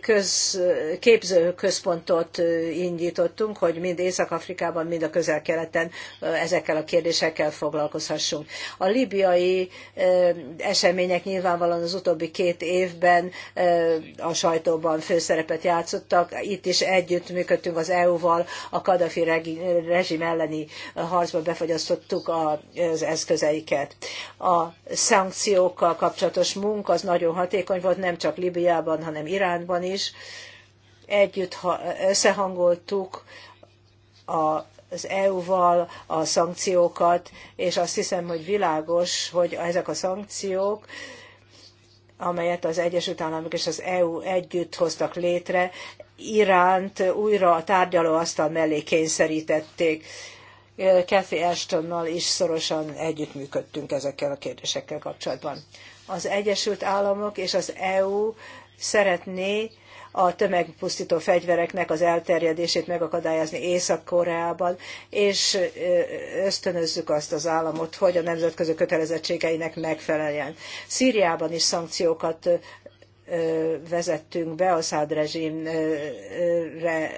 köz, képző indítottunk, hogy mind Észak-Afrikában, mind a közel-keleten ezekkel a kérdésekkel foglalkozunk foglalkozhassunk. A libiai események nyilvánvalóan az utóbbi két évben a sajtóban főszerepet játszottak. Itt is együttműködtünk az EU-val, a Kadafi rezsim elleni harcban befagyasztottuk az eszközeiket. A szankciókkal kapcsolatos munka az nagyon hatékony volt, nem csak Libiában, hanem Iránban is. Együtt összehangoltuk a az EU-val a szankciókat, és azt hiszem, hogy világos, hogy ezek a szankciók, amelyet az Egyesült Államok és az EU együtt hoztak létre, Iránt újra a tárgyalóasztal mellé kényszerítették. Kathy Ashtonnal is szorosan együttműködtünk ezekkel a kérdésekkel kapcsolatban. Az Egyesült Államok és az EU szeretné a tömegpusztító fegyvereknek az elterjedését megakadályozni Észak-Koreában, és ösztönözzük azt az államot, hogy a nemzetközi kötelezettségeinek megfeleljen. Szíriában is szankciókat vezettünk be, a Szád rezsimre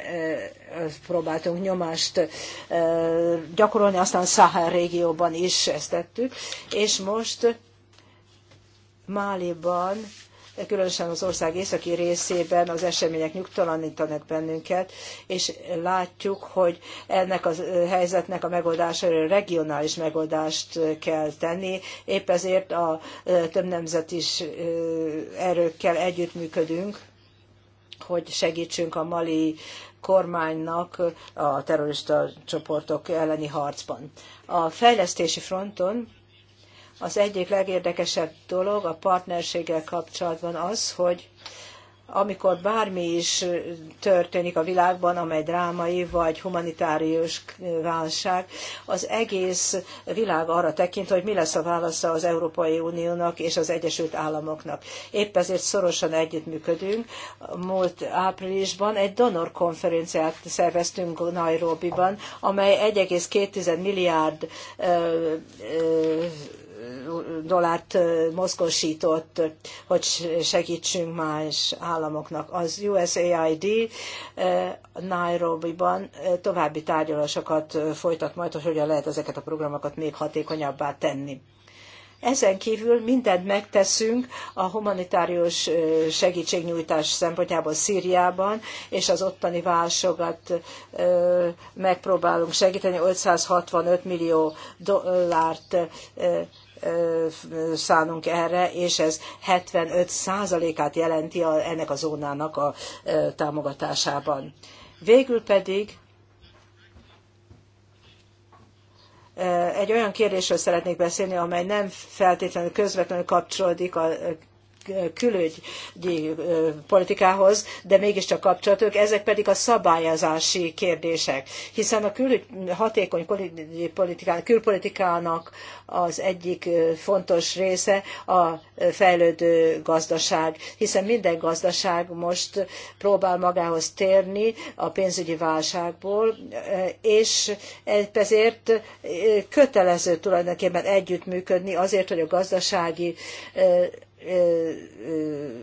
próbáltunk nyomást gyakorolni, aztán Szahel régióban is ezt tettük, és most Máliban különösen az ország északi részében az események nyugtalanítanak bennünket, és látjuk, hogy ennek a helyzetnek a megoldására regionális megoldást kell tenni. Épp ezért a több nemzet is erőkkel együttműködünk, hogy segítsünk a mali kormánynak a terrorista csoportok elleni harcban. A fejlesztési fronton az egyik legérdekesebb dolog a partnerséggel kapcsolatban az, hogy amikor bármi is történik a világban, amely drámai vagy humanitárius válság, az egész világ arra tekint, hogy mi lesz a válasza az Európai Uniónak és az Egyesült Államoknak. Épp ezért szorosan együttműködünk. Múlt áprilisban egy donor konferenciát szerveztünk Nairobi-ban, amely 1,2 milliárd dollárt mozgósított, hogy segítsünk más államoknak. Az USAID Nairobi-ban további tárgyalásokat folytat majd, hogy hogyan lehet ezeket a programokat még hatékonyabbá tenni. Ezen kívül mindent megteszünk a humanitárius segítségnyújtás szempontjából Szíriában, és az ottani válságot megpróbálunk segíteni. 565 millió dollárt szánunk erre, és ez 75 százalékát jelenti a, ennek a zónának a támogatásában. Végül pedig egy olyan kérdésről szeretnék beszélni, amely nem feltétlenül közvetlenül kapcsolódik a külügyi politikához, de mégiscsak kapcsolatok, ezek pedig a szabályozási kérdések. Hiszen a külügy, hatékony politikán, külpolitikának az egyik fontos része a fejlődő gazdaság, hiszen minden gazdaság most próbál magához térni a pénzügyi válságból, és e-, ezért kötelező tulajdonképpen együttműködni azért, hogy a gazdasági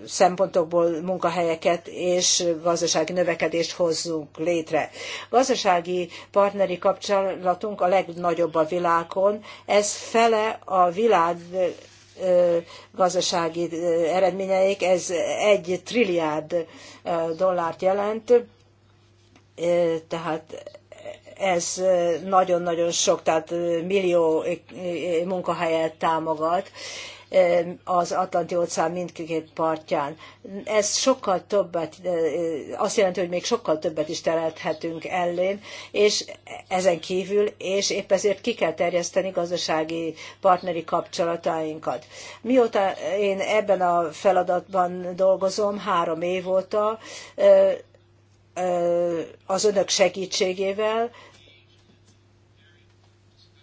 szempontokból munkahelyeket és gazdasági növekedést hozzunk létre. Gazdasági partneri kapcsolatunk a legnagyobb a világon, ez fele a világ gazdasági eredményeik, ez egy trilliárd dollárt jelent, tehát ez nagyon-nagyon sok, tehát millió munkahelyet támogat, Eh, az Atlanti óceán mindkét partján. Ez sokkal többet, eh, azt jelenti, hogy még sokkal többet is terelhetünk ellén, és ezen kívül, és épp ezért ki kell terjeszteni gazdasági partneri kapcsolatainkat. Mióta én ebben a feladatban dolgozom, három év óta, eh, az önök segítségével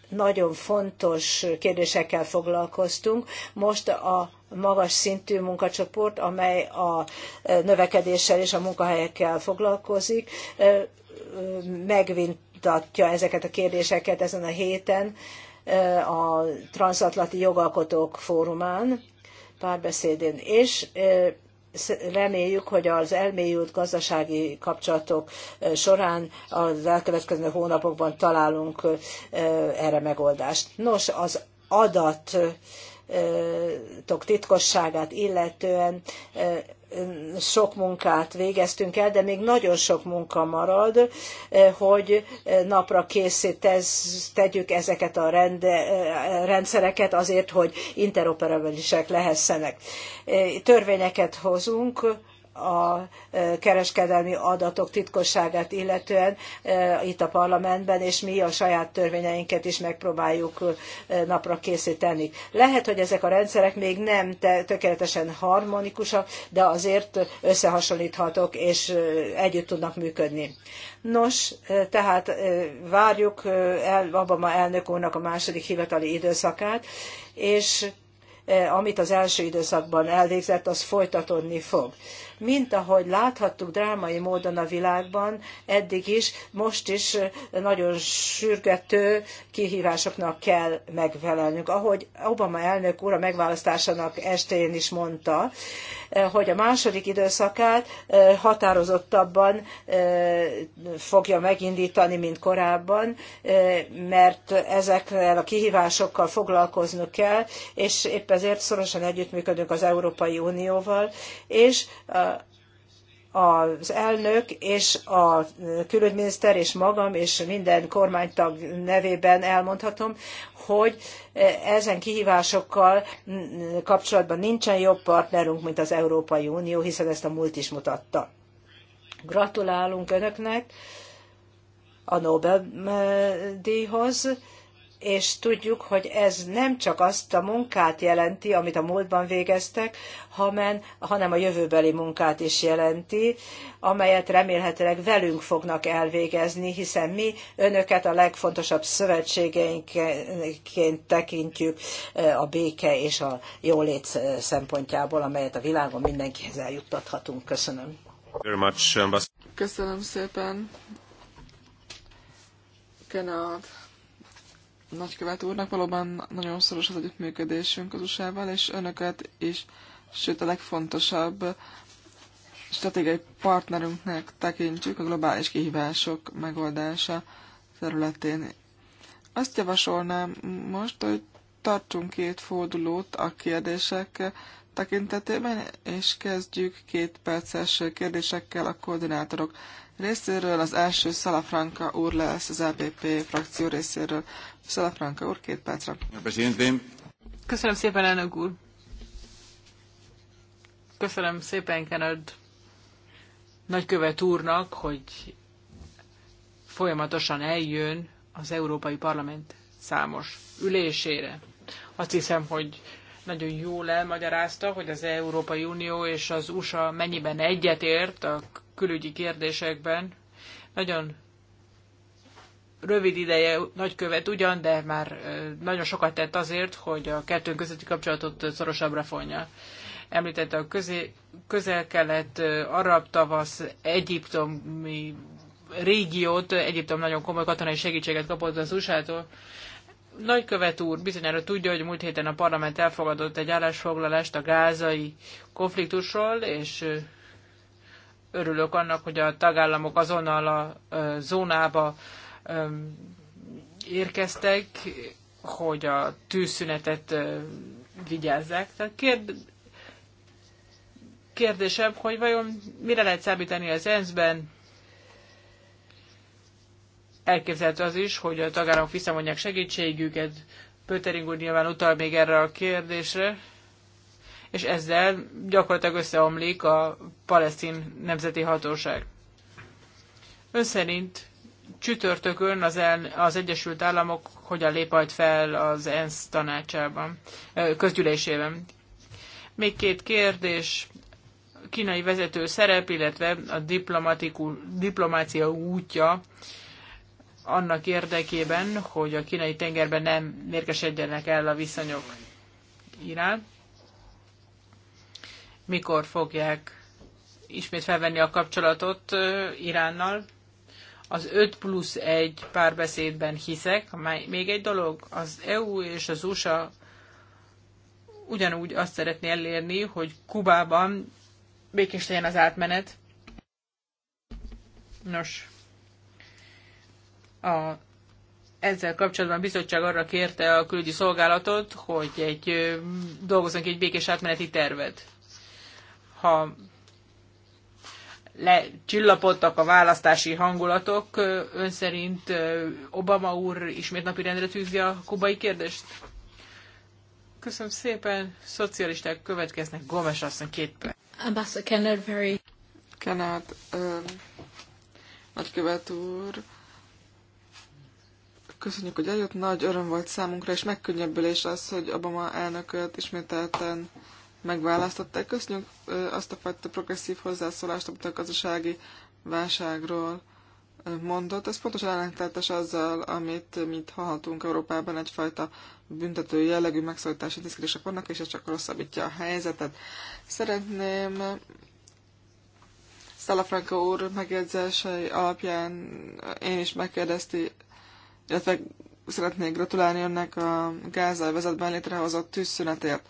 nagyon fontos kérdésekkel foglalkoztunk. Most a magas szintű munkacsoport, amely a e, növekedéssel és a munkahelyekkel foglalkozik, e, e, megvintatja ezeket a kérdéseket ezen a héten a Transatlanti Jogalkotók Fórumán párbeszédén, és reméljük, hogy az elmélyült gazdasági kapcsolatok eh, során az elkövetkező hónapokban találunk eh, erre megoldást. Nos, az adat eh, titkosságát illetően sok munkát végeztünk el, de még nagyon sok munka marad, eh, hogy eh, napra készít tegyük ezeket a eh, rendszereket azért, hogy interoperabilisek lehessenek. Törvényeket hozunk, a e, kereskedelmi adatok titkosságát illetően e, itt a parlamentben, és mi a saját törvényeinket is megpróbáljuk e, napra készíteni. Lehet, hogy ezek a rendszerek még nem tökéletesen harmonikusak, de azért összehasonlíthatók és együtt tudnak működni. Nos, tehát várjuk el Obama elnök úrnak a második hivatali időszakát, és amit az első időszakban elvégzett, az folytatódni fog mint ahogy láthattuk drámai módon a világban, eddig is, most is nagyon sürgető kihívásoknak kell megfelelnünk. Ahogy Obama elnök úr a megválasztásának estén is mondta, hogy a második időszakát határozottabban fogja megindítani, mint korábban, mert ezekkel a kihívásokkal foglalkozni kell, és épp ezért szorosan együttműködünk az Európai Unióval, és az elnök és a külügyminiszter és magam és minden kormánytag nevében elmondhatom, hogy ezen kihívásokkal kapcsolatban nincsen jobb partnerünk, mint az Európai Unió, hiszen ezt a múlt is mutatta. Gratulálunk Önöknek a Nobel-díjhoz és tudjuk, hogy ez nem csak azt a munkát jelenti, amit a múltban végeztek, hanem a jövőbeli munkát is jelenti, amelyet remélhetőleg velünk fognak elvégezni, hiszen mi önöket a legfontosabb szövetségeinként tekintjük a béke és a jólét szempontjából, amelyet a világon mindenkihez eljuttathatunk. Köszönöm. Köszönöm szépen. Kenard nagykövet úrnak. Valóban nagyon szoros az együttműködésünk az USA-val, és önöket is, sőt a legfontosabb stratégiai partnerünknek tekintjük a globális kihívások megoldása területén. Azt javasolnám most, hogy tartsunk két fordulót a kérdések tekintetében, és kezdjük két perces kérdésekkel a koordinátorok részéről, az első Salafranca úr lesz az LPP frakció részéről. Salafranca úr, két percre. Köszönöm szépen, elnök úr. Köszönöm szépen, Kenneth nagykövet úrnak, hogy folyamatosan eljön az Európai Parlament számos ülésére. Azt hiszem, hogy nagyon jól elmagyarázta, hogy az Európai Unió és az USA mennyiben egyetért a külügyi kérdésekben. Nagyon rövid ideje nagykövet ugyan, de már nagyon sokat tett azért, hogy a kettőnk közötti kapcsolatot szorosabbra fonja. Említette a közel-kelet, arab tavasz, egyiptomi régiót, Egyiptom nagyon komoly katonai segítséget kapott az USA-tól. Nagykövet úr bizonyára tudja, hogy múlt héten a parlament elfogadott egy állásfoglalást a gázai konfliktusról, és örülök annak, hogy a tagállamok azonnal a zónába érkeztek, hogy a tűzszünetet vigyázzák. Tehát kérd... kérdésem, hogy vajon mire lehet számítani az ENSZ-ben? Elképzelhető az is, hogy a tagállamok visszamondják segítségüket. Pöttering úr nyilván utal még erre a kérdésre és ezzel gyakorlatilag összeomlik a palesztin nemzeti hatóság. Ön szerint csütörtökön az, el, az Egyesült Államok hogyan lép majd fel az ENSZ tanácsában, közgyűlésében. Még két kérdés. Kínai vezető szerep, illetve a diplomácia útja annak érdekében, hogy a kínai tengerben nem mérgesedjenek el a viszonyok iránt mikor fogják ismét felvenni a kapcsolatot Iránnal. Az 5 plusz 1 párbeszédben hiszek. Még egy dolog, az EU és az USA ugyanúgy azt szeretné elérni, hogy Kubában békés legyen az átmenet. Nos, a, ezzel kapcsolatban a bizottság arra kérte a külügyi szolgálatot, hogy egy, dolgozzon egy békés átmeneti tervet ha lecsillapodtak a választási hangulatok, ön szerint Obama úr ismét napirendre tűzi a kubai kérdést? Köszönöm szépen, szocialisták következnek, Gomes asszony két perc. Ambassador Kenneth very... Kenneth, um, nagykövet úr, köszönjük, hogy eljött, nagy öröm volt számunkra, és megkönnyebbülés az, hogy Obama elnököt ismételten megválasztották. Köszönjük azt a fajta progresszív hozzászólást, amit a gazdasági válságról mondott. Ez pontosan ellentétes azzal, amit mint hallhatunk Európában, egyfajta büntető jellegű megszólítási intézkedések vannak, és ez csak rosszabbítja a helyzetet. Szeretném Salafranca úr megjegyzései alapján én is megkérdezti, illetve szeretnék gratulálni önnek a gázai vezetben létrehozott tűzszünetért.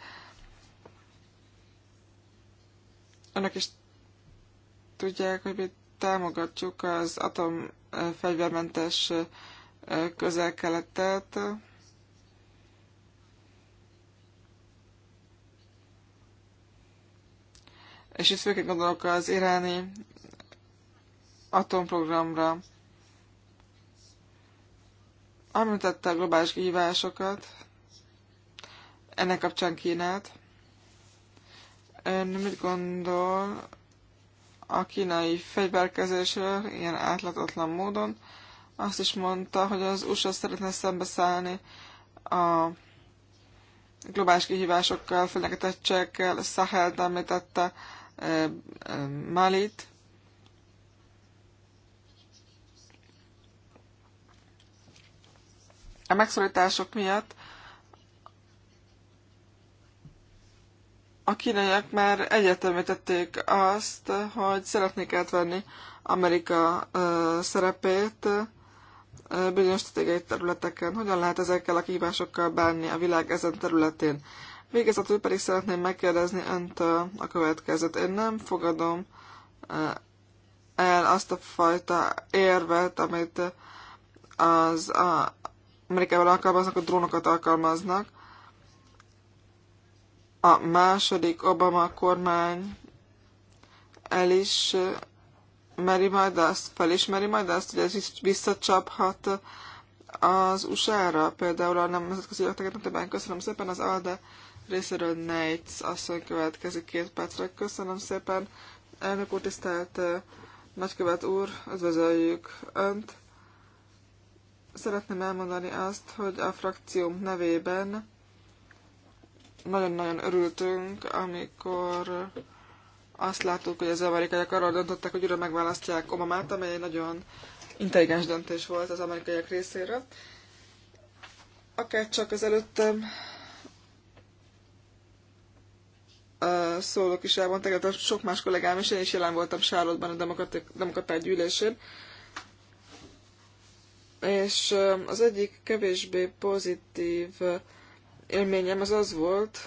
Önök is tudják, hogy mi támogatjuk az atomfegyvermentes közel-keletet. És itt főként gondolok az iráni atomprogramra. Említette a globális kihívásokat, ennek kapcsán Kínát. Ön mit gondol a kínai fegyverkezésről ilyen átlatotlan módon? Azt is mondta, hogy az USA szeretne szembeszállni a globális kihívásokkal, fenyegetettségekkel, Szahelt említette, Malit. A megszorítások miatt a kínaiak már egyetemítették azt, hogy szeretnék átvenni Amerika ö, szerepét ö, bizonyos stratégiai területeken. Hogyan lehet ezekkel a kihívásokkal bánni a világ ezen területén? Végezetül pedig szeretném megkérdezni Önt a következőt. Én nem fogadom el azt a fajta érvet, amit az a Amerikában alkalmaznak, a drónokat alkalmaznak a második Obama kormány eh, meri majd azt, felismeri majd azt, hogy ez is visszacsaphat az USA-ra, például a nemzetközi jogtekintetben. Köszönöm szépen az ALDE részéről Neitz asszony következik két percre. Köszönöm szépen, elnök úr, tisztelt eh, nagykövet úr, üdvözöljük Önt. Szeretném elmondani azt, hogy a frakcióm nevében nagyon-nagyon örültünk, amikor azt láttuk, hogy az amerikaiak arra döntöttek, hogy újra megválasztják Obamát, amely egy nagyon intelligens döntés volt az amerikaiak részéről. Akár csak az előttem szólók is elmondták, de sok más kollégám is, én is jelen voltam Sárlottban a demokraták, demokraták gyűlésén, és az egyik kevésbé pozitív uh, élményem az az volt,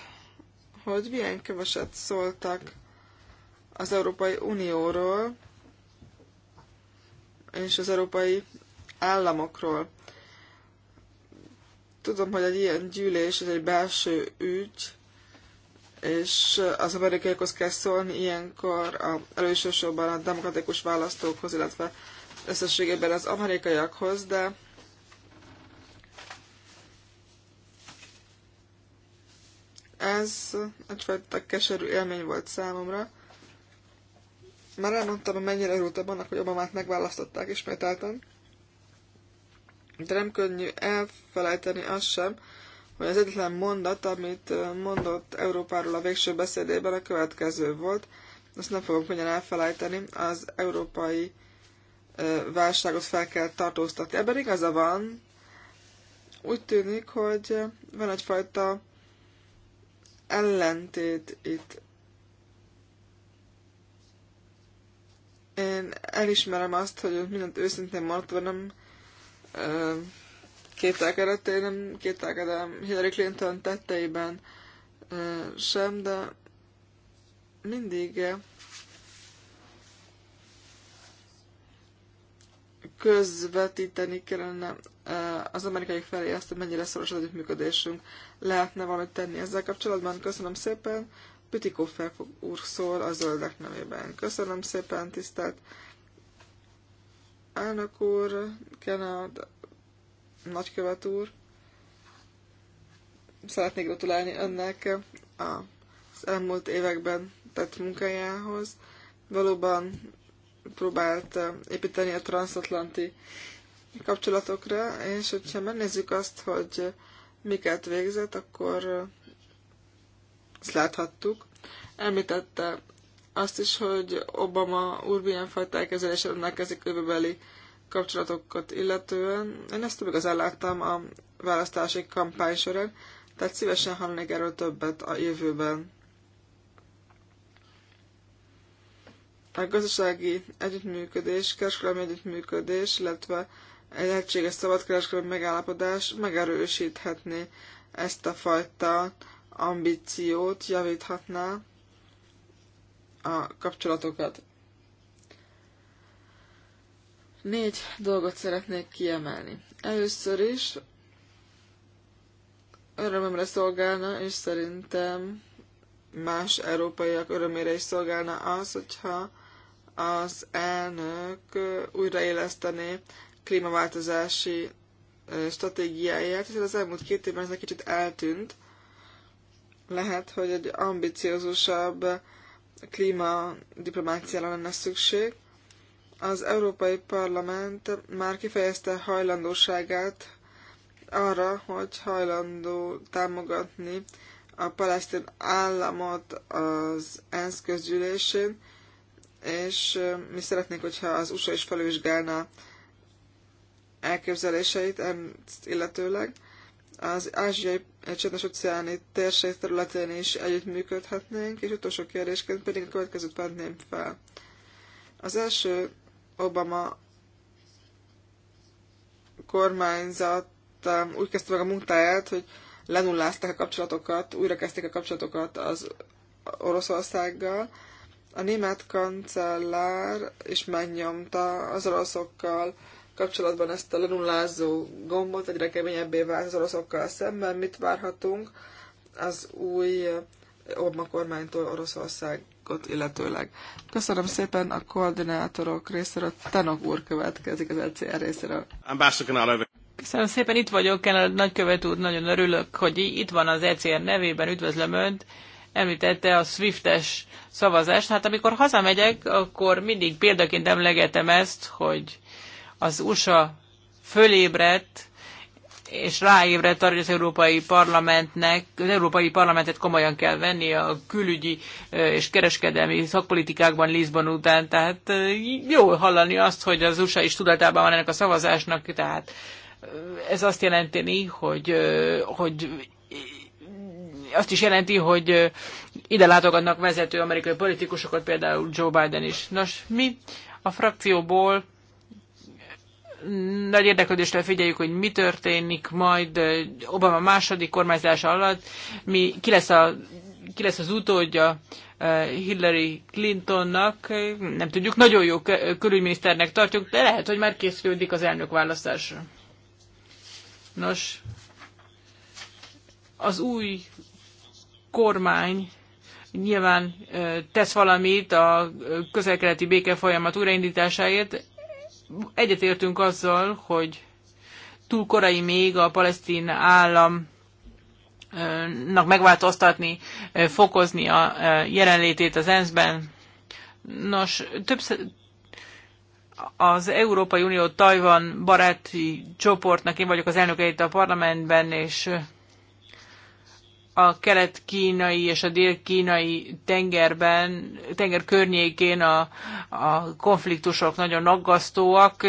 hogy milyen keveset szóltak az Európai Unióról és az európai államokról. Tudom, hogy egy ilyen gyűlés, ez egy belső ügy, és az amerikaiakhoz kell szólni ilyenkor a, elősősorban a demokratikus választókhoz, illetve összességében az amerikaiakhoz, de Ez egyfajta keserű élmény volt számomra. Már elmondtam, hogy mennyire örültem annak, hogy Obamát megválasztották ismételten. De nem könnyű elfelejteni azt sem, hogy az egyetlen mondat, amit mondott Európáról a végső beszédében, a következő volt. Azt nem fogom könnyen elfelejteni. Az európai válságot fel kell tartóztatni. Ebben igaza van. Úgy tűnik, hogy van egyfajta ellentét itt. Én elismerem azt, hogy mindent őszintén vagy nem kételkedett, én nem kételkedem Hillary Clinton tetteiben sem, de mindig közvetíteni kellene az amerikai felé azt, hogy mennyire szoros az együttműködésünk. Lehetne valamit tenni ezzel kapcsolatban. Köszönöm szépen. Pütikó úr szól a zöldek nevében. Köszönöm szépen, tisztelt elnök úr, Kenad, nagykövet úr. Szeretnék gratulálni önnek az elmúlt években tett munkájához. Valóban próbált eh, építeni a transatlanti kapcsolatokra, és hogyha megnézzük azt, hogy miket végzett, akkor eh, ezt láthattuk. Említette azt is, hogy Obama úr milyen fajta elkezelésre rendelkezik jövőbeli kapcsolatokat illetően. Én ezt többig az láttam a választási kampány során, tehát szívesen hallanék erről többet a jövőben. a gazdasági együttműködés, kereskedelmi együttműködés, illetve egy egységes szabadkereskedelmi megállapodás megerősíthetné ezt a fajta ambíciót, javíthatná a kapcsolatokat. Négy dolgot szeretnék kiemelni. Először is örömömre szolgálna, és szerintem más európaiak örömére is szolgálna az, hogyha az elnök újraélesztené klímaváltozási stratégiáját, hiszen az elmúlt két évben ez egy kicsit eltűnt. Lehet, hogy egy ambiciózusabb klímadiplomáciára lenne szükség. Az Európai Parlament már kifejezte hajlandóságát arra, hogy hajlandó támogatni a palesztin államot az ENSZ közgyűlésén, és mi szeretnénk, hogyha az USA is felvizsgálna elképzeléseit illetőleg. Az ázsiai csendes óceáni térség területén is együttműködhetnénk, és utolsó kérdésként pedig a következőt venném fel. Az első Obama kormányzat úgy kezdte meg a munkáját, hogy lenullázták a kapcsolatokat, újra kezdték a kapcsolatokat az Oroszországgal, a német kancellár is megnyomta az oroszokkal kapcsolatban ezt a lenullázó gombot, egyre keményebbé vált az oroszokkal szemben. Mit várhatunk az új Obama kormánytól Oroszországot illetőleg? Köszönöm szépen a koordinátorok részéről. Tanok úr következik az ECR részéről. Köszönöm szépen, itt vagyok, Nagy nagykövet úr, nagyon örülök, hogy itt van az ECR nevében, üdvözlöm Önt említette a Swiftes szavazást. Hát amikor hazamegyek, akkor mindig példaként emlegetem ezt, hogy az USA fölébredt, és ráébredt arra, hogy az Európai Parlamentnek, az Európai Parlamentet komolyan kell venni a külügyi és kereskedelmi szakpolitikákban Lisbon után, tehát jó hallani azt, hogy az USA is tudatában van ennek a szavazásnak, tehát ez azt jelenteni, hogy, hogy azt is jelenti, hogy ide látogatnak vezető amerikai politikusokat, például Joe Biden is. Nos, mi a frakcióból nagy érdeklődéssel figyeljük, hogy mi történik majd Obama második kormányzása alatt, mi, ki, lesz a, ki lesz az utódja Hillary Clintonnak, nem tudjuk, nagyon jó külügyminiszternek tartjuk, de lehet, hogy már készülődik az elnök választásra. Nos, az új kormány nyilván tesz valamit a közelkeleti béke folyamat újraindításáért. Egyetértünk azzal, hogy túl korai még a palesztin állam megváltoztatni, fokozni a jelenlétét az ENSZ-ben. Nos, többször az Európai Unió Tajvan baráti csoportnak én vagyok az elnöke itt a parlamentben, és a kelet-kínai és a dél-kínai tengerben, tenger környékén a, a konfliktusok nagyon aggasztóak.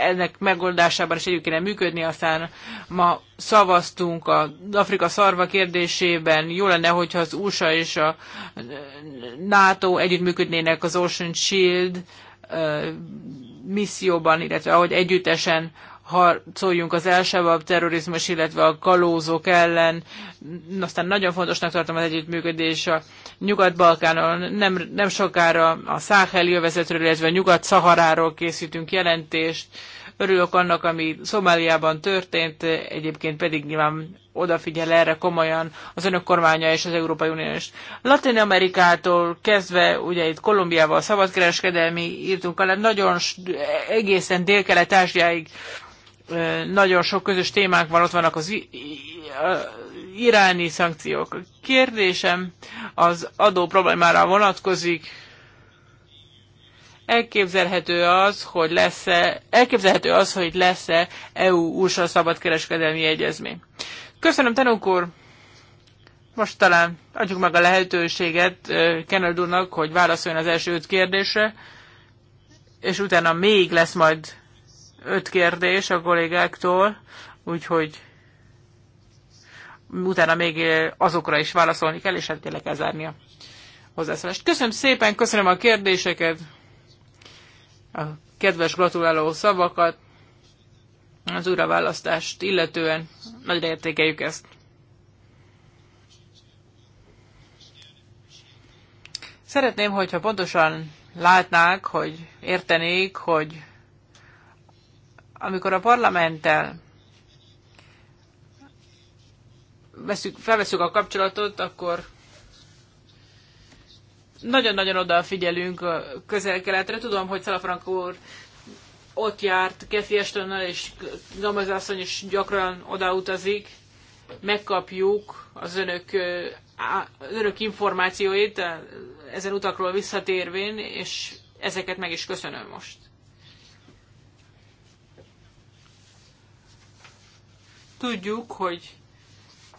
Ennek megoldásában is együtt kéne működni, aztán ma szavaztunk az Afrika szarva kérdésében. Jó lenne, hogyha az USA és a NATO együttműködnének az Ocean Shield misszióban, illetve ahogy együttesen harcoljunk az elsőbb terrorizmus, illetve a kalózók ellen. Aztán nagyon fontosnak tartom az együttműködés a Nyugat-Balkánon. Nem, nem sokára a Száhel övezetről, illetve a Nyugat-Szaharáról készítünk jelentést. Örülök annak, ami Szomáliában történt, egyébként pedig nyilván odafigyel erre komolyan az önök kormánya és az Európai Unió is. Latin Amerikától kezdve, ugye itt Kolumbiával szabadkereskedelmi írtunk alá, nagyon egészen dél-kelet-ázsiáig nagyon sok közös témánk van, ott vannak az iráni szankciók. A kérdésem az adó problémára vonatkozik. Elképzelhető az, hogy lesz-e, elképzelhető az, hogy lesz-e EU-USA szabadkereskedelmi egyezmény. Köszönöm, tanúk úr! Most talán adjuk meg a lehetőséget Kennedy úrnak, hogy válaszoljon az első öt kérdésre, és utána még lesz majd öt kérdés a kollégáktól, úgyhogy utána még azokra is válaszolni kell, és hát tényleg kell zárni a hozzászólást. Köszönöm szépen, köszönöm a kérdéseket, a kedves gratuláló szavakat, az újraválasztást illetően nagyra értékeljük ezt. Szeretném, hogyha pontosan látnák, hogy értenék, hogy amikor a parlamenttel veszük, felveszük a kapcsolatot, akkor nagyon-nagyon odafigyelünk a közel-keletre. Tudom, hogy Szalafrank úr ott járt Kefi Estonnal, és Gamazászony is gyakran odautazik. Megkapjuk az önök, az önök információit ezen utakról visszatérvén, és ezeket meg is köszönöm most. tudjuk, hogy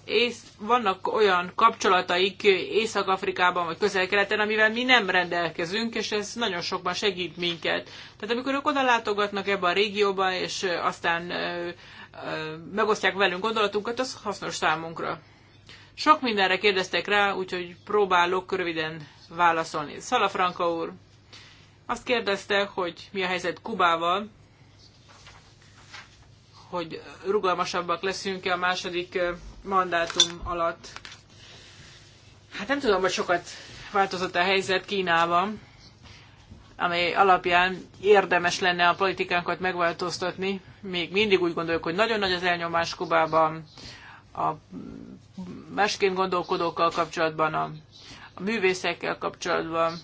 ész, vannak olyan kapcsolataik Észak-Afrikában vagy közel-keleten, amivel mi nem rendelkezünk, és ez nagyon sokban segít minket. Tehát amikor ők oda látogatnak ebbe a régióba, és aztán ö, ö, megosztják velünk gondolatunkat, az hasznos számunkra. Sok mindenre kérdeztek rá, úgyhogy próbálok röviden válaszolni. Szalafranka úr azt kérdezte, hogy mi a helyzet Kubával, hogy rugalmasabbak leszünk-e a második mandátum alatt. Hát nem tudom, hogy sokat változott a helyzet Kínában, amely alapján érdemes lenne a politikánkat megváltoztatni. Még mindig úgy gondoljuk, hogy nagyon nagy az elnyomás Kubában, a másként gondolkodókkal kapcsolatban, a, a művészekkel kapcsolatban,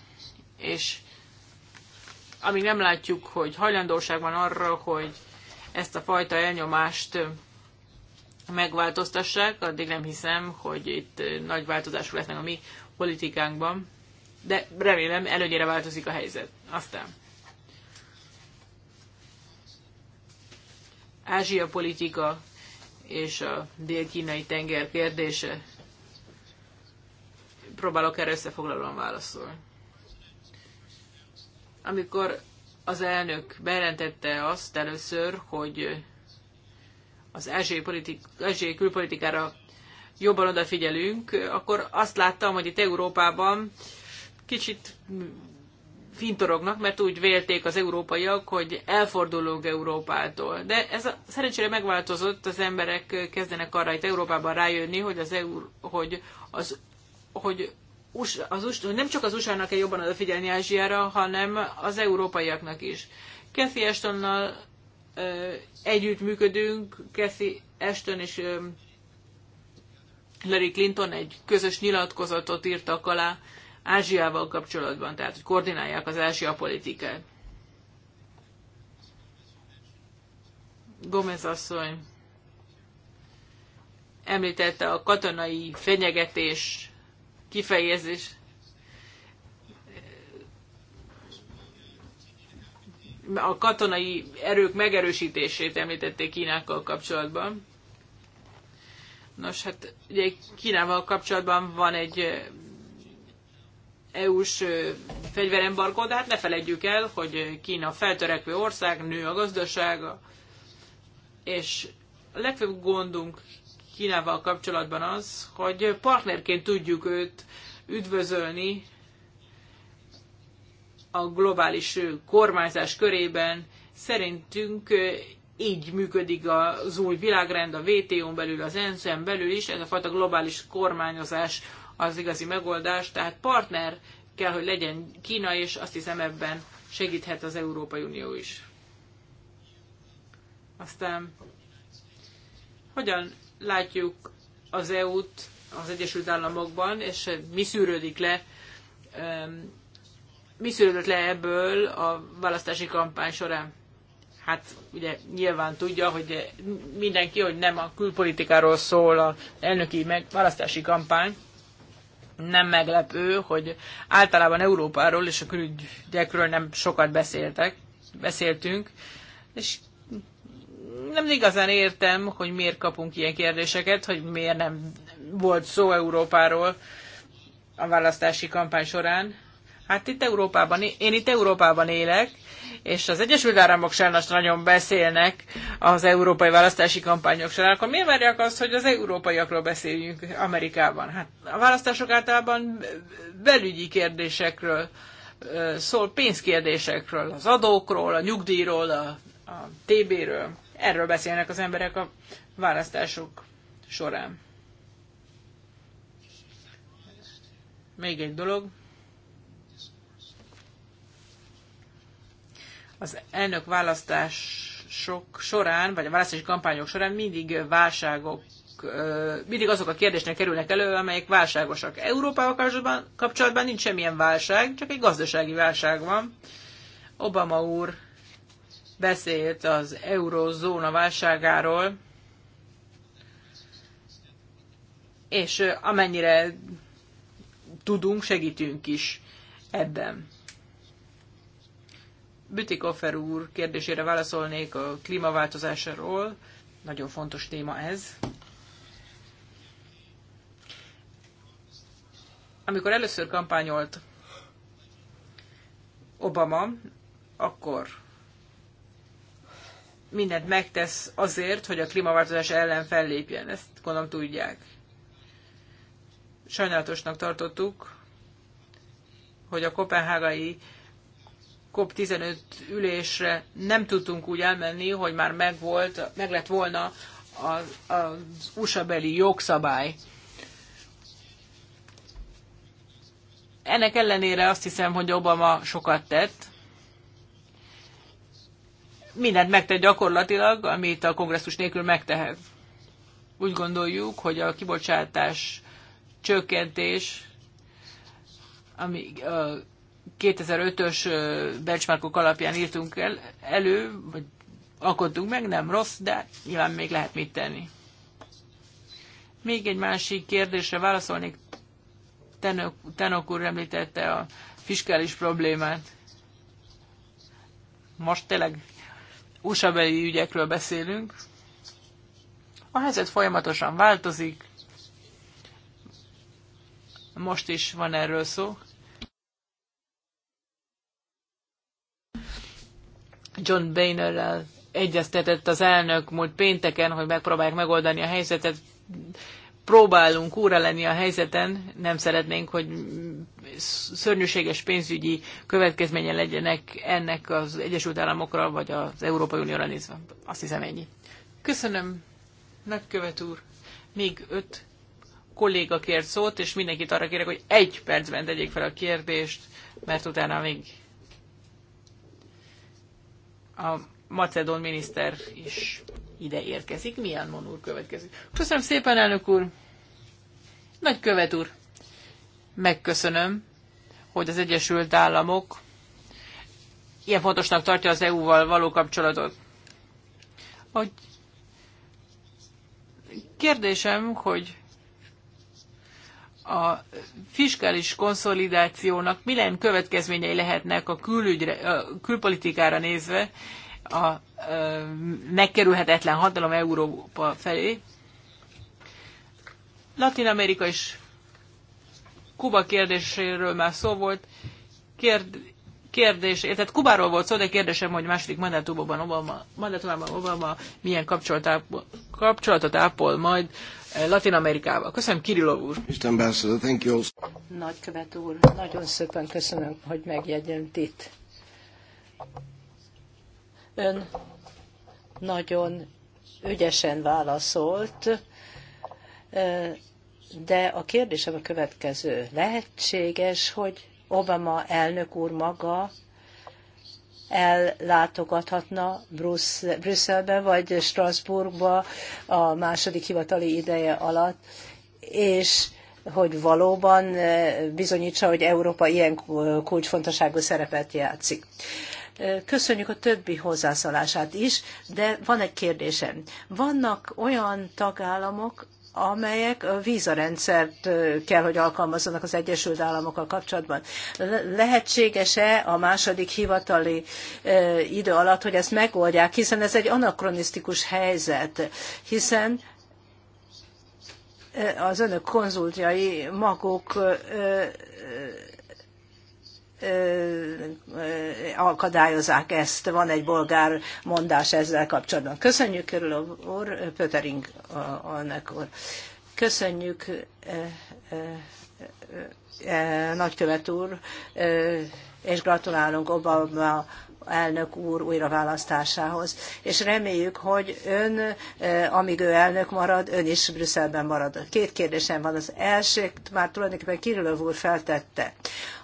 és amíg nem látjuk, hogy hajlandóság van arra, hogy ezt a fajta elnyomást megváltoztassák, addig nem hiszem, hogy itt nagy változások lesznek a mi politikánkban, de remélem előnyére változik a helyzet. Aztán. Ázsia politika és a dél-kínai tenger kérdése. Próbálok erre összefoglalóan válaszolni. Amikor az elnök bejelentette azt először, hogy az ázsiai, politik, ázsiai külpolitikára jobban odafigyelünk, akkor azt láttam, hogy itt Európában kicsit fintorognak, mert úgy vélték az európaiak, hogy elfordulunk Európától. De ez a, szerencsére megváltozott, az emberek kezdenek arra itt Európában rájönni, hogy az, euró, hogy az hogy az USA, nem csak az USA-nak kell jobban odafigyelni Ázsiára, hanem az európaiaknak is. Kathy Ashtonnal együtt működünk, Kathy Ashton és Larry Clinton egy közös nyilatkozatot írtak alá Ázsiával kapcsolatban, tehát hogy koordinálják az Ázsia politikát. Gomez asszony említette a katonai fenyegetés kifejezés. A katonai erők megerősítését említették Kínákkal kapcsolatban. Nos, hát ugye Kínával kapcsolatban van egy EU-s fegyverembargó, de hát ne felejtjük el, hogy Kína feltörekvő ország, nő a gazdasága, és a legfőbb gondunk Kínával kapcsolatban az, hogy partnerként tudjuk őt üdvözölni a globális kormányzás körében. Szerintünk így működik az új világrend, a WTO-n belül, az ENSZ-en belül is, ez a fajta globális kormányozás az igazi megoldás, tehát partner kell, hogy legyen Kína, és azt hiszem ebben segíthet az Európai Unió is. Aztán hogyan látjuk az EU-t az Egyesült Államokban, és mi szűrődik le, mi szűrődött le ebből a választási kampány során? Hát ugye nyilván tudja, hogy mindenki, hogy nem a külpolitikáról szól a elnöki meg választási kampány, nem meglepő, hogy általában Európáról és a külügyekről nem sokat beszéltek, beszéltünk, és nem igazán értem, hogy miért kapunk ilyen kérdéseket, hogy miért nem volt szó Európáról a választási kampány során. Hát itt Európában, én itt Európában élek, és az Egyesült Államok sajnos nagyon beszélnek az európai választási kampányok során, akkor miért várják azt, hogy az európaiakról beszéljünk Amerikában? Hát a választások általában belügyi kérdésekről szól, pénzkérdésekről, az adókról, a nyugdíjról, a, a TB-ről. Erről beszélnek az emberek a választások során. Még egy dolog. Az elnök választások során, vagy a választási kampányok során mindig válságok mindig azok a kérdések kerülnek elő, amelyek válságosak. Európával kapcsolatban, kapcsolatban nincs semmilyen válság, csak egy gazdasági válság van. Obama úr beszélt az eurozóna válságáról, és amennyire tudunk, segítünk is ebben. Bütikofer úr kérdésére válaszolnék a klímaváltozásról. Nagyon fontos téma ez. Amikor először kampányolt Obama, akkor mindent megtesz azért, hogy a klímaváltozás ellen fellépjen. Ezt gondolom tudják. Sajnálatosnak tartottuk, hogy a kopenhágai COP15 ülésre nem tudtunk úgy elmenni, hogy már meg, volt, meg lett volna az, az USA-beli jogszabály. Ennek ellenére azt hiszem, hogy Obama sokat tett, mindent megtett gyakorlatilag, amit a kongresszus nélkül megtehet. Úgy gondoljuk, hogy a kibocsátás csökkentés, ami a 2005-ös benchmarkok alapján írtunk el, elő, vagy alkottunk meg, nem rossz, de nyilván még lehet mit tenni. Még egy másik kérdésre válaszolnék. Tenok, Tenok úr említette a fiskális problémát. Most tényleg usa ügyekről beszélünk. A helyzet folyamatosan változik. Most is van erről szó. John Boehnerrel egyeztetett az elnök múlt pénteken, hogy megpróbálják megoldani a helyzetet próbálunk úra lenni a helyzeten, nem szeretnénk, hogy szörnyűséges pénzügyi következménye legyenek ennek az Egyesült Államokra, vagy az Európai Unióra nézve. Azt hiszem ennyi. Köszönöm, nagykövet úr. Még öt kolléga kért szót, és mindenkit arra kérek, hogy egy percben tegyék fel a kérdést, mert utána még a macedón miniszter is ide érkezik. Milyen monúr következik? Köszönöm szépen, elnök úr! követ úr! Megköszönöm, hogy az Egyesült Államok ilyen fontosnak tartja az EU-val való kapcsolatot. Hogy kérdésem, hogy a fiskális konszolidációnak milyen következményei lehetnek a, külügyre, a külpolitikára nézve, a megkerülhetetlen hatalom Európa felé. Latin Amerika és Kuba kérdéséről már szó volt. Kérd, kérdés, tehát Kubáról volt szó, de kérdésem, hogy második mandátumban Obama, mandátumában Obama milyen kapcsolat ápol, kapcsolatot ápol majd eh, Latin Amerikával. Köszönöm, Kirillov úr. thank you. Nagykövet úr, nagyon szépen köszönöm, hogy megjegyent itt. Ön nagyon ügyesen válaszolt, de a kérdésem a következő. Lehetséges, hogy Obama elnök úr maga ellátogathatna Brüsszelbe vagy Strasbourgba a második hivatali ideje alatt, és hogy valóban bizonyítsa, hogy Európa ilyen kulcsfontosságú szerepet játszik. Köszönjük a többi hozzászólását is, de van egy kérdésem. Vannak olyan tagállamok, amelyek a vízarendszert kell, hogy alkalmazzanak az Egyesült Államokkal kapcsolatban. Lehetséges-e a második hivatali idő alatt, hogy ezt megoldják, hiszen ez egy anakronisztikus helyzet, hiszen az önök konzultjai maguk akadályozzák ezt. Van egy bolgár mondás ezzel kapcsolatban. Köszönjük körül úr, Pötering annak úr. Köszönjük nagykövet úr, és gratulálunk Obama elnök úr újraválasztásához. És reméljük, hogy ön, eh, amíg ő elnök marad, ön is Brüsszelben marad. Két kérdésem van. Az első már tulajdonképpen Kirillov úr feltette.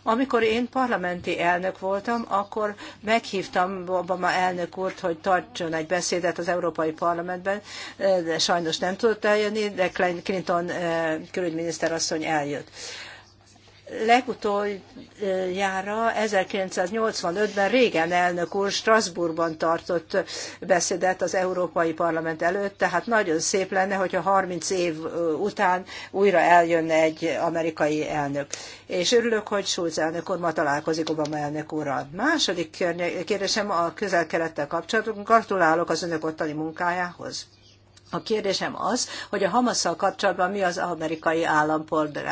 Amikor én parlamenti elnök voltam, akkor meghívtam Obama elnök úrt, hogy tartson egy beszédet az Európai Parlamentben, eh, de sajnos nem tudott eljönni, de Clinton eh, külügyminiszter asszony eljött. Legutoljára 1985-ben régen elnök úr Strasbourgban tartott beszédet az Európai Parlament előtt, tehát nagyon szép lenne, hogyha 30 év után újra eljönne egy amerikai elnök. És örülök, hogy Schulz elnök úr ma találkozik Obama elnök úrral. Második kérdésem a közel-kelettel kapcsolatban. Gratulálok az önök ottani munkájához. A kérdésem az, hogy a Hamasszal kapcsolatban mi az amerikai eh,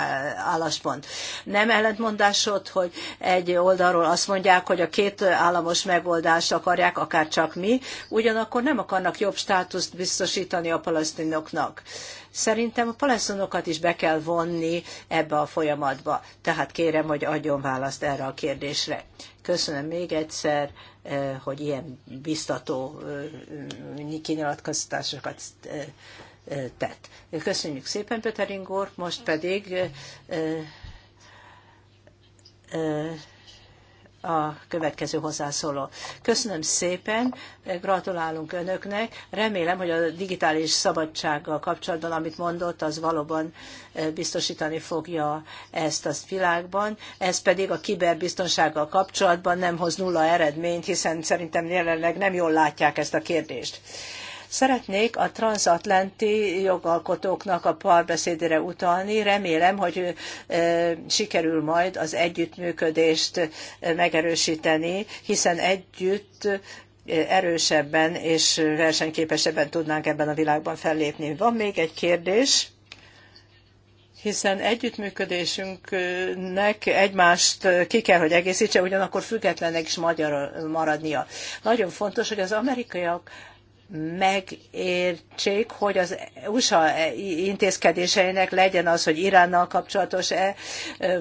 álláspont. Nem ellentmondásod, hogy egy oldalról azt mondják, hogy a két államos megoldást akarják, akár csak mi, ugyanakkor nem akarnak jobb státuszt biztosítani a palesztinoknak. Szerintem a palesztinokat is be kell vonni ebbe a folyamatba. Tehát kérem, hogy adjon választ erre a kérdésre. Köszönöm még egyszer hogy ilyen biztató kinyilatkoztatásokat tett. Köszönjük szépen, Petering most pedig a következő hozzászóló. Köszönöm szépen, gratulálunk önöknek. Remélem, hogy a digitális szabadsággal kapcsolatban, amit mondott, az valóban e, biztosítani fogja ezt a világban. Ez pedig a kiberbiztonsággal kapcsolatban nem hoz nulla eredményt, hiszen szerintem jelenleg nem jól látják ezt a kérdést. Szeretnék a transatlanti jogalkotóknak a párbeszédére utalni. Remélem, hogy sikerül majd az együttműködést megerősíteni, hiszen együtt erősebben és versenyképesebben tudnánk ebben a világban fellépni. Van még egy kérdés hiszen együttműködésünknek egymást ki kell, hogy egészítse, ugyanakkor függetlenek is magyar maradnia. Nagyon fontos, hogy az amerikaiak megértsék, hogy az USA intézkedéseinek legyen az, hogy Iránnal kapcsolatos-e,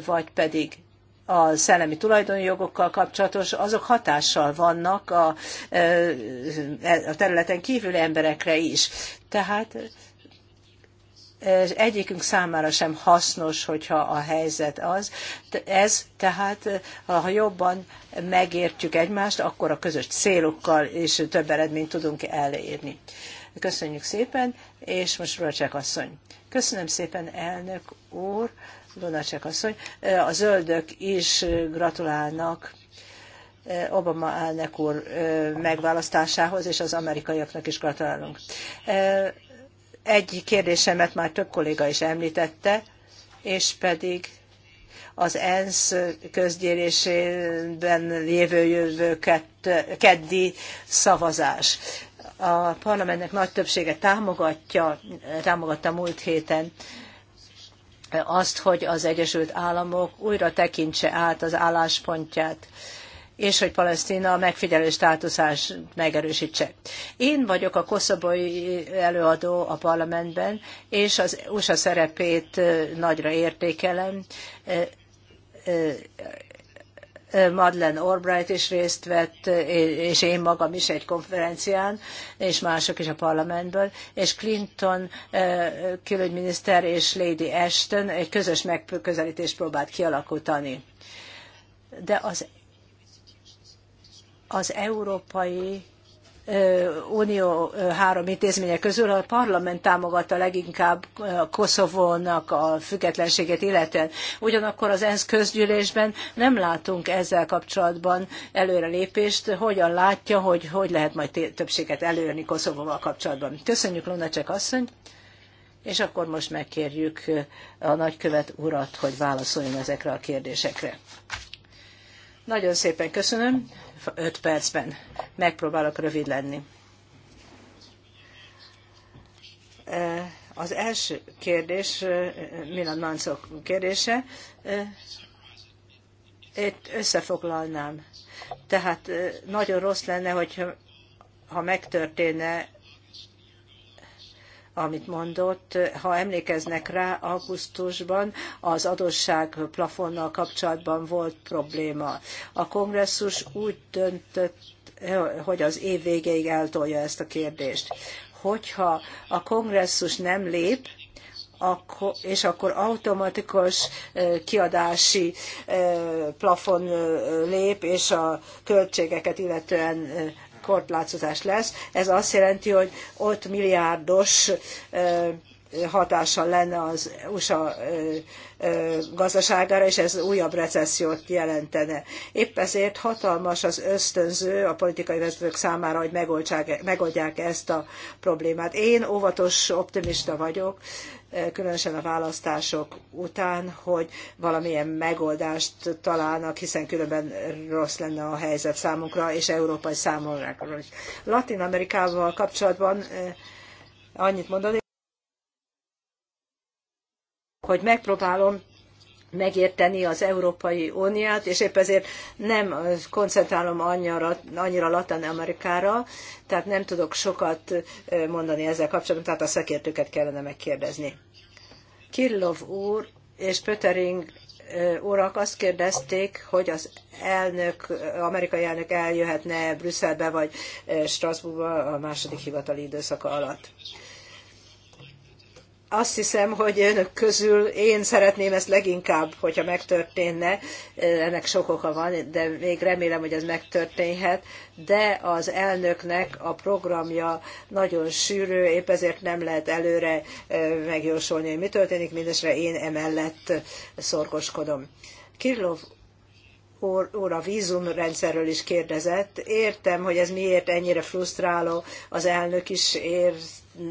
vagy pedig a szellemi tulajdonjogokkal kapcsolatos, azok hatással vannak a, a területen kívüli emberekre is. Tehát egyikünk számára sem hasznos, hogyha a helyzet az. Ez tehát, ha jobban megértjük egymást, akkor a közös célokkal is több eredményt tudunk elérni. Köszönjük szépen, és most Rocsek asszony. Köszönöm szépen, elnök úr, Lunacek asszony. A zöldök is gratulálnak eh, Obama elnök úr eh, megválasztásához, és az amerikaiaknak is gratulálunk. Eh, egy kérdésemet már több kolléga is említette, és pedig az ENSZ közgyűlésében lévő jövő keddi szavazás. A parlamentnek nagy többsége támogatja, támogatta múlt héten azt, hogy az Egyesült Államok újra tekintse át az álláspontját és hogy Palesztina a megfigyelő státuszát megerősítse. Én vagyok a koszobai előadó a parlamentben, és az USA szerepét nagyra értékelem. Madeleine Albright is részt vett, és én magam is egy konferencián, és mások is a parlamentből, és Clinton külügyminiszter és Lady Ashton egy közös megközelítést próbált kialakítani. De az az Európai Unió három intézménye közül a parlament támogatta leginkább Koszovónak a függetlenségét illetően. Ugyanakkor az ENSZ közgyűlésben nem látunk ezzel kapcsolatban előrelépést. Hogyan látja, hogy hogy lehet majd többséget előrni Koszovóval kapcsolatban? Köszönjük, Lunacek asszony! És akkor most megkérjük a nagykövet urat, hogy válaszoljon ezekre a kérdésekre. Nagyon szépen köszönöm. 5 percben. Megpróbálok rövid lenni. Az első kérdés, Milan Mancok kérdése, itt összefoglalnám. Tehát nagyon rossz lenne, hogyha ha megtörténne amit mondott. Ha emlékeznek rá, augusztusban az adósság plafonnal kapcsolatban volt probléma. A kongresszus úgy döntött, hogy az év végéig eltolja ezt a kérdést. Hogyha a kongresszus nem lép, akkor, és akkor automatikus kiadási plafon lép, és a költségeket illetően korlátozás lesz. Ez azt jelenti, hogy ott milliárdos hatása lenne az USA gazdaságára, és ez újabb recessziót jelentene. Épp ezért hatalmas az ösztönző a politikai vezetők számára, hogy megoldják ezt a problémát. Én óvatos optimista vagyok, különösen a választások után, hogy valamilyen megoldást találnak, hiszen különben rossz lenne a helyzet számunkra és európai számunkra. Latin Amerikával kapcsolatban annyit mondani, hogy megpróbálom megérteni az Európai Uniát, és épp ezért nem koncentrálom annyira, annyira Latin Amerikára, tehát nem tudok sokat mondani ezzel kapcsolatban, tehát a szakértőket kellene megkérdezni. Kirillov úr és Pöttering urak azt kérdezték, hogy az elnök, amerikai elnök eljöhetne Brüsszelbe vagy Strasbourgba a második hivatali időszaka alatt azt hiszem, hogy önök közül én szeretném ezt leginkább, hogyha megtörténne. Ennek sok oka van, de még remélem, hogy ez megtörténhet. De az elnöknek a programja nagyon sűrű, épp ezért nem lehet előre megjósolni, hogy mi történik. Mindesre én emellett szorgoskodom. Kirlov, úr a vízumrendszerről is kérdezett. Értem, hogy ez miért ennyire frusztráló, az elnök is ért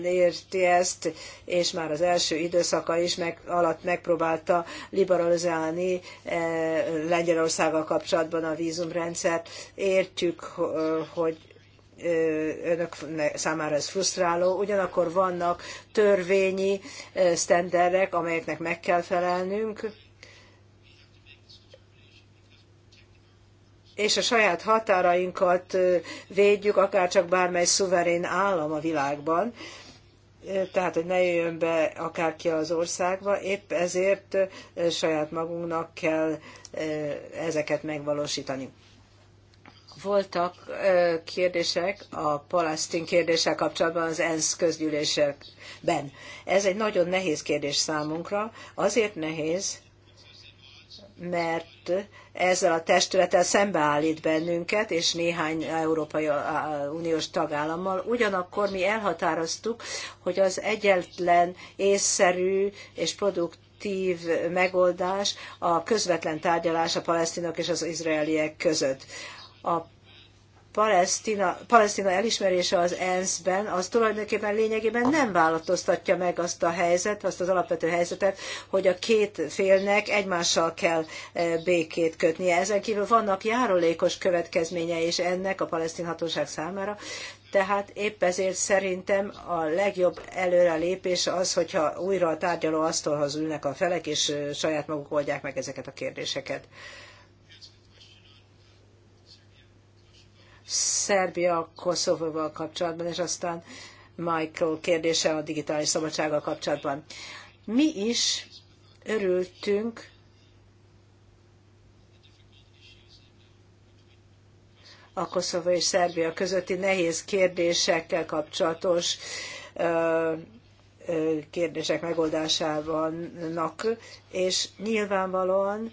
érti ezt, és már az első időszaka is meg, alatt megpróbálta liberalizálni eh, Lengyelországgal kapcsolatban a vízumrendszert. Értjük, hogy eh, önök számára ez frusztráló, ugyanakkor vannak törvényi eh, sztenderek, amelyeknek meg kell felelnünk, és a saját határainkat védjük, akár csak bármely szuverén állam a világban, tehát, hogy ne jöjjön be akárki az országba, épp ezért saját magunknak kell ezeket megvalósítani. Voltak kérdések a palesztin kérdéssel kapcsolatban az ENSZ közgyűlésekben. Ez egy nagyon nehéz kérdés számunkra, azért nehéz, mert ezzel a testülettel szembeállít bennünket, és néhány Európai Uniós tagállammal. Ugyanakkor mi elhatároztuk, hogy az egyetlen észszerű és produkt megoldás a közvetlen tárgyalás a palesztinok és az izraeliek között. A Palesztina, Palesztina elismerése az ENSZ-ben, az tulajdonképpen lényegében nem változtatja meg azt a helyzet, azt az alapvető helyzetet, hogy a két félnek egymással kell e, békét kötnie. Ezen kívül vannak járulékos következménye is ennek a palesztin hatóság számára, tehát épp ezért szerintem a legjobb előrelépés az, hogyha újra a tárgyaló asztalhoz ülnek a felek, és e, saját maguk oldják meg ezeket a kérdéseket. Szerbia Koszovóval kapcsolatban, és aztán Michael kérdése a digitális szabadsággal kapcsolatban. Mi is örültünk a Koszovó és Szerbia közötti nehéz kérdésekkel kapcsolatos kérdések megoldásában, és nyilvánvalóan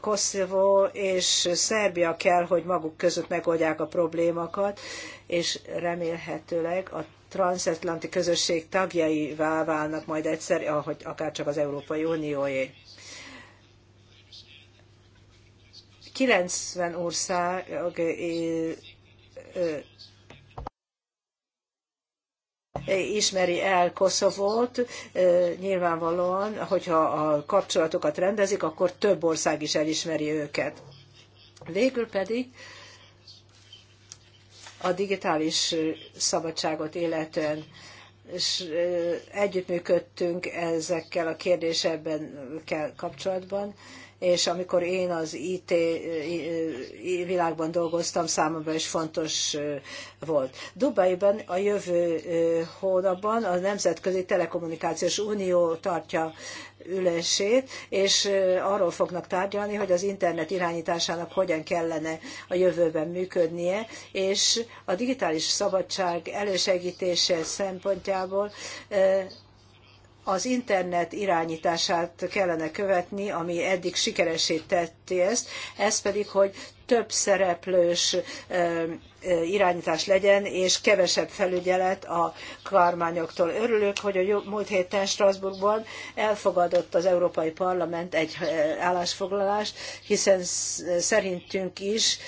Koszovó és Szerbia kell, hogy maguk között megoldják a problémákat, és remélhetőleg a transatlanti közösség tagjaivá válnak majd egyszer, ahogy akárcsak az Európai Unióé. 90 ország ismeri el Koszovót, nyilvánvalóan, hogyha a kapcsolatokat rendezik, akkor több ország is elismeri őket. Végül pedig a digitális szabadságot illetően és együttműködtünk ezekkel a kérdésekkel kapcsolatban és amikor én az IT világban dolgoztam, számomra is fontos volt. Dubajban a jövő hónapban a Nemzetközi Telekommunikációs Unió tartja ülését, és arról fognak tárgyalni, hogy az internet irányításának hogyan kellene a jövőben működnie, és a digitális szabadság elősegítése szempontjából az internet irányítását kellene követni, ami eddig sikeresé tetti ezt, ez pedig, hogy több szereplős irányítás legyen, és kevesebb felügyelet a kormányoktól. Örülök, hogy a múlt héten Strasbourgban elfogadott az Európai Parlament egy állásfoglalást, hiszen szerintünk is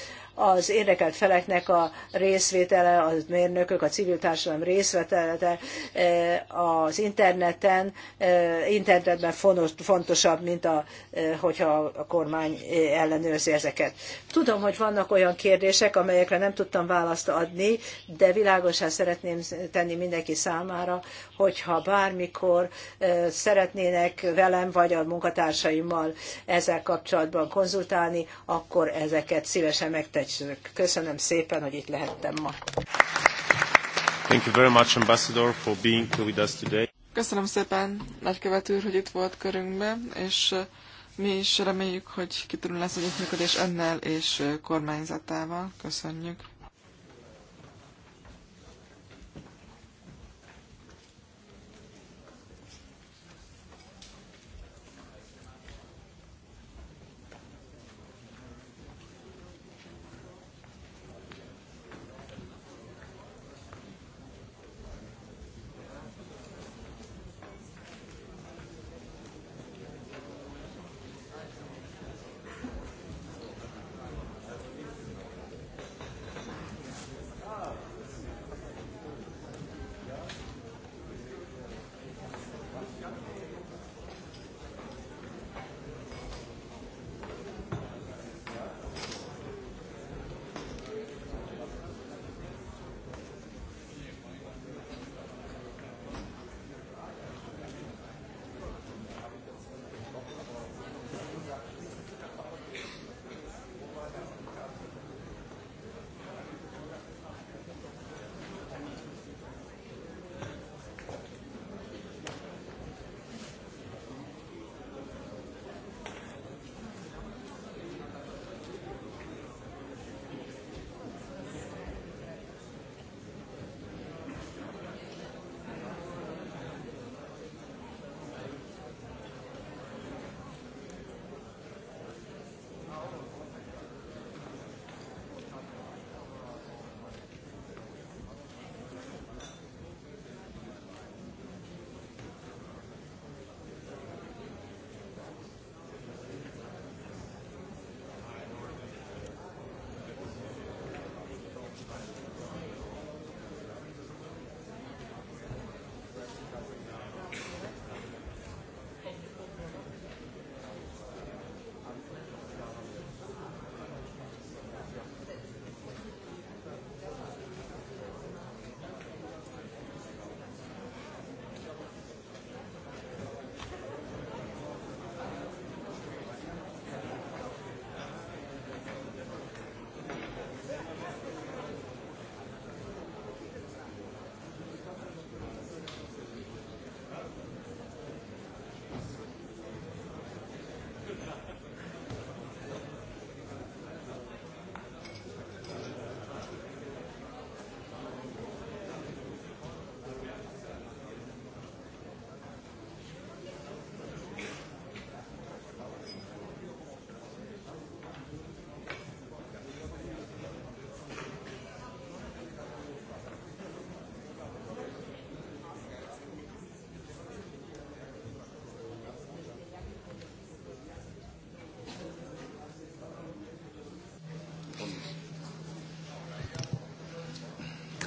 az érdekelt feleknek a részvétele, a mérnökök, a civil társadalom részvétele eh, az interneten, eh, internetben fontosabb, mint a, eh, hogyha a kormány ellenőrzi ezeket. Tudom, hogy vannak olyan kérdések, amelyekre nem tudtam választ adni, de világosá szeretném tenni mindenki számára, hogyha bármikor szeretnének velem vagy a munkatársaimmal ezzel kapcsolatban konzultálni, akkor ezeket szívesen megtegyük gyümölcsönök. Köszönöm szépen, hogy itt lehettem ma. Thank you very much, Ambassador, for being with us today. Köszönöm szépen, nagykövet úr, hogy itt volt körünkben, és uh, mi is reméljük, hogy kitűnő lesz együttműködés önnel és uh, kormányzatával. Köszönjük.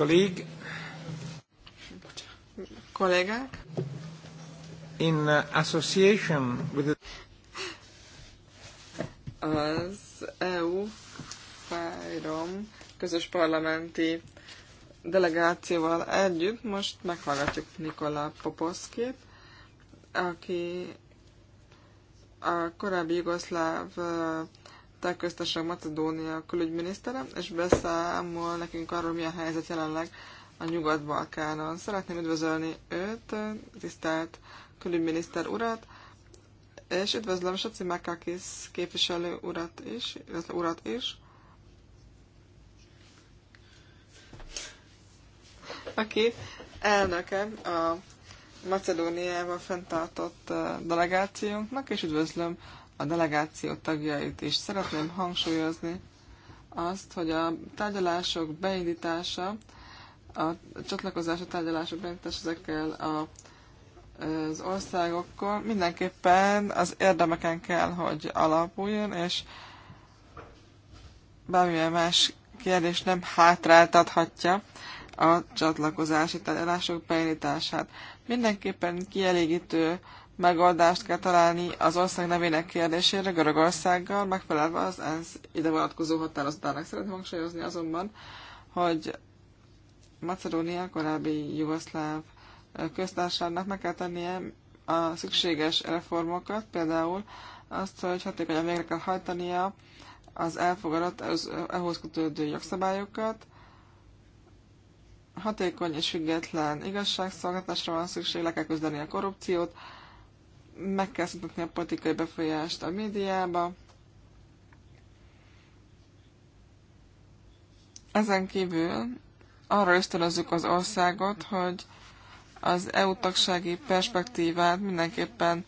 colleague. Kollégák. In association with the... Az EU fájrom közös parlamenti delegációval együtt most meghallgatjuk Nikola Poposzkit, aki a korábbi jugoszláv Letta Macedónia külügyminisztere, és beszámol nekünk arról, milyen helyzet jelenleg a Nyugat-Balkánon. Szeretném üdvözölni őt, tisztelt külügyminiszter urat, és üdvözlöm Saci Mekakis képviselő urat is, illetve urat is, aki elnöke a Macedóniával fenntartott eh, delegációnknak, és üdvözlöm a delegáció tagjait is. Szeretném hangsúlyozni azt, hogy a tárgyalások beindítása, a csatlakozási tárgyalások beindítása ezekkel a, az országokkal mindenképpen az érdemeken kell, hogy alapuljon, és bármilyen más kérdés nem hátráltathatja a csatlakozási tárgyalások beindítását. Mindenképpen kielégítő megoldást kell találni az ország nevének kérdésére Görögországgal, megfelelve az ENSZ ide vonatkozó határozatának. Szeretném hangsúlyozni azonban, hogy Macedónia korábbi jugoszláv köztársának meg kell tennie a szükséges reformokat, például azt, hogy hatékonyan végre kell hajtania az elfogadott ehhoz kötődő jogszabályokat, hatékony és független igazságszolgáltatásra van szükség, le kell küzdeni a korrupciót, meg kell szüntetni a politikai befolyást a médiába. Ezen kívül arra ösztönözzük az országot, hogy az EU tagsági perspektívát mindenképpen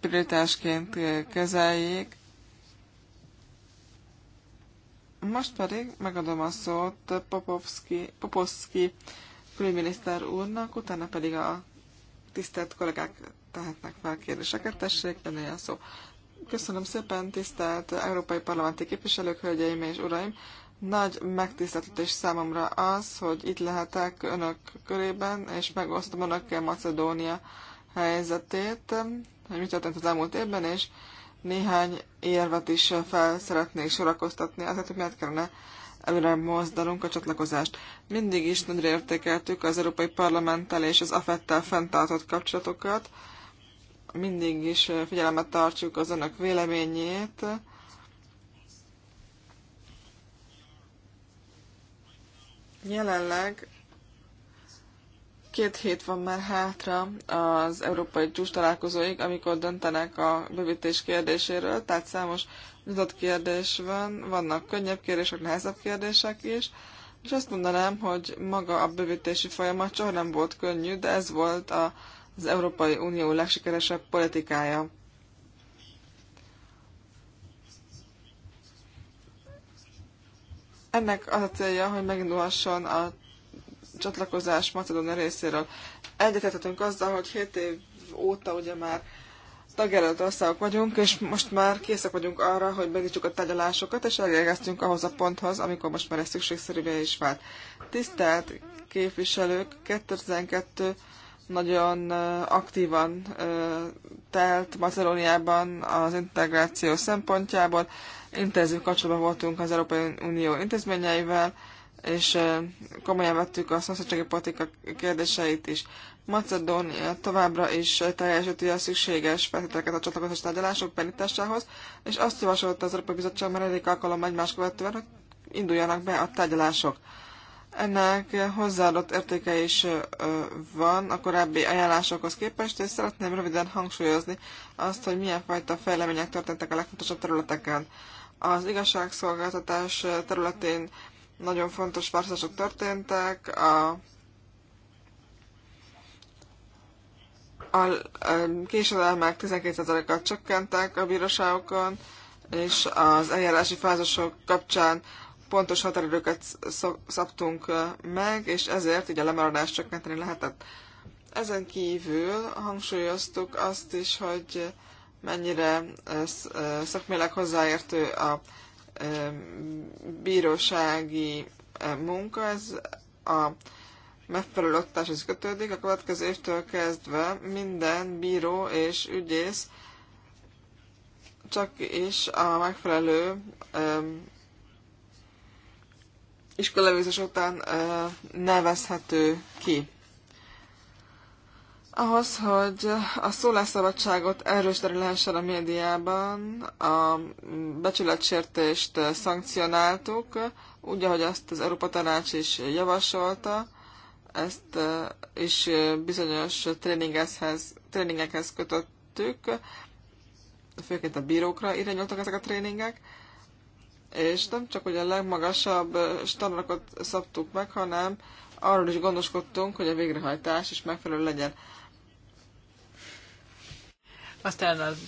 prioritásként kezeljék. Most pedig megadom a szót Popovski, Popovski külügyminiszter úrnak, utána pedig a tisztelt kollégák tehetnek fel kérdéseket. Tessék, benne a szó. Köszönöm szépen, tisztelt Európai Parlamenti képviselők, hölgyeim és uraim! Nagy megtiszteltetés számomra az, hogy itt lehetek önök körében, és megosztom önökkel Macedónia helyzetét, hogy mi történt az elmúlt évben, és néhány érvet is fel szeretnék sorakoztatni, azért, hogy miért kellene előre mozdulunk a csatlakozást. Mindig is nagyra értékeltük az Európai Parlamenttel és az AFET-tel fenntartott kapcsolatokat, mindig is eh, figyelemet tartsuk az önök véleményét. Jelenleg két hét van már hátra az európai csúcs találkozóig, amikor döntenek a bővítés kérdéséről, tehát számos nyitott kérdés van, vannak könnyebb kérdések, nehezebb kérdések is, és azt mondanám, hogy maga a bővítési folyamat soha nem volt könnyű, de ez volt a az Európai Unió legsikeresebb politikája. Ennek az a célja, hogy megindulhasson a csatlakozás Macedónia részéről. Egyetetetünk azzal, hogy 7 év óta ugye már tagjelölt országok vagyunk, és most már készek vagyunk arra, hogy megnyitjuk a tárgyalásokat, és elérkeztünk ahhoz a ponthoz, amikor most már ez szükségszerűvé is vált. Tisztelt képviselők, 2012 nagyon aktívan telt Macedóniában az integráció szempontjából. Intenzív kapcsolatban voltunk az Európai Unió intézményeivel, és komolyan vettük a szomszédsági politika kérdéseit is. Macedónia továbbra is teljesíti a szükséges feltételeket a csatlakozás tárgyalások benyitásához, és azt javasolta az Európai Bizottság már egyik alkalom egymás követően, hogy induljanak be a tárgyalások ennek hozzáadott értéke is van a korábbi ajánlásokhoz képest, és szeretném röviden hangsúlyozni azt, hogy milyen fajta fejlemények történtek a legfontosabb területeken. Az igazságszolgáltatás területén nagyon fontos változások történtek, a a késedelmek 12%-kal csökkentek a bíróságokon, és az eljárási fázisok kapcsán pontos határidőket szabtunk meg, és ezért így a lemaradást csökkenteni lehetett. Ezen kívül hangsúlyoztuk azt is, hogy mennyire szakmélek hozzáértő a bírósági munka, ez a megfelelő oktatáshoz kötődik. A következő évtől kezdve minden bíró és ügyész csak is a megfelelő iskolavégzés után nevezhető ki. Ahhoz, hogy a szólásszabadságot erősíteni lehessen a médiában, a becsületsértést szankcionáltuk, úgy, ahogy azt az Európa Tanács is javasolta, ezt is bizonyos tréningekhez kötöttük, főként a bírókra irányultak ezek a tréningek, és nem csak, hogy a legmagasabb standardokat szabtuk meg, hanem arról is gondoskodtunk, hogy a végrehajtás is megfelelő legyen. Aztán az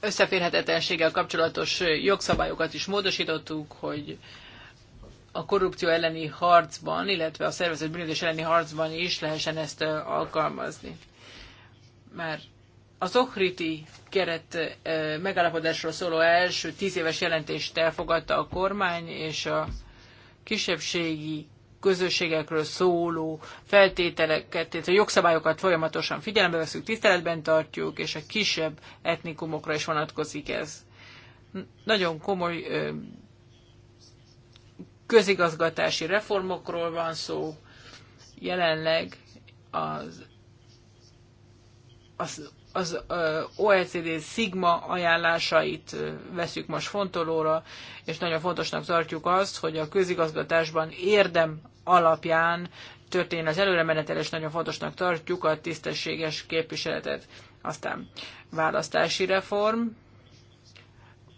összeférhetetlenséggel kapcsolatos jogszabályokat is módosítottuk, hogy a korrupció elleni harcban, illetve a szervezett bűnözés elleni harcban is lehessen ezt alkalmazni. Már az Ohriti keret megállapodásról szóló első tíz éves jelentést elfogadta a kormány, és a kisebbségi közösségekről szóló feltételeket, tehát a jogszabályokat folyamatosan figyelembe veszünk, tiszteletben tartjuk, és a kisebb etnikumokra is vonatkozik ez. Nagyon komoly közigazgatási reformokról van szó. Jelenleg az, az az OECD Sigma ajánlásait veszük most fontolóra, és nagyon fontosnak tartjuk azt, hogy a közigazgatásban érdem alapján történ az előremenetel, és nagyon fontosnak tartjuk a tisztességes képviseletet. Aztán választási reform,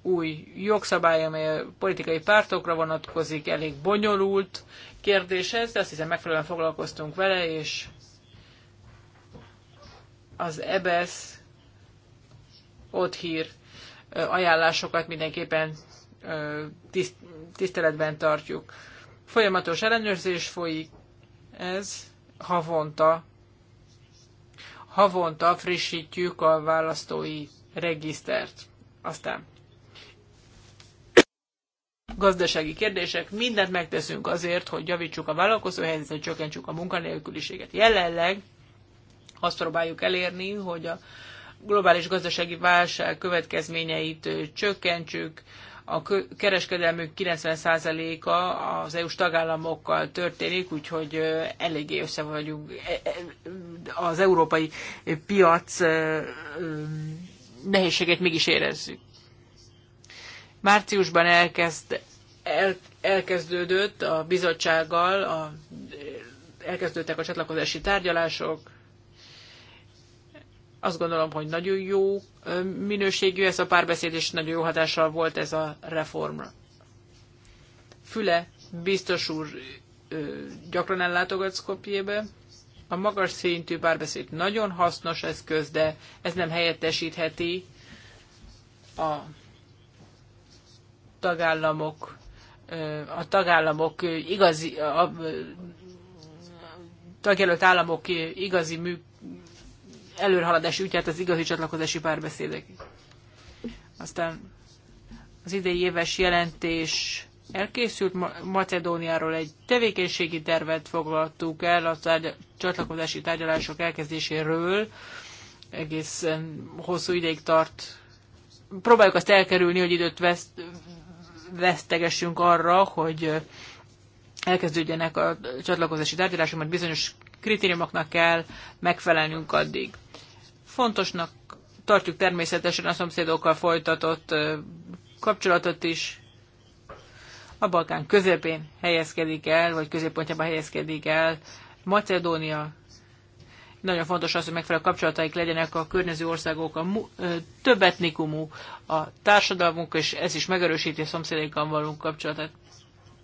új jogszabály, amely a politikai pártokra vonatkozik, elég bonyolult kérdés ez, de azt hiszem megfelelően foglalkoztunk vele, és az EBS e ott hír ajánlásokat mindenképpen tiszteletben tartjuk. Folyamatos ellenőrzés folyik, ez havonta. Havonta frissítjük a választói regisztert. Aztán gazdasági kérdések, mindent megteszünk azért, hogy javítsuk a vállalkozó helyzetet, csökkentsük a munkanélküliséget. Jelenleg azt próbáljuk elérni, hogy a globális gazdasági válság következményeit csökkentsük, a kereskedelmük 90%-a az EU-s tagállamokkal történik, úgyhogy eléggé össze vagyunk. E, e, az európai piac nehézségét mégis érezzük. Márciusban elkezd, el, elkezdődött a bizottsággal, a, elkezdődtek a csatlakozási tárgyalások, azt gondolom, hogy nagyon jó minőségű ez a párbeszéd, és nagyon jó hatással volt ez a reformra. Füle biztos úr gyakran ellátogat Skopjébe. A magas szintű párbeszéd nagyon hasznos eszköz, de ez nem helyettesítheti a tagállamok a tagállamok igazi, a tagjelölt államok igazi mű, előrehaladási útját az igazi csatlakozási párbeszédek. Aztán az idei éves jelentés elkészült, Macedóniáról egy tevékenységi tervet foglaltuk el a tárgy- csatlakozási tárgyalások elkezdéséről. Egészen hosszú ideig tart. Próbáljuk azt elkerülni, hogy időt veszt, vesztegessünk arra, hogy elkezdődjenek a csatlakozási tárgyalások, mert bizonyos kritériumoknak kell megfelelnünk addig. Fontosnak tartjuk természetesen a szomszédokkal folytatott kapcsolatot is. A Balkán közepén helyezkedik el, vagy középpontjában helyezkedik el Macedónia. Nagyon fontos az, hogy megfelelő kapcsolataik legyenek a környező országok, a több etnikumú a társadalmunk, és ez is megerősíti a szomszédékkal való kapcsolatát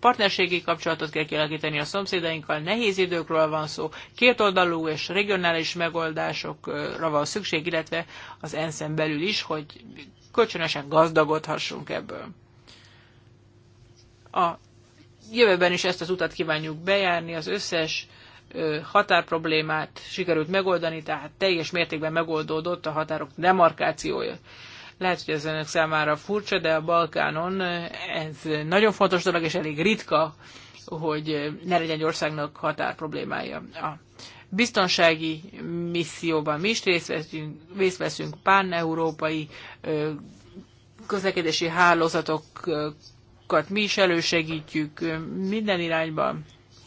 partnerségi kapcsolatot kell kialakítani a szomszédainkkal, nehéz időkről van szó, kétoldalú és regionális megoldásokra van szükség, illetve az ENSZ-en belül is, hogy kölcsönösen gazdagodhassunk ebből. A jövőben is ezt az utat kívánjuk bejárni, az összes határproblémát sikerült megoldani, tehát teljes mértékben megoldódott a határok demarkációja. Lehet, hogy ez önök számára furcsa, de a Balkánon ez nagyon fontos dolog, és elég ritka, hogy ne legyen egy országnak határ problémája. A biztonsági misszióban mi is részt veszünk, részt veszünk pán-európai közlekedési hálózatokat mi is elősegítjük minden irányban,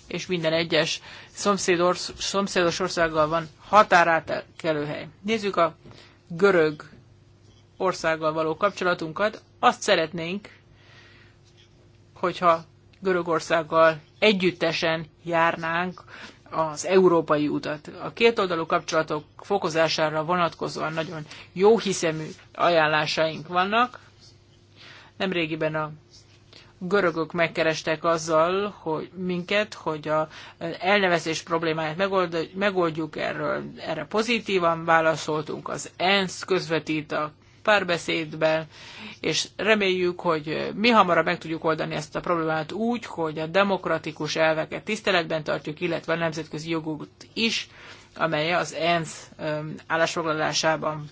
és minden egyes szomszédos, országgal van hely. Nézzük a görög országgal való kapcsolatunkat. Azt szeretnénk, hogyha Görögországgal együttesen járnánk az európai utat. A kétoldalú kapcsolatok fokozására vonatkozóan nagyon jó hiszemű ajánlásaink vannak. Nemrégiben a görögök megkerestek azzal, hogy minket, hogy a elnevezés problémáját megold, megoldjuk erről. Erre pozitívan válaszoltunk, az ENSZ közvetít a párbeszédben, és reméljük, hogy mi hamarabb meg tudjuk oldani ezt a problémát úgy, hogy a demokratikus elveket tiszteletben tartjuk, illetve a nemzetközi jogot is, amely az ENSZ állásfoglalásában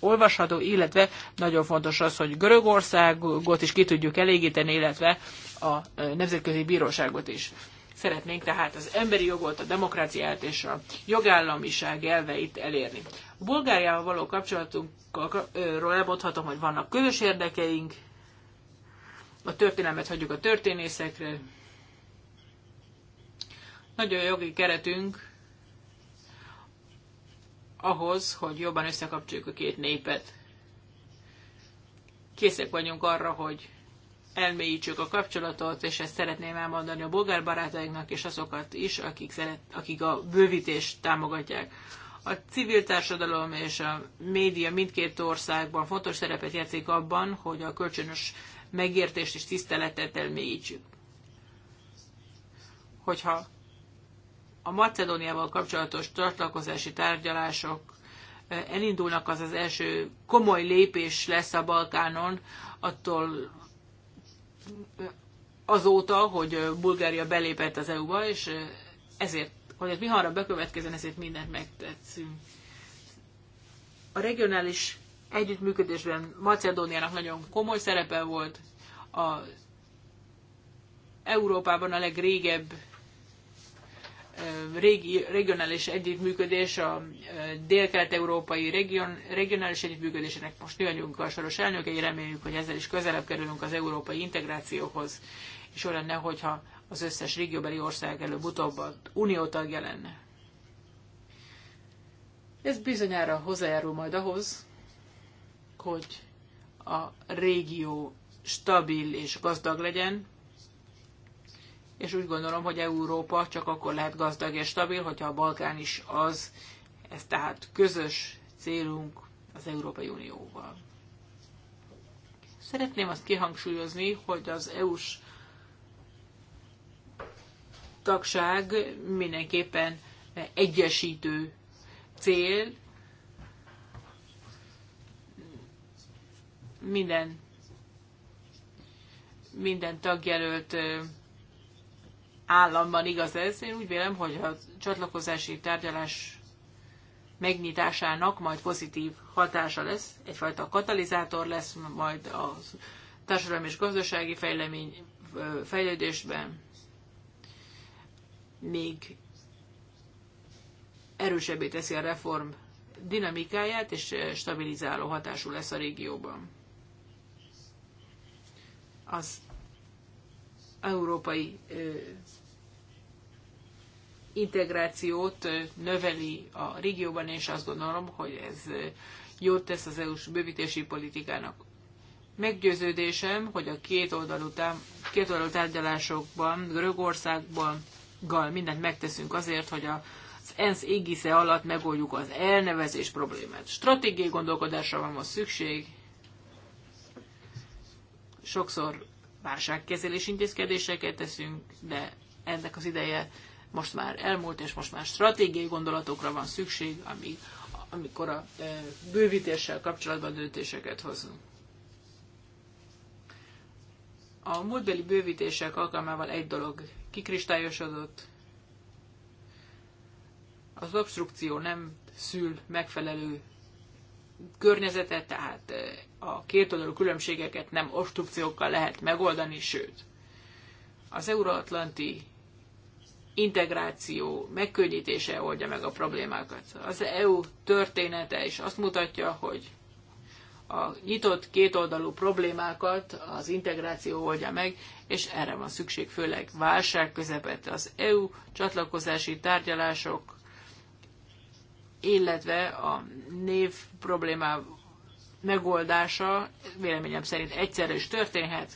olvasható, illetve nagyon fontos az, hogy Görögországot is ki tudjuk elégíteni, illetve a Nemzetközi Bíróságot is. Szeretnénk tehát az emberi jogot, a demokráciát és a jogállamiság elveit elérni. A Bulgáriával való kapcsolatunkról elmondhatom, hogy vannak közös érdekeink, a történelmet hagyjuk a történészekre. Nagyon jogi keretünk ahhoz, hogy jobban összekapcsoljuk a két népet. Készek vagyunk arra, hogy elmélyítsük a kapcsolatot, és ezt szeretném elmondani a bolgár barátainknak, és azokat is, akik, szeret, akik a bővítést támogatják. A civil társadalom és a média mindkét országban fontos szerepet játszik abban, hogy a kölcsönös megértést és tiszteletet elmélyítsük. Hogyha a Macedóniával kapcsolatos tartalkozási tárgyalások eh, elindulnak, az az első komoly lépés lesz a Balkánon, attól azóta, hogy Bulgária belépett az EU-ba, és ezért, hogy ez mi hamarabb bekövetkezzen, ezért mindent megtetszünk. A regionális együttműködésben Macedóniának nagyon komoly szerepe volt, a Európában a legrégebb régi, regionális együttműködés, a dél-kelet-európai region, regionális együttműködésének most mi vagyunk a soros elnökei, reméljük, hogy ezzel is közelebb kerülünk az európai integrációhoz, és jó lenne, hogyha az összes régióbeli ország előbb-utóbb a unió tagja lenne. Ez bizonyára hozzájárul majd ahhoz, hogy a régió stabil és gazdag legyen, és úgy gondolom, hogy Európa csak akkor lehet gazdag és stabil, hogyha a Balkán is az. Ez tehát közös célunk az Európai Unióval. Szeretném azt kihangsúlyozni, hogy az EU-s tagság mindenképpen egyesítő cél. Minden, minden tagjelölt államban igaz ez. Én úgy vélem, hogy a csatlakozási tárgyalás megnyitásának majd pozitív hatása lesz, egyfajta katalizátor lesz majd a társadalmi és gazdasági fejlemény, fejlődésben. Még erősebbé teszi a reform dinamikáját, és stabilizáló hatású lesz a régióban. Az európai integrációt növeli a régióban, és azt gondolom, hogy ez jót tesz az EU-s bővítési politikának. Meggyőződésem, hogy a két oldalú, tám- két oldalú tárgyalásokban, Görögországban gal mindent megteszünk azért, hogy a az ENSZ égisze alatt megoldjuk az elnevezés problémát. Stratégiai gondolkodásra van most szükség. Sokszor válságkezelés intézkedéseket teszünk, de ennek az ideje most már elmúlt, és most már stratégiai gondolatokra van szükség, amíg, amikor a e, bővítéssel kapcsolatban döntéseket hozunk. A múltbeli bővítések alkalmával egy dolog kikristályosodott, az obstrukció nem szül megfelelő környezetet, tehát e, a kétoldalú különbségeket nem obstrukciókkal lehet megoldani, sőt, az euróatlanti integráció megkönnyítése oldja meg a problémákat. Az EU története is azt mutatja, hogy a nyitott kétoldalú problémákat az integráció oldja meg, és erre van szükség főleg válság közepette. Az EU csatlakozási tárgyalások, illetve a név problémá megoldása véleményem szerint egyszerre is történhet,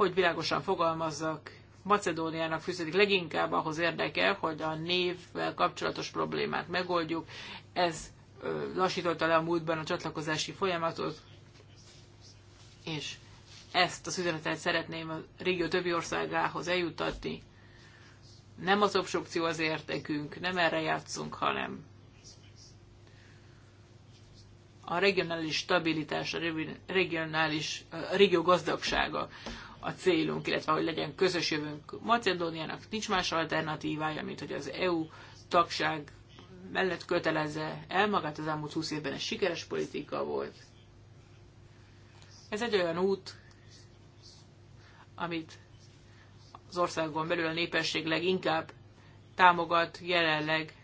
hogy világosan fogalmazzak, Macedóniának fűződik leginkább ahhoz érdeke, hogy a névvel kapcsolatos problémát megoldjuk. Ez lassította le a múltban a csatlakozási folyamatot, és ezt az üzenetet szeretném a régió többi országához eljutatni. Nem az obstrukció az értekünk, nem erre játszunk, hanem a regionális stabilitás, a regionális, a régió gazdagsága a célunk, illetve hogy legyen közös jövőnk. Macedóniának nincs más alternatívája, mint hogy az EU tagság mellett kötelezze el magát. Az elmúlt 20 évben egy sikeres politika volt. Ez egy olyan út, amit az országon belül a népesség leginkább támogat jelenleg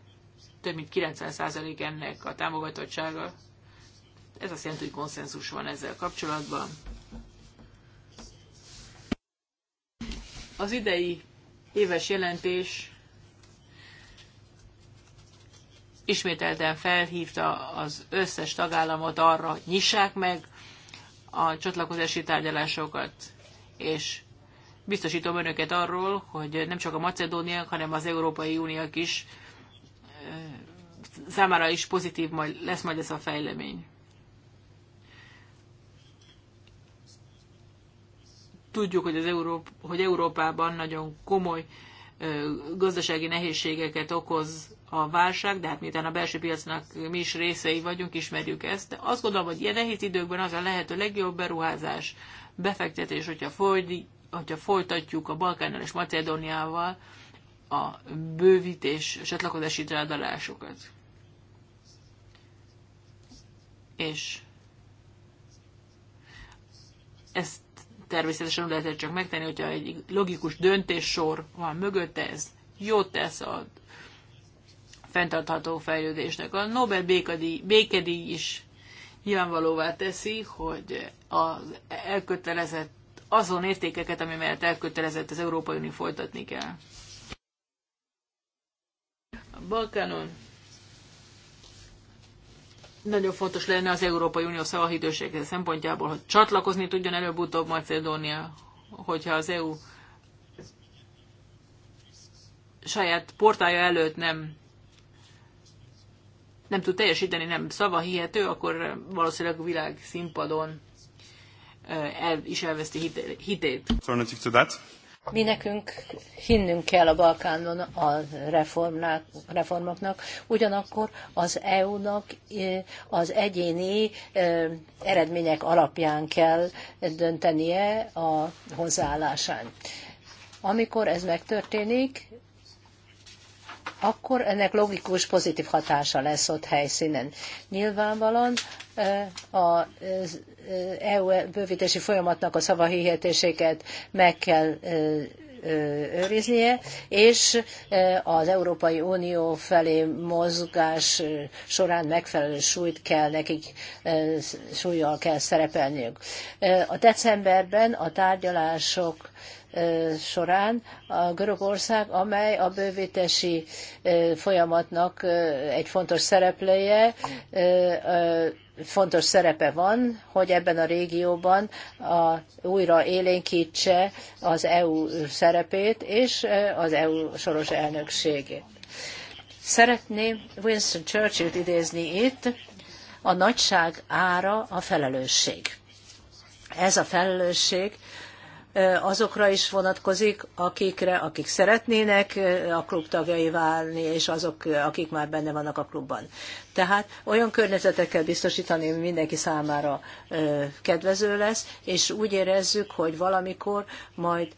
több mint 90% ennek a támogatottsága. Ez azt jelenti, hogy konszenzus van ezzel kapcsolatban. Az idei éves jelentés ismételten felhívta az összes tagállamot arra, hogy nyissák meg a csatlakozási tárgyalásokat, és biztosítom önöket arról, hogy nem csak a macedóniak, hanem az Európai Uniók is számára is pozitív majd, lesz majd ez a fejlemény. Tudjuk, hogy, az Európ- hogy Európában nagyon komoly gazdasági nehézségeket okoz a válság, de hát miután a belső piacnak mi is részei vagyunk, ismerjük ezt. De azt gondolom, hogy ilyen nehéz időkben az a lehető legjobb beruházás, befektetés, hogyha, folyt, hogyha folytatjuk a Balkánnal és Macedóniával a bővítés, csatlakozási tárgyalásokat. És ezt természetesen nem lehet csak megtenni, hogyha egy logikus döntéssor van mögötte, ez jót tesz a fenntartható fejlődésnek. A Nobel békedi, is nyilvánvalóvá teszi, hogy az elkötelezett azon értékeket, ami mellett elkötelezett az Európai Unió folytatni kell. A Balkánon nagyon fontos lenne az Európai Unió szavahidőség szempontjából, hogy csatlakozni tudjon előbb-utóbb Macedónia, hogyha az EU saját portája előtt nem nem tud teljesíteni, nem szava hihető, akkor valószínűleg a világ színpadon eh, el, is elveszti hitét. Alternative to that. Mi nekünk hinnünk kell a Balkánon a reformoknak, ugyanakkor az EU-nak az egyéni eredmények alapján kell döntenie a hozzáállásán. Amikor ez megtörténik, akkor ennek logikus, pozitív hatása lesz ott helyszínen. Nyilvánvalóan az EU bővítési folyamatnak a szavahihetéséget meg kell e, e, őriznie, és e, az Európai Unió felé mozgás során megfelelő súlyt kell nekik, súlyjal kell szerepelniük. A decemberben a tárgyalások során a Görögország, amely a bővítési folyamatnak egy fontos szereplője, fontos szerepe van, hogy ebben a régióban a, újra élénkítse az EU szerepét és az EU soros elnökségét. Szeretném Winston Churchill-t idézni itt, a nagyság ára a felelősség. Ez a felelősség azokra is vonatkozik, akikre, akik szeretnének a klub tagjai válni, és azok, akik már benne vannak a klubban. Tehát olyan környezetet kell biztosítani, ami mindenki számára kedvező lesz, és úgy érezzük, hogy valamikor majd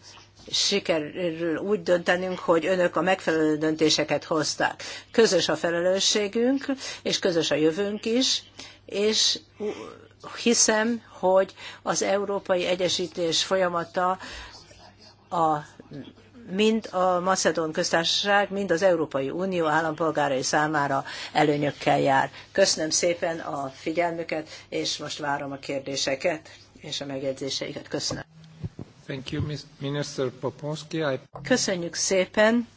sikerül úgy döntenünk, hogy önök a megfelelő döntéseket hozták. Közös a felelősségünk, és közös a jövőnk is, és hiszem, hogy az európai egyesítés folyamata a mind a Macedón köztársaság, mind az Európai Unió állampolgárai számára előnyökkel jár. Köszönöm szépen a figyelmüket, és most várom a kérdéseket és a megjegyzéseiket. Köszönöm. Thank you, Minister I... Köszönjük szépen,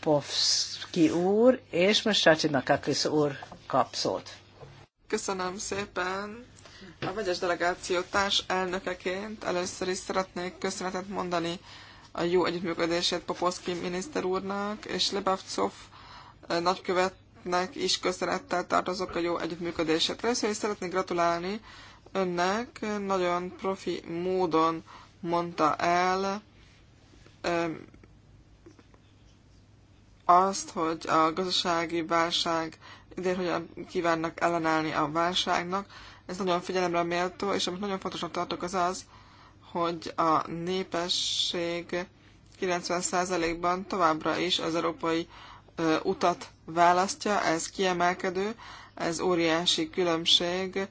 Popovsky úr, és most Sácsi Makakis úr kap szót. Köszönöm szépen. A vegyes delegáció társ elnökeként először is szeretnék köszönetet mondani a jó együttműködését Popovszki miniszter úrnak, és Lebavcov eh, nagykövetnek is köszönettel tartozok a jó együttműködését. Először is szeretnék gratulálni önnek, nagyon profi módon mondta el eh, azt, hogy a gazdasági válság idén hogyan kívánnak ellenállni a válságnak. Ez nagyon figyelemre méltó, és amit nagyon fontosnak tartok az az, hogy a népesség 90%-ban továbbra is az európai ö, utat választja, ez kiemelkedő, ez óriási különbség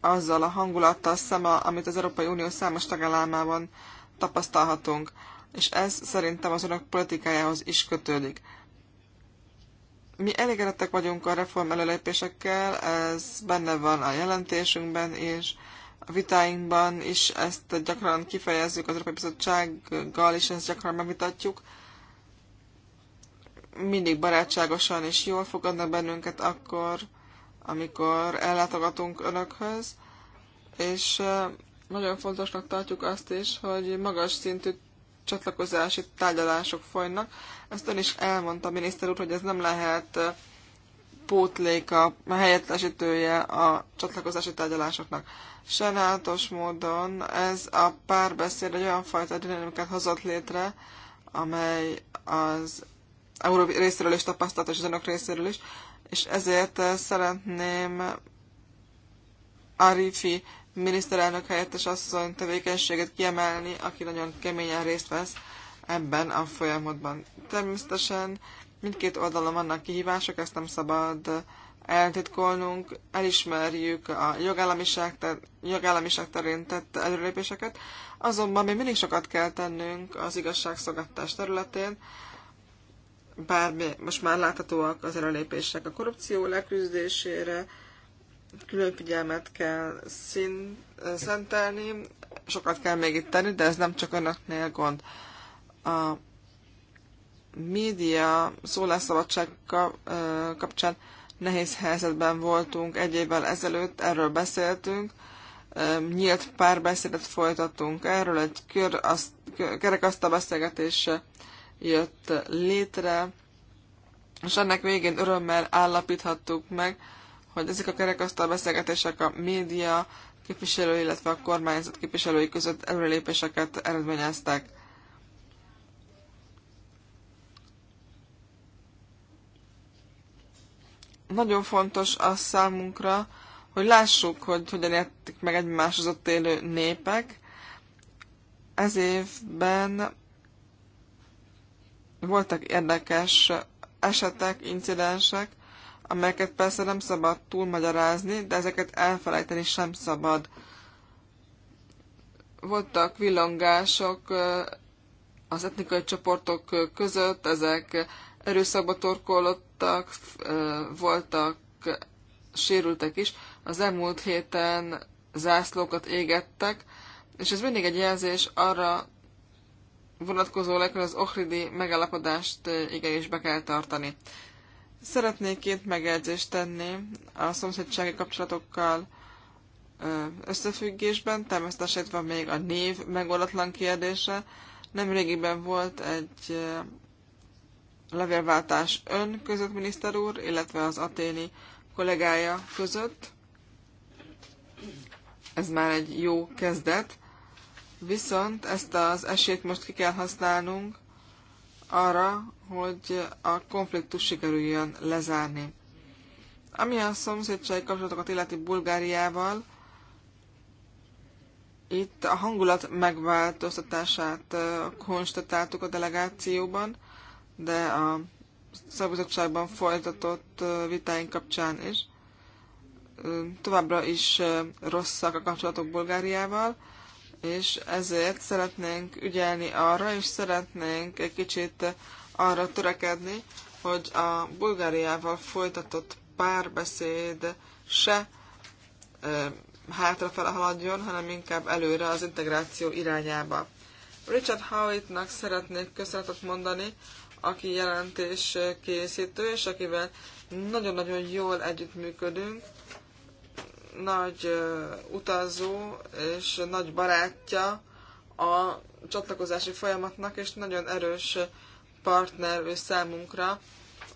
azzal a hangulattal szema, amit az Európai Unió számos tagállamában tapasztalhatunk. És ez szerintem az önök politikájához is kötődik. Mi elégedettek vagyunk a reform előlépésekkel, ez benne van a jelentésünkben, és a vitáinkban is ezt gyakran kifejezzük az Európai Bizottsággal, és ezt gyakran megvitatjuk. Mindig barátságosan és jól fogadnak bennünket akkor, amikor ellátogatunk Önökhöz, és eh, nagyon fontosnak tartjuk azt is, hogy magas szintű csatlakozási tárgyalások folynak. Ezt ön is elmondta, a miniszter úr, hogy ez nem lehet pótléka, helyettesítője a csatlakozási tárgyalásoknak. Sajnálatos módon ez a párbeszéd egy olyan fajta dinamikát hozott létre, amely az euró részéről is tapasztalt, és az önök részéről is, és ezért szeretném Arifi miniszterelnök helyettes asszony tevékenységet kiemelni, aki nagyon keményen részt vesz ebben a folyamatban. Természetesen mindkét oldalon vannak kihívások, ezt nem szabad eltitkolnunk, elismerjük a jogállamiság, ter- jogállamiság terén tett előlépéseket, azonban még mindig sokat kell tennünk az igazságszolgáltatás területén, bár most már láthatóak az előrépések a korrupció leküzdésére, külön figyelmet kell szín, szentelni, sokat kell még itt tenni, de ez nem csak önöknél gond. A média szólásszabadság kapcsán nehéz helyzetben voltunk egy évvel ezelőtt, erről beszéltünk, nyílt párbeszédet folytattunk erről, egy kör, azt, kerekasztal beszélgetés jött létre, és ennek végén örömmel állapíthattuk meg, majd ezek a kerekasztal beszélgetések a média képviselői, illetve a kormányzat képviselői között előrelépéseket eredményeztek. Nagyon fontos az számunkra, hogy lássuk, hogy hogyan értik meg egymáshoz ott élő népek. Ez évben voltak érdekes esetek, incidensek, amelyeket persze nem szabad túlmagyarázni, de ezeket elfelejteni sem szabad. Voltak villongások az etnikai csoportok között, ezek erőszakba torkolottak, voltak sérültek is. Az elmúlt héten zászlókat égettek, és ez mindig egy jelzés arra vonatkozólag, hogy az Ohridi megállapodást igenis be kell tartani. Szeretnék két megjegyzést tenni a szomszédsági kapcsolatokkal összefüggésben. Természetesen van még a név megoldatlan kérdése. nem régiben volt egy levélváltás ön között, miniszter úr, illetve az aténi kollégája között. Ez már egy jó kezdet. Viszont ezt az esélyt most ki kell használnunk arra, hogy a konfliktus sikerüljön lezárni. Ami a szomszédsági kapcsolatokat illeti Bulgáriával, itt a hangulat megváltoztatását konstatáltuk a delegációban, de a szabadságban folytatott vitáink kapcsán is. Továbbra is rosszak a kapcsolatok Bulgáriával, és ezért szeretnénk ügyelni arra, és szeretnénk egy kicsit arra törekedni, hogy a Bulgáriával folytatott párbeszéd se e, hátrafele haladjon, hanem inkább előre az integráció irányába. Richard Howittnak szeretnék köszönetet mondani, aki jelentés készítő, és akivel nagyon-nagyon jól együttműködünk, nagy utazó és nagy barátja a csatlakozási folyamatnak, és nagyon erős partner ő számunkra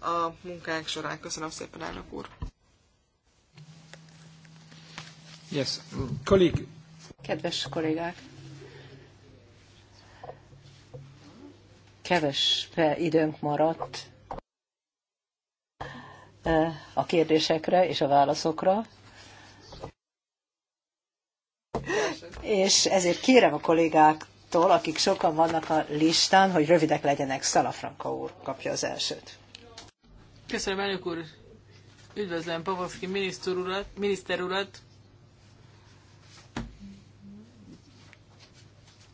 a munkánk során. Köszönöm szépen, elnök úr! Yes. Kollég. Kedves kollégák! Keves időnk maradt a kérdésekre és a válaszokra. És ezért kérem a kollégákat, azoktól, akik sokan vannak a listán, hogy rövidek legyenek. Szalafranka úr kapja az elsőt. Köszönöm, elnök úr. Üdvözlöm Pavovski miniszter urat. Miniszter urat.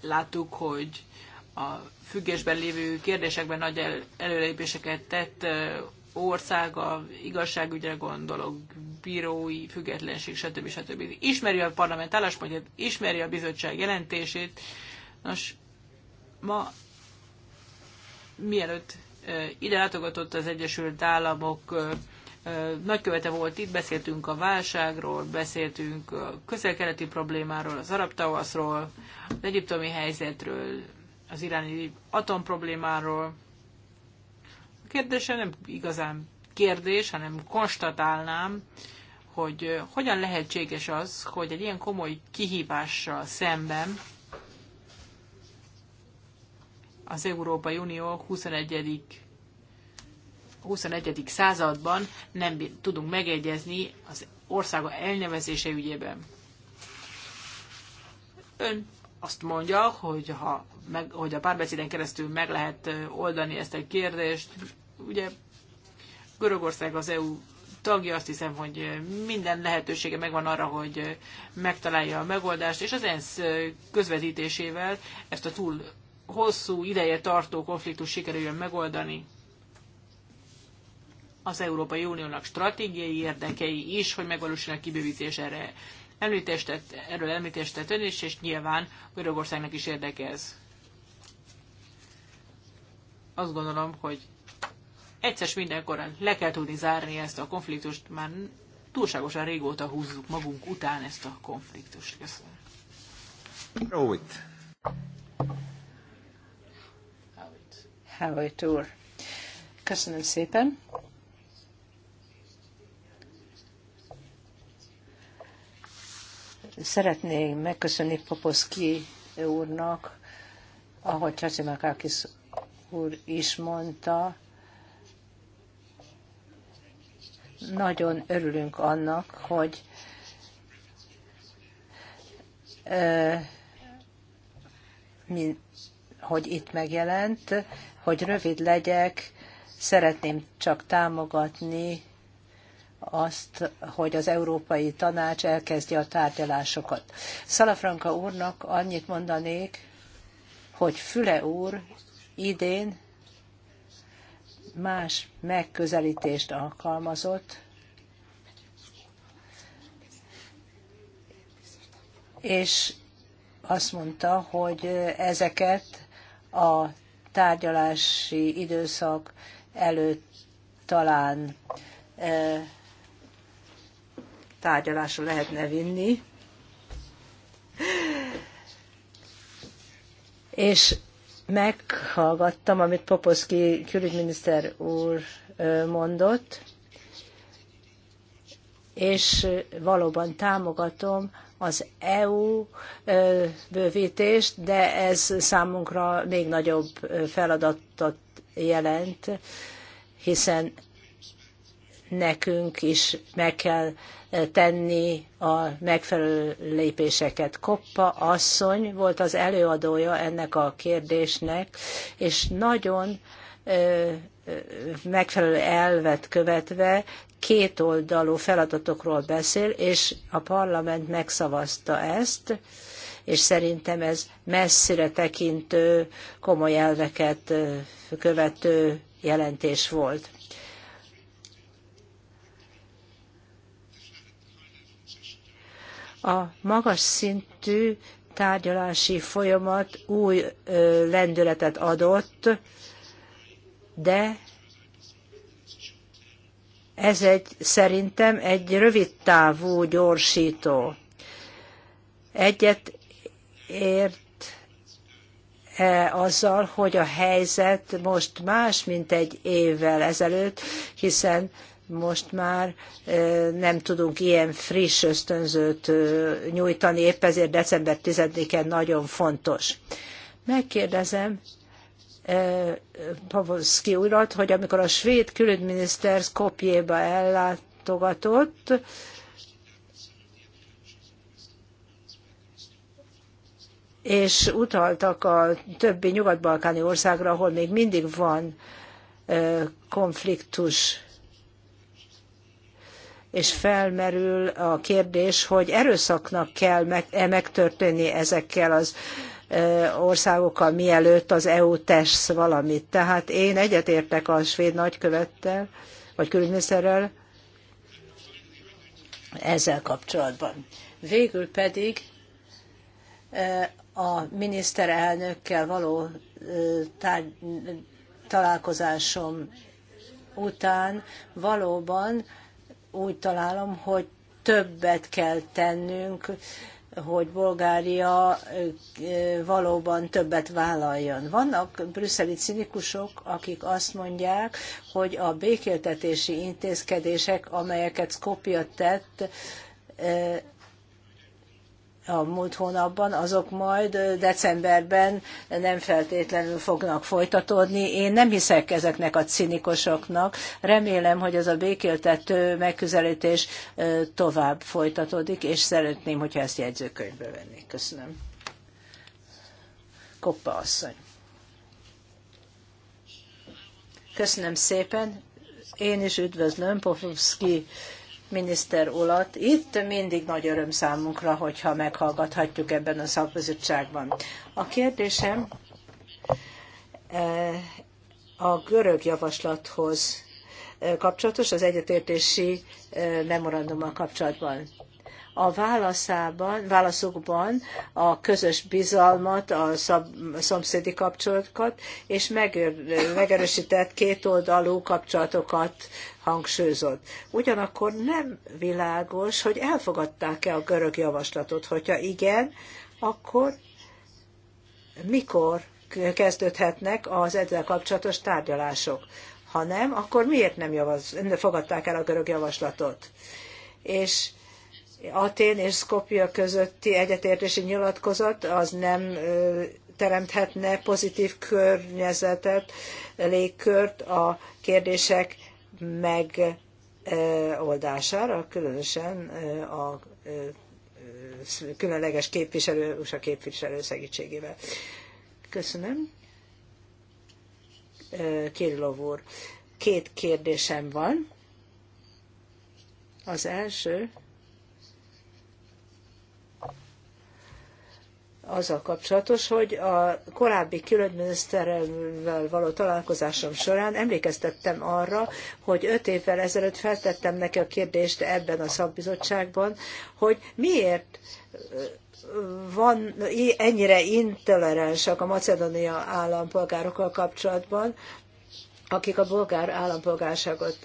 Láttuk, hogy a függésben lévő kérdésekben nagy el, előlépéseket tett ország, a igazságügyre gondolok, bírói függetlenség, stb. stb. Ismeri a parlament álláspontját, ismeri a bizottság jelentését, Nos, ma mielőtt ide látogatott az Egyesült Államok nagykövete volt itt, beszéltünk a válságról, beszéltünk a közel-keleti problémáról, az arab tavaszról, az egyiptomi helyzetről, az iráni atomproblémáról. A kérdése nem igazán kérdés, hanem konstatálnám, hogy hogyan lehetséges az, hogy egy ilyen komoly kihívással szemben az Európai Unió 21. 21. században nem tudunk megegyezni az országa elnevezése ügyében. Ön azt mondja, hogy, ha meg, hogy a párbeszéden keresztül meg lehet oldani ezt a kérdést. Ugye Görögország az EU tagja, azt hiszem, hogy minden lehetősége megvan arra, hogy megtalálja a megoldást, és az ENSZ közvetítésével ezt a túl hosszú ideje tartó konfliktus sikerüljön megoldani. Az Európai Uniónak stratégiai érdekei is, hogy megvalósuljon a kibővítés erre említést tett, erről említést tett ön is, és nyilván Görögországnak is érdeke ez. Azt gondolom, hogy egyszer mindenkorán le kell tudni zárni ezt a konfliktust, már túlságosan régóta húzzuk magunk után ezt a konfliktust. Köszönöm. Róit. Howitt úr. Köszönöm szépen. Szeretnék megköszönni Poposzki úrnak, ahogy Csacimakákis úr is mondta, nagyon örülünk annak, hogy hogy itt megjelent, hogy rövid legyek, szeretném csak támogatni azt, hogy az Európai Tanács elkezdje a tárgyalásokat. Szalafranka úrnak annyit mondanék, hogy Füle úr idén más megközelítést alkalmazott, és azt mondta, hogy ezeket a tárgyalási időszak előtt talán e, tárgyalásra lehetne vinni. És meghallgattam, amit Poposzki külügyminiszter úr e, mondott, és valóban támogatom az EU bővítést, de ez számunkra még nagyobb feladatot jelent, hiszen nekünk is meg kell tenni a megfelelő lépéseket. Koppa asszony volt az előadója ennek a kérdésnek, és nagyon megfelelő elvet követve kétoldalú feladatokról beszél, és a parlament megszavazta ezt, és szerintem ez messzire tekintő, komoly elveket követő jelentés volt. A magas szintű tárgyalási folyamat új lendületet adott, de ez egy, szerintem egy rövid távú gyorsító. Egyet ért e, azzal, hogy a helyzet most más, mint egy évvel ezelőtt, hiszen most már e, nem tudunk ilyen friss ösztönzőt e, nyújtani, épp ezért december 10-en nagyon fontos. Megkérdezem, Pavolszki urat, hogy amikor a svéd külügyminiszter Skopjéba ellátogatott, és utaltak a többi nyugat-balkáni országra, ahol még mindig van konfliktus és felmerül a kérdés, hogy erőszaknak kell meg, e megtörténni ezekkel az országokkal, mielőtt az EU tesz valamit. Tehát én egyetértek a svéd nagykövettel, vagy külügyminiszterrel ezzel kapcsolatban. Végül pedig a miniszterelnökkel való találkozásom után valóban úgy találom, hogy többet kell tennünk hogy Bulgária valóban többet vállaljon. Vannak brüsszeli cinikusok, akik azt mondják, hogy a békéltetési intézkedések, amelyeket Skopje tett, a múlt hónapban, azok majd decemberben nem feltétlenül fognak folytatódni. Én nem hiszek ezeknek a cinikusoknak. Remélem, hogy az a békéltető megközelítés tovább folytatódik, és szeretném, hogyha ezt jegyzőkönyvbe vennék. Köszönöm. Koppa asszony. Köszönöm szépen. Én is üdvözlöm Popovski miniszter ulat itt. Mindig nagy öröm számunkra, hogyha meghallgathatjuk ebben a szakbizottságban. A kérdésem e, a görög javaslathoz e, kapcsolatos, az egyetértési e, memorandummal kapcsolatban. A válaszában, válaszokban a közös bizalmat, a szomszédi kapcsolatokat, és megerősített kétoldalú kapcsolatokat hangsúlyozott. Ugyanakkor nem világos, hogy elfogadták-e a görög javaslatot. Hogyha igen, akkor mikor kezdődhetnek az ezzel kapcsolatos tárgyalások. Ha nem, akkor miért nem javaz, fogadták el a görög javaslatot? És Atén és Skopje közötti egyetértési nyilatkozat az nem teremthetne pozitív környezetet, légkört a kérdések megoldására, különösen a különleges képviselő, USA képviselő segítségével. Köszönöm. Kirillov úr, két kérdésem van. Az első, azzal kapcsolatos, hogy a korábbi külügyminiszterrel való találkozásom során emlékeztettem arra, hogy öt évvel ezelőtt feltettem neki a kérdést ebben a szakbizottságban, hogy miért van ennyire intoleránsak a macedónia állampolgárokkal kapcsolatban, akik a bolgár állampolgárságot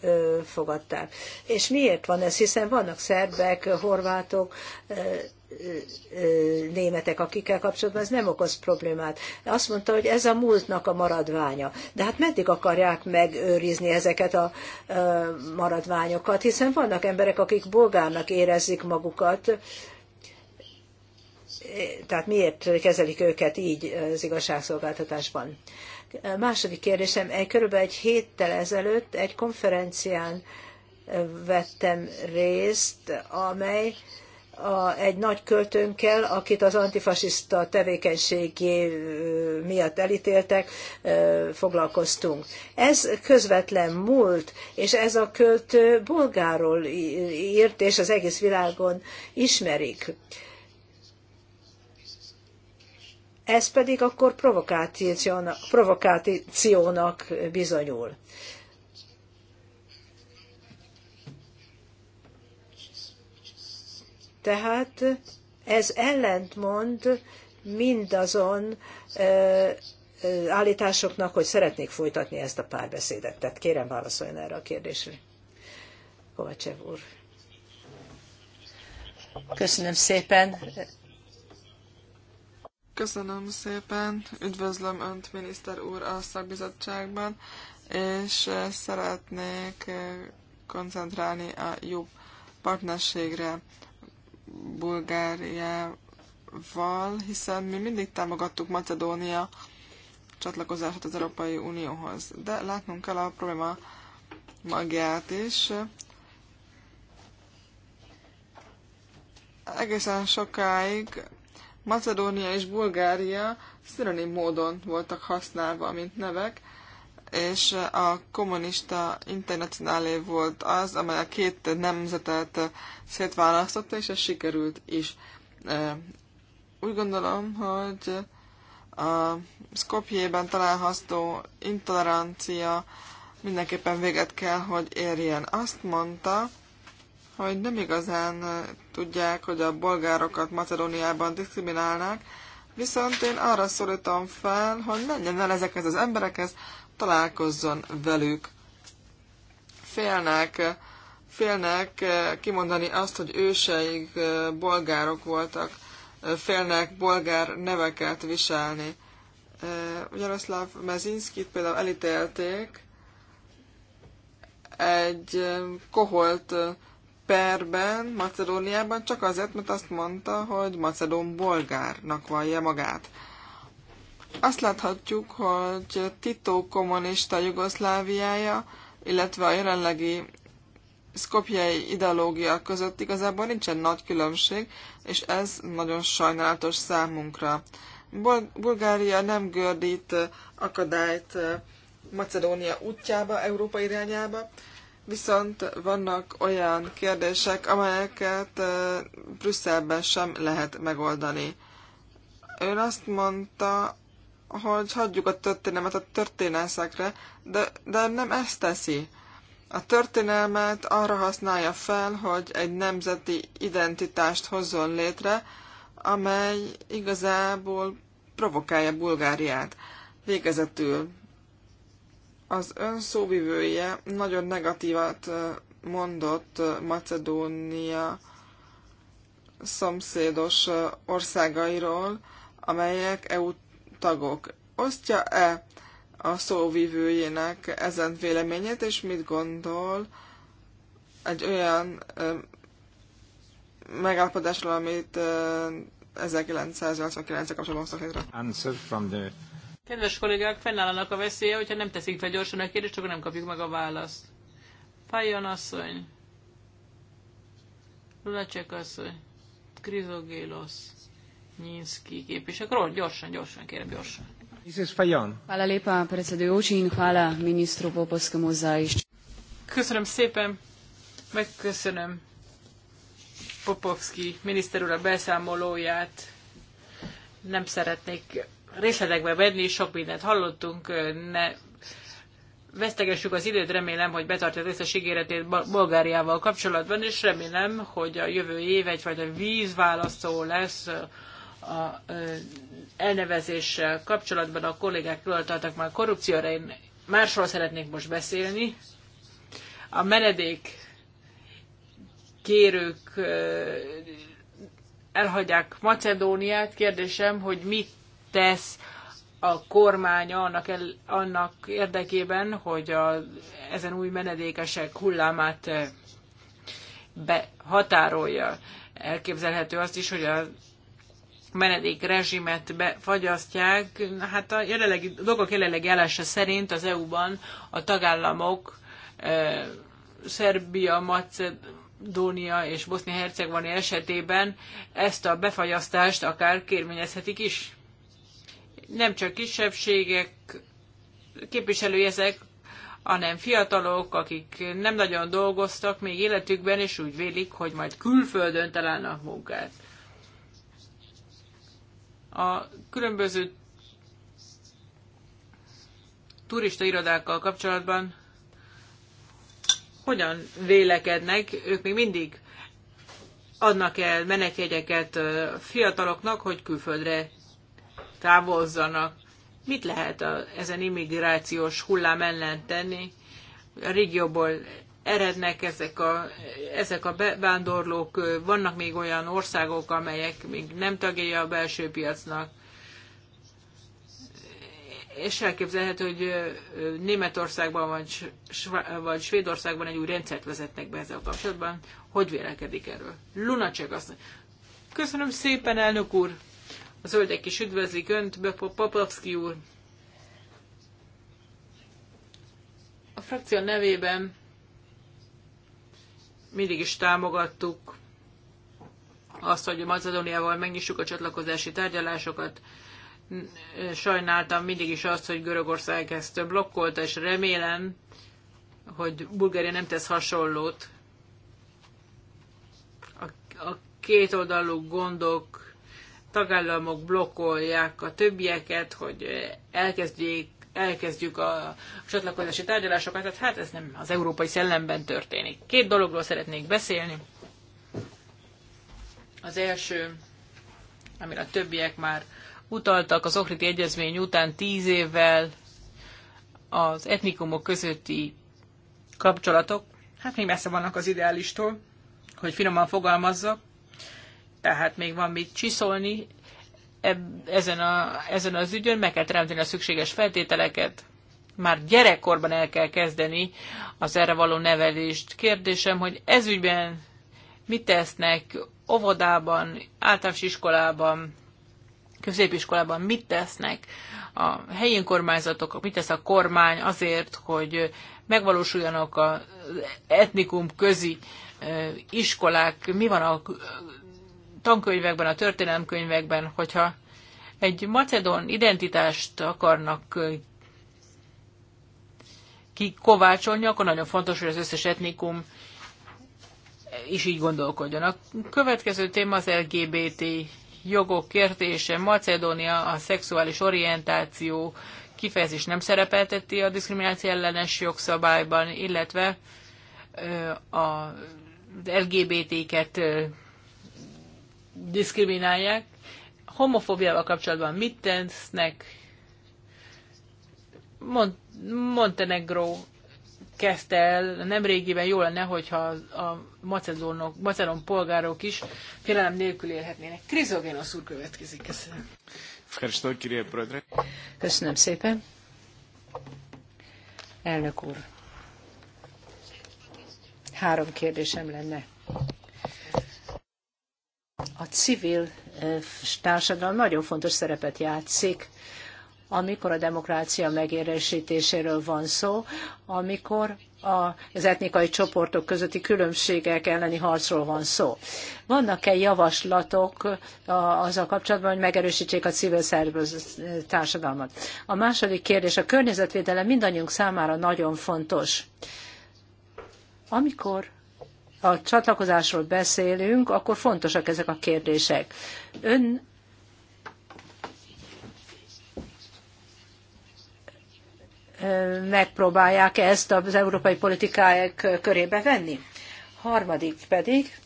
elfogadták. És miért van ez? Hiszen vannak szerbek, horvátok, németek, akikkel kapcsolatban ez nem okoz problémát. Azt mondta, hogy ez a múltnak a maradványa. De hát meddig akarják megőrizni ezeket a maradványokat, hiszen vannak emberek, akik bolgárnak érezzik magukat, tehát miért kezelik őket így az igazságszolgáltatásban? A második kérdésem, egy, körülbelül egy héttel ezelőtt egy konferencián vettem részt, amely a, egy nagy költőnkkel, akit az antifasiszta tevékenységé miatt elítéltek, foglalkoztunk. Ez közvetlen múlt, és ez a költő bolgáról írt, és az egész világon ismerik. Ez pedig akkor provokációnak, provokációnak bizonyul. Tehát ez ellentmond mindazon állításoknak, hogy szeretnék folytatni ezt a párbeszédet. Tehát kérem válaszoljon erre a kérdésre. Kovácsev úr. Köszönöm szépen. Köszönöm szépen. Üdvözlöm Önt, miniszter úr, a szakbizottságban, és szeretnék koncentrálni a jobb partnerségre. Bulgáriával, hiszen mi mindig támogattuk Macedónia csatlakozását az Európai Unióhoz. De látnunk kell a probléma magját is. Egészen sokáig Macedónia és Bulgária szinonim módon voltak használva, mint nevek, és a kommunista internacionálé volt az, amely a két nemzetet szétválasztotta, és ez sikerült is. Úgy gondolom, hogy a Skopjében található intolerancia mindenképpen véget kell, hogy érjen. Azt mondta, hogy nem igazán tudják, hogy a bolgárokat Macedóniában diszkriminálnák, viszont én arra szólítom fel, hogy menjen el ezekhez az emberekhez, találkozzon velük. Félnek, félnek eh, kimondani azt, hogy őseik eh, bolgárok voltak, eh, félnek bolgár neveket viselni. Jaroszláv Mezinszkit például elítélték egy koholt perben Macedóniában csak azért, mert azt mondta, hogy Macedón bolgárnak vallja magát. Azt láthatjuk, hogy Tito kommunista Jugoszláviája, illetve a jelenlegi szkopjai ideológia között igazából nincsen nagy különbség, és ez nagyon sajnálatos számunkra. Bulgária nem gördít akadályt Macedónia útjába, Európa irányába, viszont vannak olyan kérdések, amelyeket Brüsszelben sem lehet megoldani. Ő azt mondta, hogy hagyjuk a történelmet a történelszekre, de, de nem ezt teszi. A történelmet arra használja fel, hogy egy nemzeti identitást hozzon létre, amely igazából provokálja Bulgáriát. Végezetül az ön szóvivője nagyon negatívat mondott Macedónia szomszédos országairól, amelyek EU tagok. Osztja-e a szóvivőjének ezen véleményét, és mit gondol egy olyan megállapodásról, amit 1989-re kapcsolatban hoztak létre? Kedves kollégák, fennállnak a veszélye, hogyha nem teszik fel gyorsan a kérdést, akkor nem kapjuk meg a választ. Fajon asszony. Lulacsek asszony. Krizogélosz. Nyinszki képviselőről. Gyorsan, gyorsan, kérem, gyorsan. Mrs. Fajon. Hvala lepa predsedujoči in hvala ministru Popovskemu za Köszönöm szépen, megköszönöm Popovski miniszter úr a beszámolóját. Nem szeretnék részletekbe venni, sok mindent hallottunk, ne vesztegessük az időt, remélem, hogy betartja az összes ígéretét Bulgáriával kapcsolatban, és remélem, hogy a jövő év egyfajta vízválasztó lesz a elnevezéssel kapcsolatban a kollégák tartak már korrupcióra, én másról szeretnék most beszélni. A menedék kérők elhagyják Macedóniát. Kérdésem, hogy mit tesz a kormánya annak, el, annak érdekében, hogy a, ezen új menedékesek hullámát behatárolja. Elképzelhető azt is, hogy a menedék rezsimet befagyasztják. Hát a, jelenlegi, a dolgok jelenlegi állása szerint az EU-ban a tagállamok eh, Szerbia, Macedónia és Bosznia-Hercegovina esetében ezt a befagyasztást akár kérvényezhetik is. Nem csak kisebbségek képviselői ezek, hanem fiatalok, akik nem nagyon dolgoztak még életükben, és úgy vélik, hogy majd külföldön találnak munkát. A különböző turista irodákkal kapcsolatban hogyan vélekednek, ők még mindig adnak el menekjegyeket fiataloknak, hogy külföldre távozzanak. Mit lehet a, ezen immigrációs hullám ellen tenni? A régióból erednek ezek a, ezek a bevándorlók, vannak még olyan országok, amelyek még nem tagjai a belső piacnak, és elképzelhető, hogy Németországban vagy, vagy Svédországban egy új rendszert vezetnek be ezzel kapcsolatban. Hogy vélekedik erről? Lunacek azt mondja. Köszönöm szépen, elnök úr! A zöldek is üdvözlik önt, Papovski úr! A frakció nevében mindig is támogattuk azt, hogy Macedóniával megnyissuk a csatlakozási tárgyalásokat. Sajnáltam mindig is azt, hogy Görögország ezt blokkolta, és remélem, hogy Bulgária nem tesz hasonlót. A, a kétoldalú gondok, tagállamok blokkolják a többieket, hogy elkezdjék elkezdjük a csatlakozási tárgyalásokat, tehát hát ez nem az európai szellemben történik. Két dologról szeretnék beszélni. Az első, amire a többiek már utaltak, az Okriti Egyezmény után tíz évvel az etnikumok közötti kapcsolatok, hát még messze vannak az ideálistól, hogy finoman fogalmazza, tehát még van mit csiszolni, ezen, a, ezen az ügyön, meg kell teremteni a szükséges feltételeket, már gyerekkorban el kell kezdeni az erre való nevelést. Kérdésem, hogy ez ügyben mit tesznek óvodában, általános iskolában, középiskolában mit tesznek a helyi önkormányzatok, mit tesz a kormány azért, hogy megvalósuljanak az etnikum közi iskolák, mi van a tankönyvekben, a történelemkönyvekben, hogyha egy macedon identitást akarnak kikovácsolni, akkor nagyon fontos, hogy az összes etnikum is így gondolkodjon. A következő téma az LGBT jogok kérdése. Macedónia a szexuális orientáció kifejezés nem szerepelteti a diszkrimináció ellenes jogszabályban, illetve a LGBT-ket diszkriminálják. Homofóbiával kapcsolatban mit tesznek? Mont- Montenegro kezdte el, nemrégiben jó lenne, hogyha a macedónok, macedón polgárok is félelem nélkül élhetnének. Krizogénosz úr következik, köszönöm. Köszönöm szépen. Elnök úr, három kérdésem lenne. A civil társadalom nagyon fontos szerepet játszik, amikor a demokrácia megérésítéséről van szó, amikor az etnikai csoportok közötti különbségek elleni harcról van szó. Vannak-e javaslatok azzal kapcsolatban, hogy megerősítsék a civil társadalmat? A második kérdés, a környezetvédelem mindannyiunk számára nagyon fontos. Amikor a csatlakozásról beszélünk, akkor fontosak ezek a kérdések. Ön megpróbálják ezt az európai politikák körébe venni. Harmadik pedig,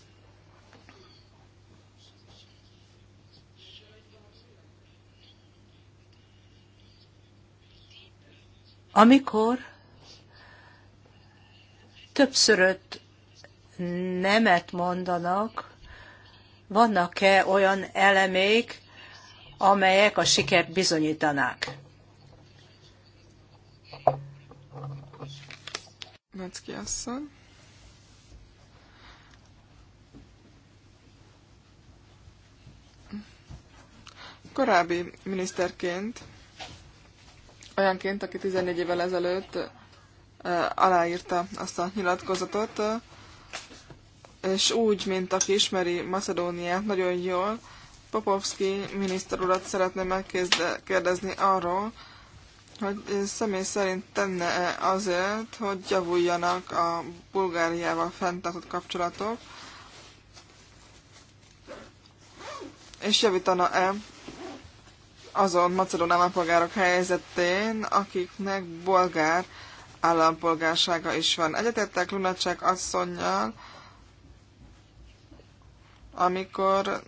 amikor többszörött nemet mondanak, vannak-e olyan elemék, amelyek a sikert bizonyítanák? Mecki asszony. Korábbi miniszterként, olyanként, aki 14 évvel ezelőtt aláírta azt a nyilatkozatot, és úgy, mint aki ismeri Macedóniát nagyon jól, Popovski miniszter urat szeretném megkérdezni arról, hogy személy szerint tenne -e azért, hogy javuljanak a Bulgáriával fenntartott kapcsolatok, és javítana-e azon macedón állampolgárok helyzetén, akiknek bolgár állampolgársága is van. Egyetettek Lunacsek asszonynal, amikor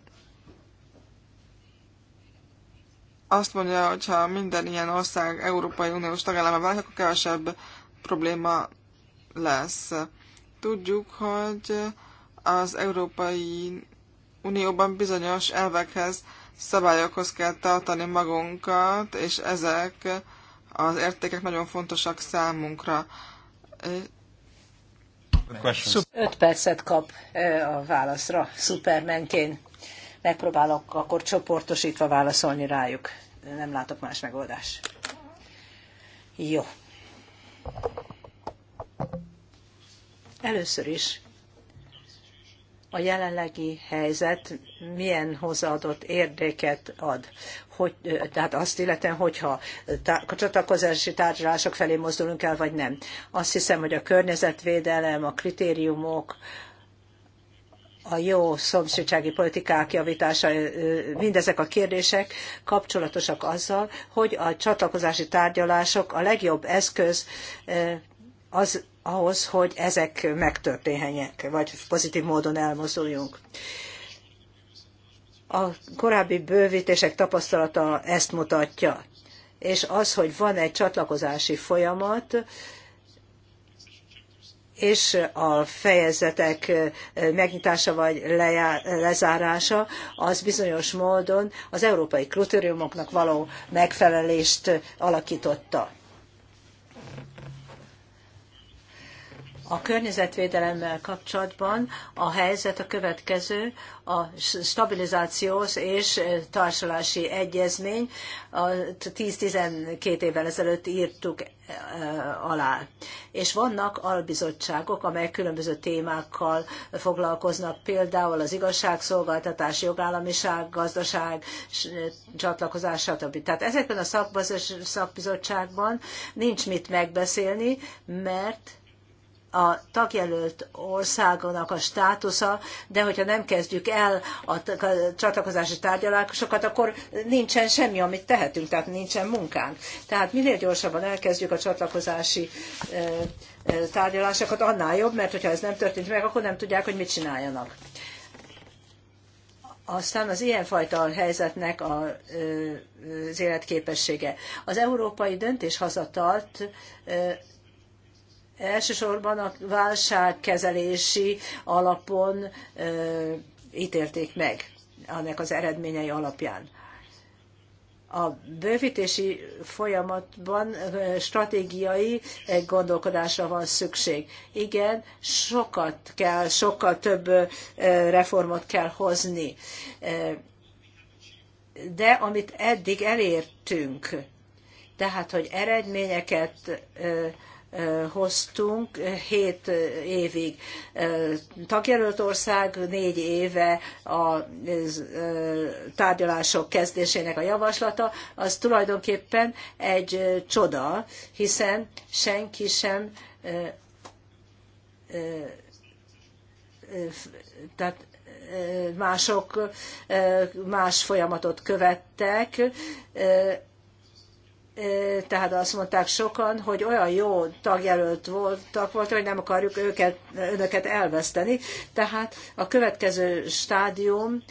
azt mondja, hogy ha minden ilyen ország Európai Uniós tagállama válik, akkor kevesebb probléma lesz. Tudjuk, hogy az Európai Unióban bizonyos elvekhez, szabályokhoz kell tartani magunkat, és ezek az értékek nagyon fontosak számunkra. Öt percet kap a válaszra Supermanként. Megpróbálok akkor csoportosítva válaszolni rájuk. Nem látok más megoldást. Jó. Először is a jelenlegi helyzet milyen hozzáadott érdéket ad. Hogy, tehát azt illetően, hogyha tá- csatlakozási tárgyalások felé mozdulunk el, vagy nem. Azt hiszem, hogy a környezetvédelem, a kritériumok, a jó szomszédsági politikák javítása, mindezek a kérdések kapcsolatosak azzal, hogy a csatlakozási tárgyalások a legjobb eszköz az ahhoz, hogy ezek megtörténjenek, vagy pozitív módon elmozduljunk. A korábbi bővítések tapasztalata ezt mutatja. És az, hogy van egy csatlakozási folyamat, és a fejezetek megnyitása vagy lezárása, az bizonyos módon az európai kritériumoknak való megfelelést alakította. A környezetvédelemmel kapcsolatban a helyzet a következő, a stabilizációs és társulási egyezmény, a 10-12 évvel ezelőtt írtuk eh, alá. És vannak albizottságok, amelyek különböző témákkal foglalkoznak, például az igazságszolgáltatás, jogállamiság, gazdaság, csatlakozás, stb. Tehát ezekben a szakbizottságban nincs mit megbeszélni, mert a tagjelölt országonak a státusza, de hogyha nem kezdjük el a csatlakozási tárgyalásokat, akkor nincsen semmi, amit tehetünk, tehát nincsen munkánk. Tehát minél gyorsabban elkezdjük a csatlakozási tárgyalásokat, annál jobb, mert hogyha ez nem történt meg, akkor nem tudják, hogy mit csináljanak. Aztán az ilyenfajta helyzetnek a, az életképessége. Az európai döntéshazatalt elsősorban a válságkezelési alapon ítélték meg, annak az eredményei alapján. A bővítési folyamatban stratégiai gondolkodásra van szükség. Igen, sokat kell, sokkal több reformot kell hozni. De amit eddig elértünk, tehát, hogy eredményeket hoztunk, hét évig tagjelölt ország, négy éve a tárgyalások kezdésének a javaslata, az tulajdonképpen egy csoda, hiszen senki sem tehát mások más folyamatot követtek, tehát azt mondták sokan, hogy olyan jó tagjelölt voltak, volt, hogy nem akarjuk őket, önöket elveszteni. Tehát a következő stádium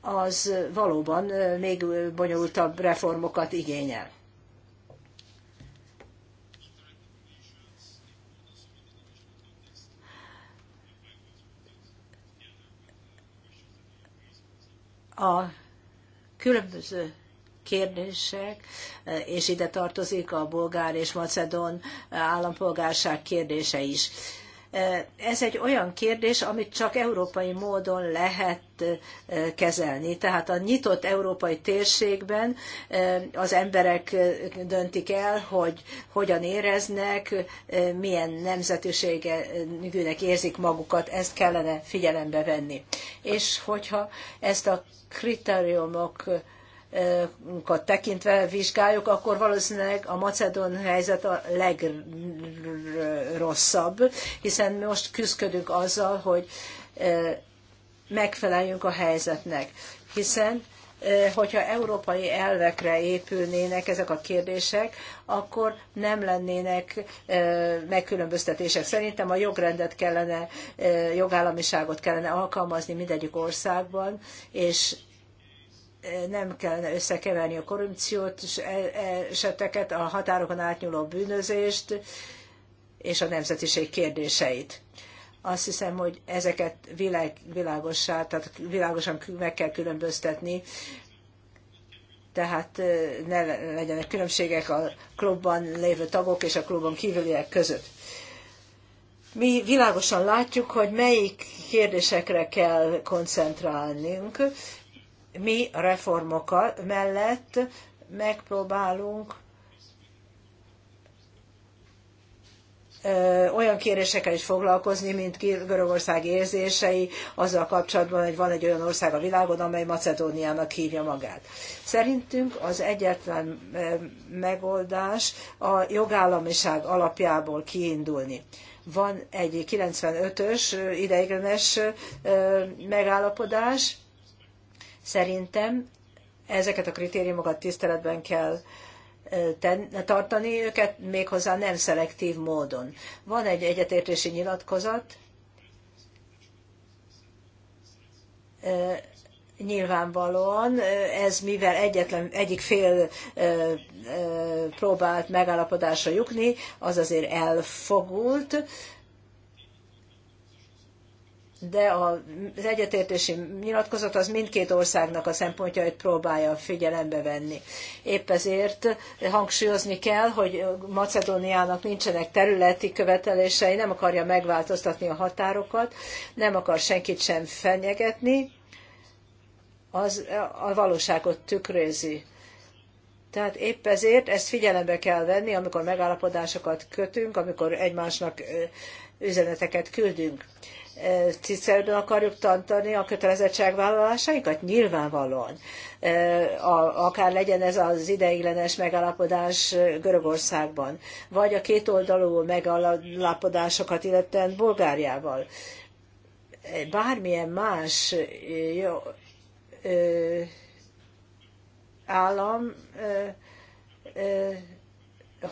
az valóban még bonyolultabb reformokat igényel. A különböző kérdések, eh, és ide tartozik a bolgár és macedon eh, állampolgárság kérdése is. Eh, ez egy olyan kérdés, amit csak európai módon lehet kezelni. Tehát a nyitott európai térségben az emberek döntik el, hogy hogyan éreznek, milyen nemzetiségűnek érzik magukat, ezt kellene figyelembe venni. És hogyha ezt a kritériumok tekintve vizsgáljuk, akkor valószínűleg a macedón helyzet a legrosszabb, hiszen most küzdködünk azzal, hogy e, megfeleljünk a helyzetnek. Hiszen e, hogyha európai elvekre épülnének ezek a kérdések, akkor nem lennének e, megkülönböztetések. Szerintem a jogrendet kellene, jogállamiságot kellene alkalmazni mindegyik országban, és nem kellene összekeverni a korrupciót e- eseteket, a határokon átnyúló bűnözést és a nemzetiség kérdéseit. Azt hiszem, hogy ezeket világ, tehát világosan meg kell különböztetni, tehát ne legyenek különbségek a klubban lévő tagok és a klubon kívüliek között. Mi világosan látjuk, hogy melyik kérdésekre kell koncentrálnunk, mi a mellett megpróbálunk olyan kérésekkel is foglalkozni, mint Görögország érzései azzal kapcsolatban, hogy van egy olyan ország a világon, amely Macedóniának hívja magát. Szerintünk az egyetlen megoldás a jogállamiság alapjából kiindulni. Van egy 95-ös ideiglenes megállapodás, Szerintem ezeket a kritériumokat tiszteletben kell tartani őket, méghozzá nem szelektív módon. Van egy egyetértési nyilatkozat, nyilvánvalóan ez mivel egyetlen egyik fél próbált megállapodásra jutni, az azért elfogult, de az egyetértési nyilatkozat az mindkét országnak a szempontjait próbálja figyelembe venni. Épp ezért hangsúlyozni kell, hogy Macedóniának nincsenek területi követelései, nem akarja megváltoztatni a határokat, nem akar senkit sem fenyegetni, az a valóságot tükrözi. Tehát épp ezért ezt figyelembe kell venni, amikor megállapodásokat kötünk, amikor egymásnak üzeneteket küldünk tisztelőben akarjuk tartani a kötelezettségvállalásainkat? Nyilvánvalóan. Akár legyen ez az ideiglenes megállapodás Görögországban, vagy a kétoldalú megállapodásokat illetően Bulgáriával. Bármilyen más jó, állam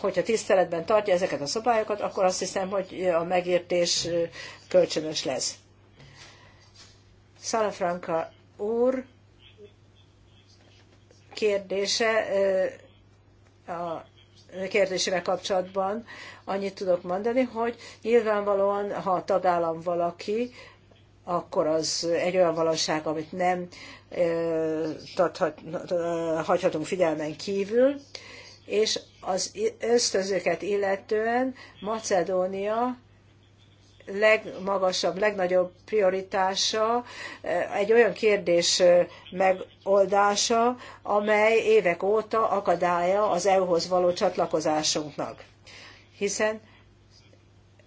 hogyha tiszteletben tartja ezeket a szabályokat, akkor azt hiszem, hogy a megértés kölcsönös lesz. Szalafranka úr kérdése a kérdésével kapcsolatban annyit tudok mondani, hogy nyilvánvalóan, ha a tagállam valaki, akkor az egy olyan valóság, amit nem e, hagyhatunk figyelmen kívül és az ösztözőket illetően Macedónia legmagasabb, legnagyobb prioritása eh, egy olyan kérdés eh, megoldása, amely évek óta akadálya az EU-hoz való csatlakozásunknak. Hiszen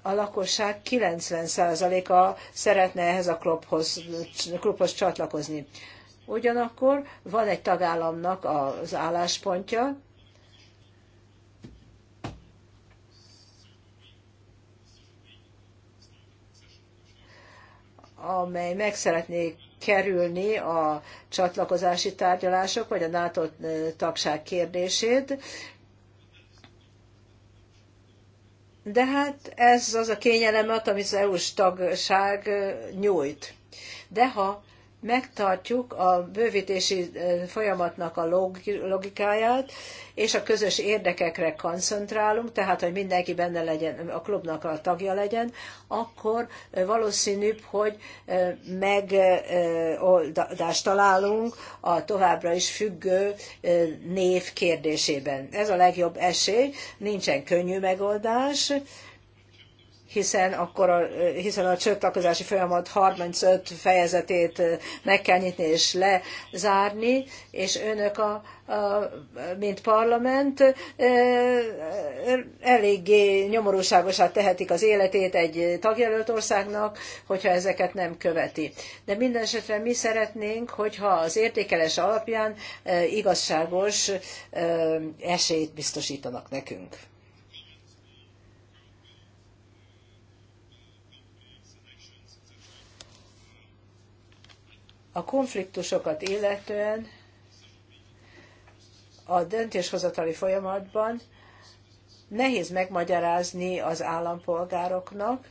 a lakosság 90%-a szeretne ehhez a klubhoz, klubhoz csatlakozni. Ugyanakkor van egy tagállamnak az álláspontja, amely meg szeretné kerülni a csatlakozási tárgyalások, vagy a NATO eh, tagság kérdését. De hát ez az a kényelemet, amit az EU-s tagság eh, nyújt. De ha megtartjuk a bővítési folyamatnak a logikáját, és a közös érdekekre koncentrálunk, tehát hogy mindenki benne legyen, a klubnak a tagja legyen, akkor valószínűbb, hogy megoldást találunk a továbbra is függő név kérdésében. Ez a legjobb esély, nincsen könnyű megoldás, hiszen, akkor a, hiszen a csatlakozási folyamat 35 fejezetét meg kell nyitni és lezárni, és önök, a, a, mint parlament, eléggé nyomorúságosát tehetik az életét egy tagjelölt országnak, hogyha ezeket nem követi. De minden esetre mi szeretnénk, hogyha az értékelés alapján igazságos esélyt biztosítanak nekünk. A konfliktusokat illetően a döntéshozatali folyamatban nehéz megmagyarázni az állampolgároknak,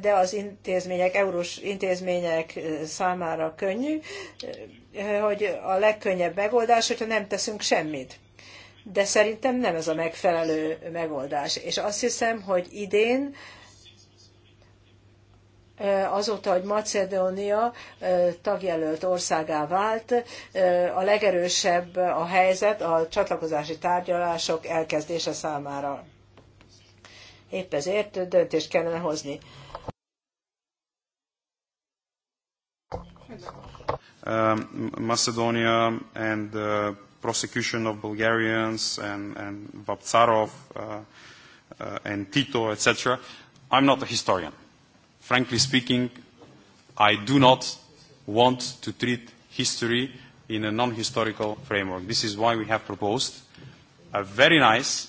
de az intézmények, eurós intézmények számára könnyű, hogy a legkönnyebb megoldás, hogyha nem teszünk semmit. De szerintem nem ez a megfelelő megoldás. És azt hiszem, hogy idén Eh, azóta, hogy Macedónia eh, tagjelölt országá vált, eh, a legerősebb a helyzet a csatlakozási tárgyalások elkezdése számára. Épp ezért döntést kellene hozni. Macedónia um, Macedonia and uh, prosecution of Bulgarians and, and Vaptsarov uh, uh, and Tito, etc. I'm not a historian frankly speaking, I do not want to treat history in a non-historical framework. This is why we have proposed a very nice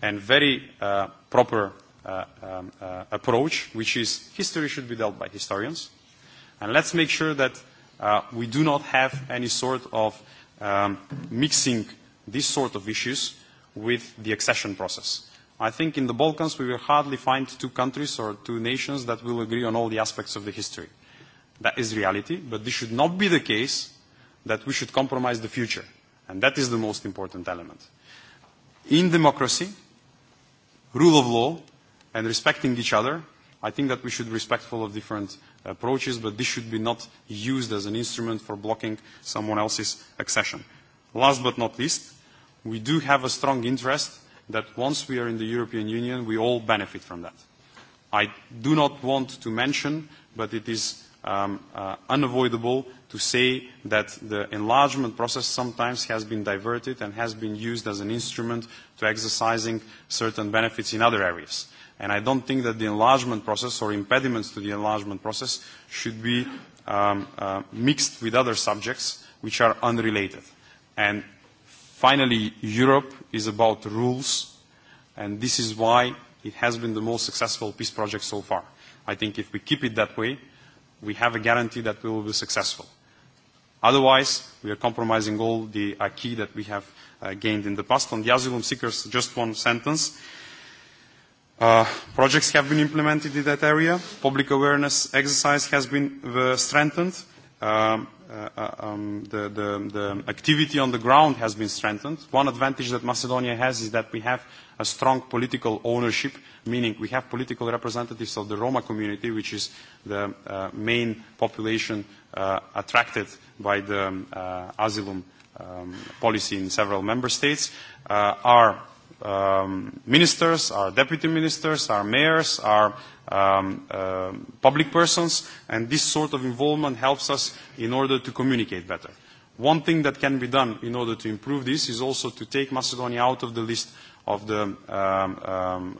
and very uh, proper uh, um, uh, approach, which is history should be dealt by historians. And let's make sure that uh, we do not have any sort of um, mixing these sort of issues with the accession process. I think in the Balkans we will hardly find two countries or two nations that will agree on all the aspects of the history. That is reality, but this should not be the case that we should compromise the future. And that is the most important element. In democracy, rule of law, and respecting each other, I think that we should be respectful of different approaches, but this should be not used as an instrument for blocking someone else's accession. Last but not least, we do have a strong interest that once we are in the European Union, we all benefit from that. I do not want to mention, but it is um, uh, unavoidable to say that the enlargement process sometimes has been diverted and has been used as an instrument to exercising certain benefits in other areas. And I don't think that the enlargement process or impediments to the enlargement process should be um, uh, mixed with other subjects which are unrelated. And Finally, Europe is about rules, and this is why it has been the most successful peace project so far. I think if we keep it that way, we have a guarantee that we will be successful. Otherwise, we are compromising all the acquis uh, that we have uh, gained in the past. On the asylum seekers, just one sentence. Uh, projects have been implemented in that area. Public awareness exercise has been uh, strengthened. Um, Uh, uh, um, the, the, the activity on the ground has been strengthened. One advantage that Macedonia has is that we have a strong political ownership, meaning we have political representatives of the Roma community, which is the uh, main population uh, attracted by the um, uh, asylum um, policy in several member states. Uh, our um, ministers, our deputy ministers, our mayors, our um, uh, public persons, and this sort of involvement helps us in order to communicate better. One thing that can be done in order to improve this is also to take Macedonia out of the list of the um, um,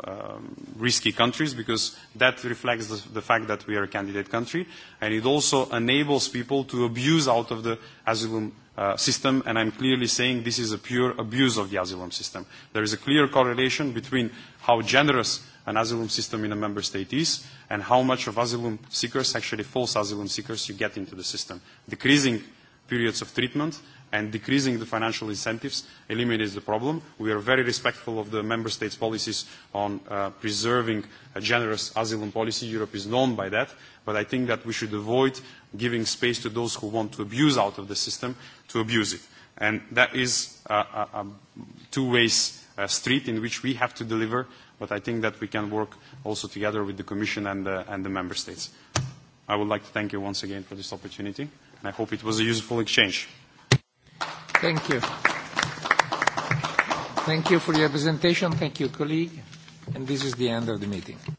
um, risky countries because that reflects the, the fact that we are a candidate country and it also enables people to abuse out of the asylum Uh, system, and I'm clearly saying this is a pure abuse of the asylum system. There is a clear correlation between how generous an asylum system in a member state is and how much of asylum seekers, actually false asylum seekers, you get into the system. Decreasing periods of treatment and decreasing the financial incentives eliminates the problem. We are very respectful of the member states' policies on uh, preserving a generous asylum policy. Europe is known by that. But I think that we should avoid giving space to those who want to abuse out of the system to abuse it. And that is a, a, a two-way uh, street in which we have to deliver. But I think that we can work also together with the Commission and the, and the member states. I would like to thank you once again for this opportunity. And I hope it was a useful exchange. Thank you. Thank you for your presentation. Thank you, colleague. And this is the end of the meeting.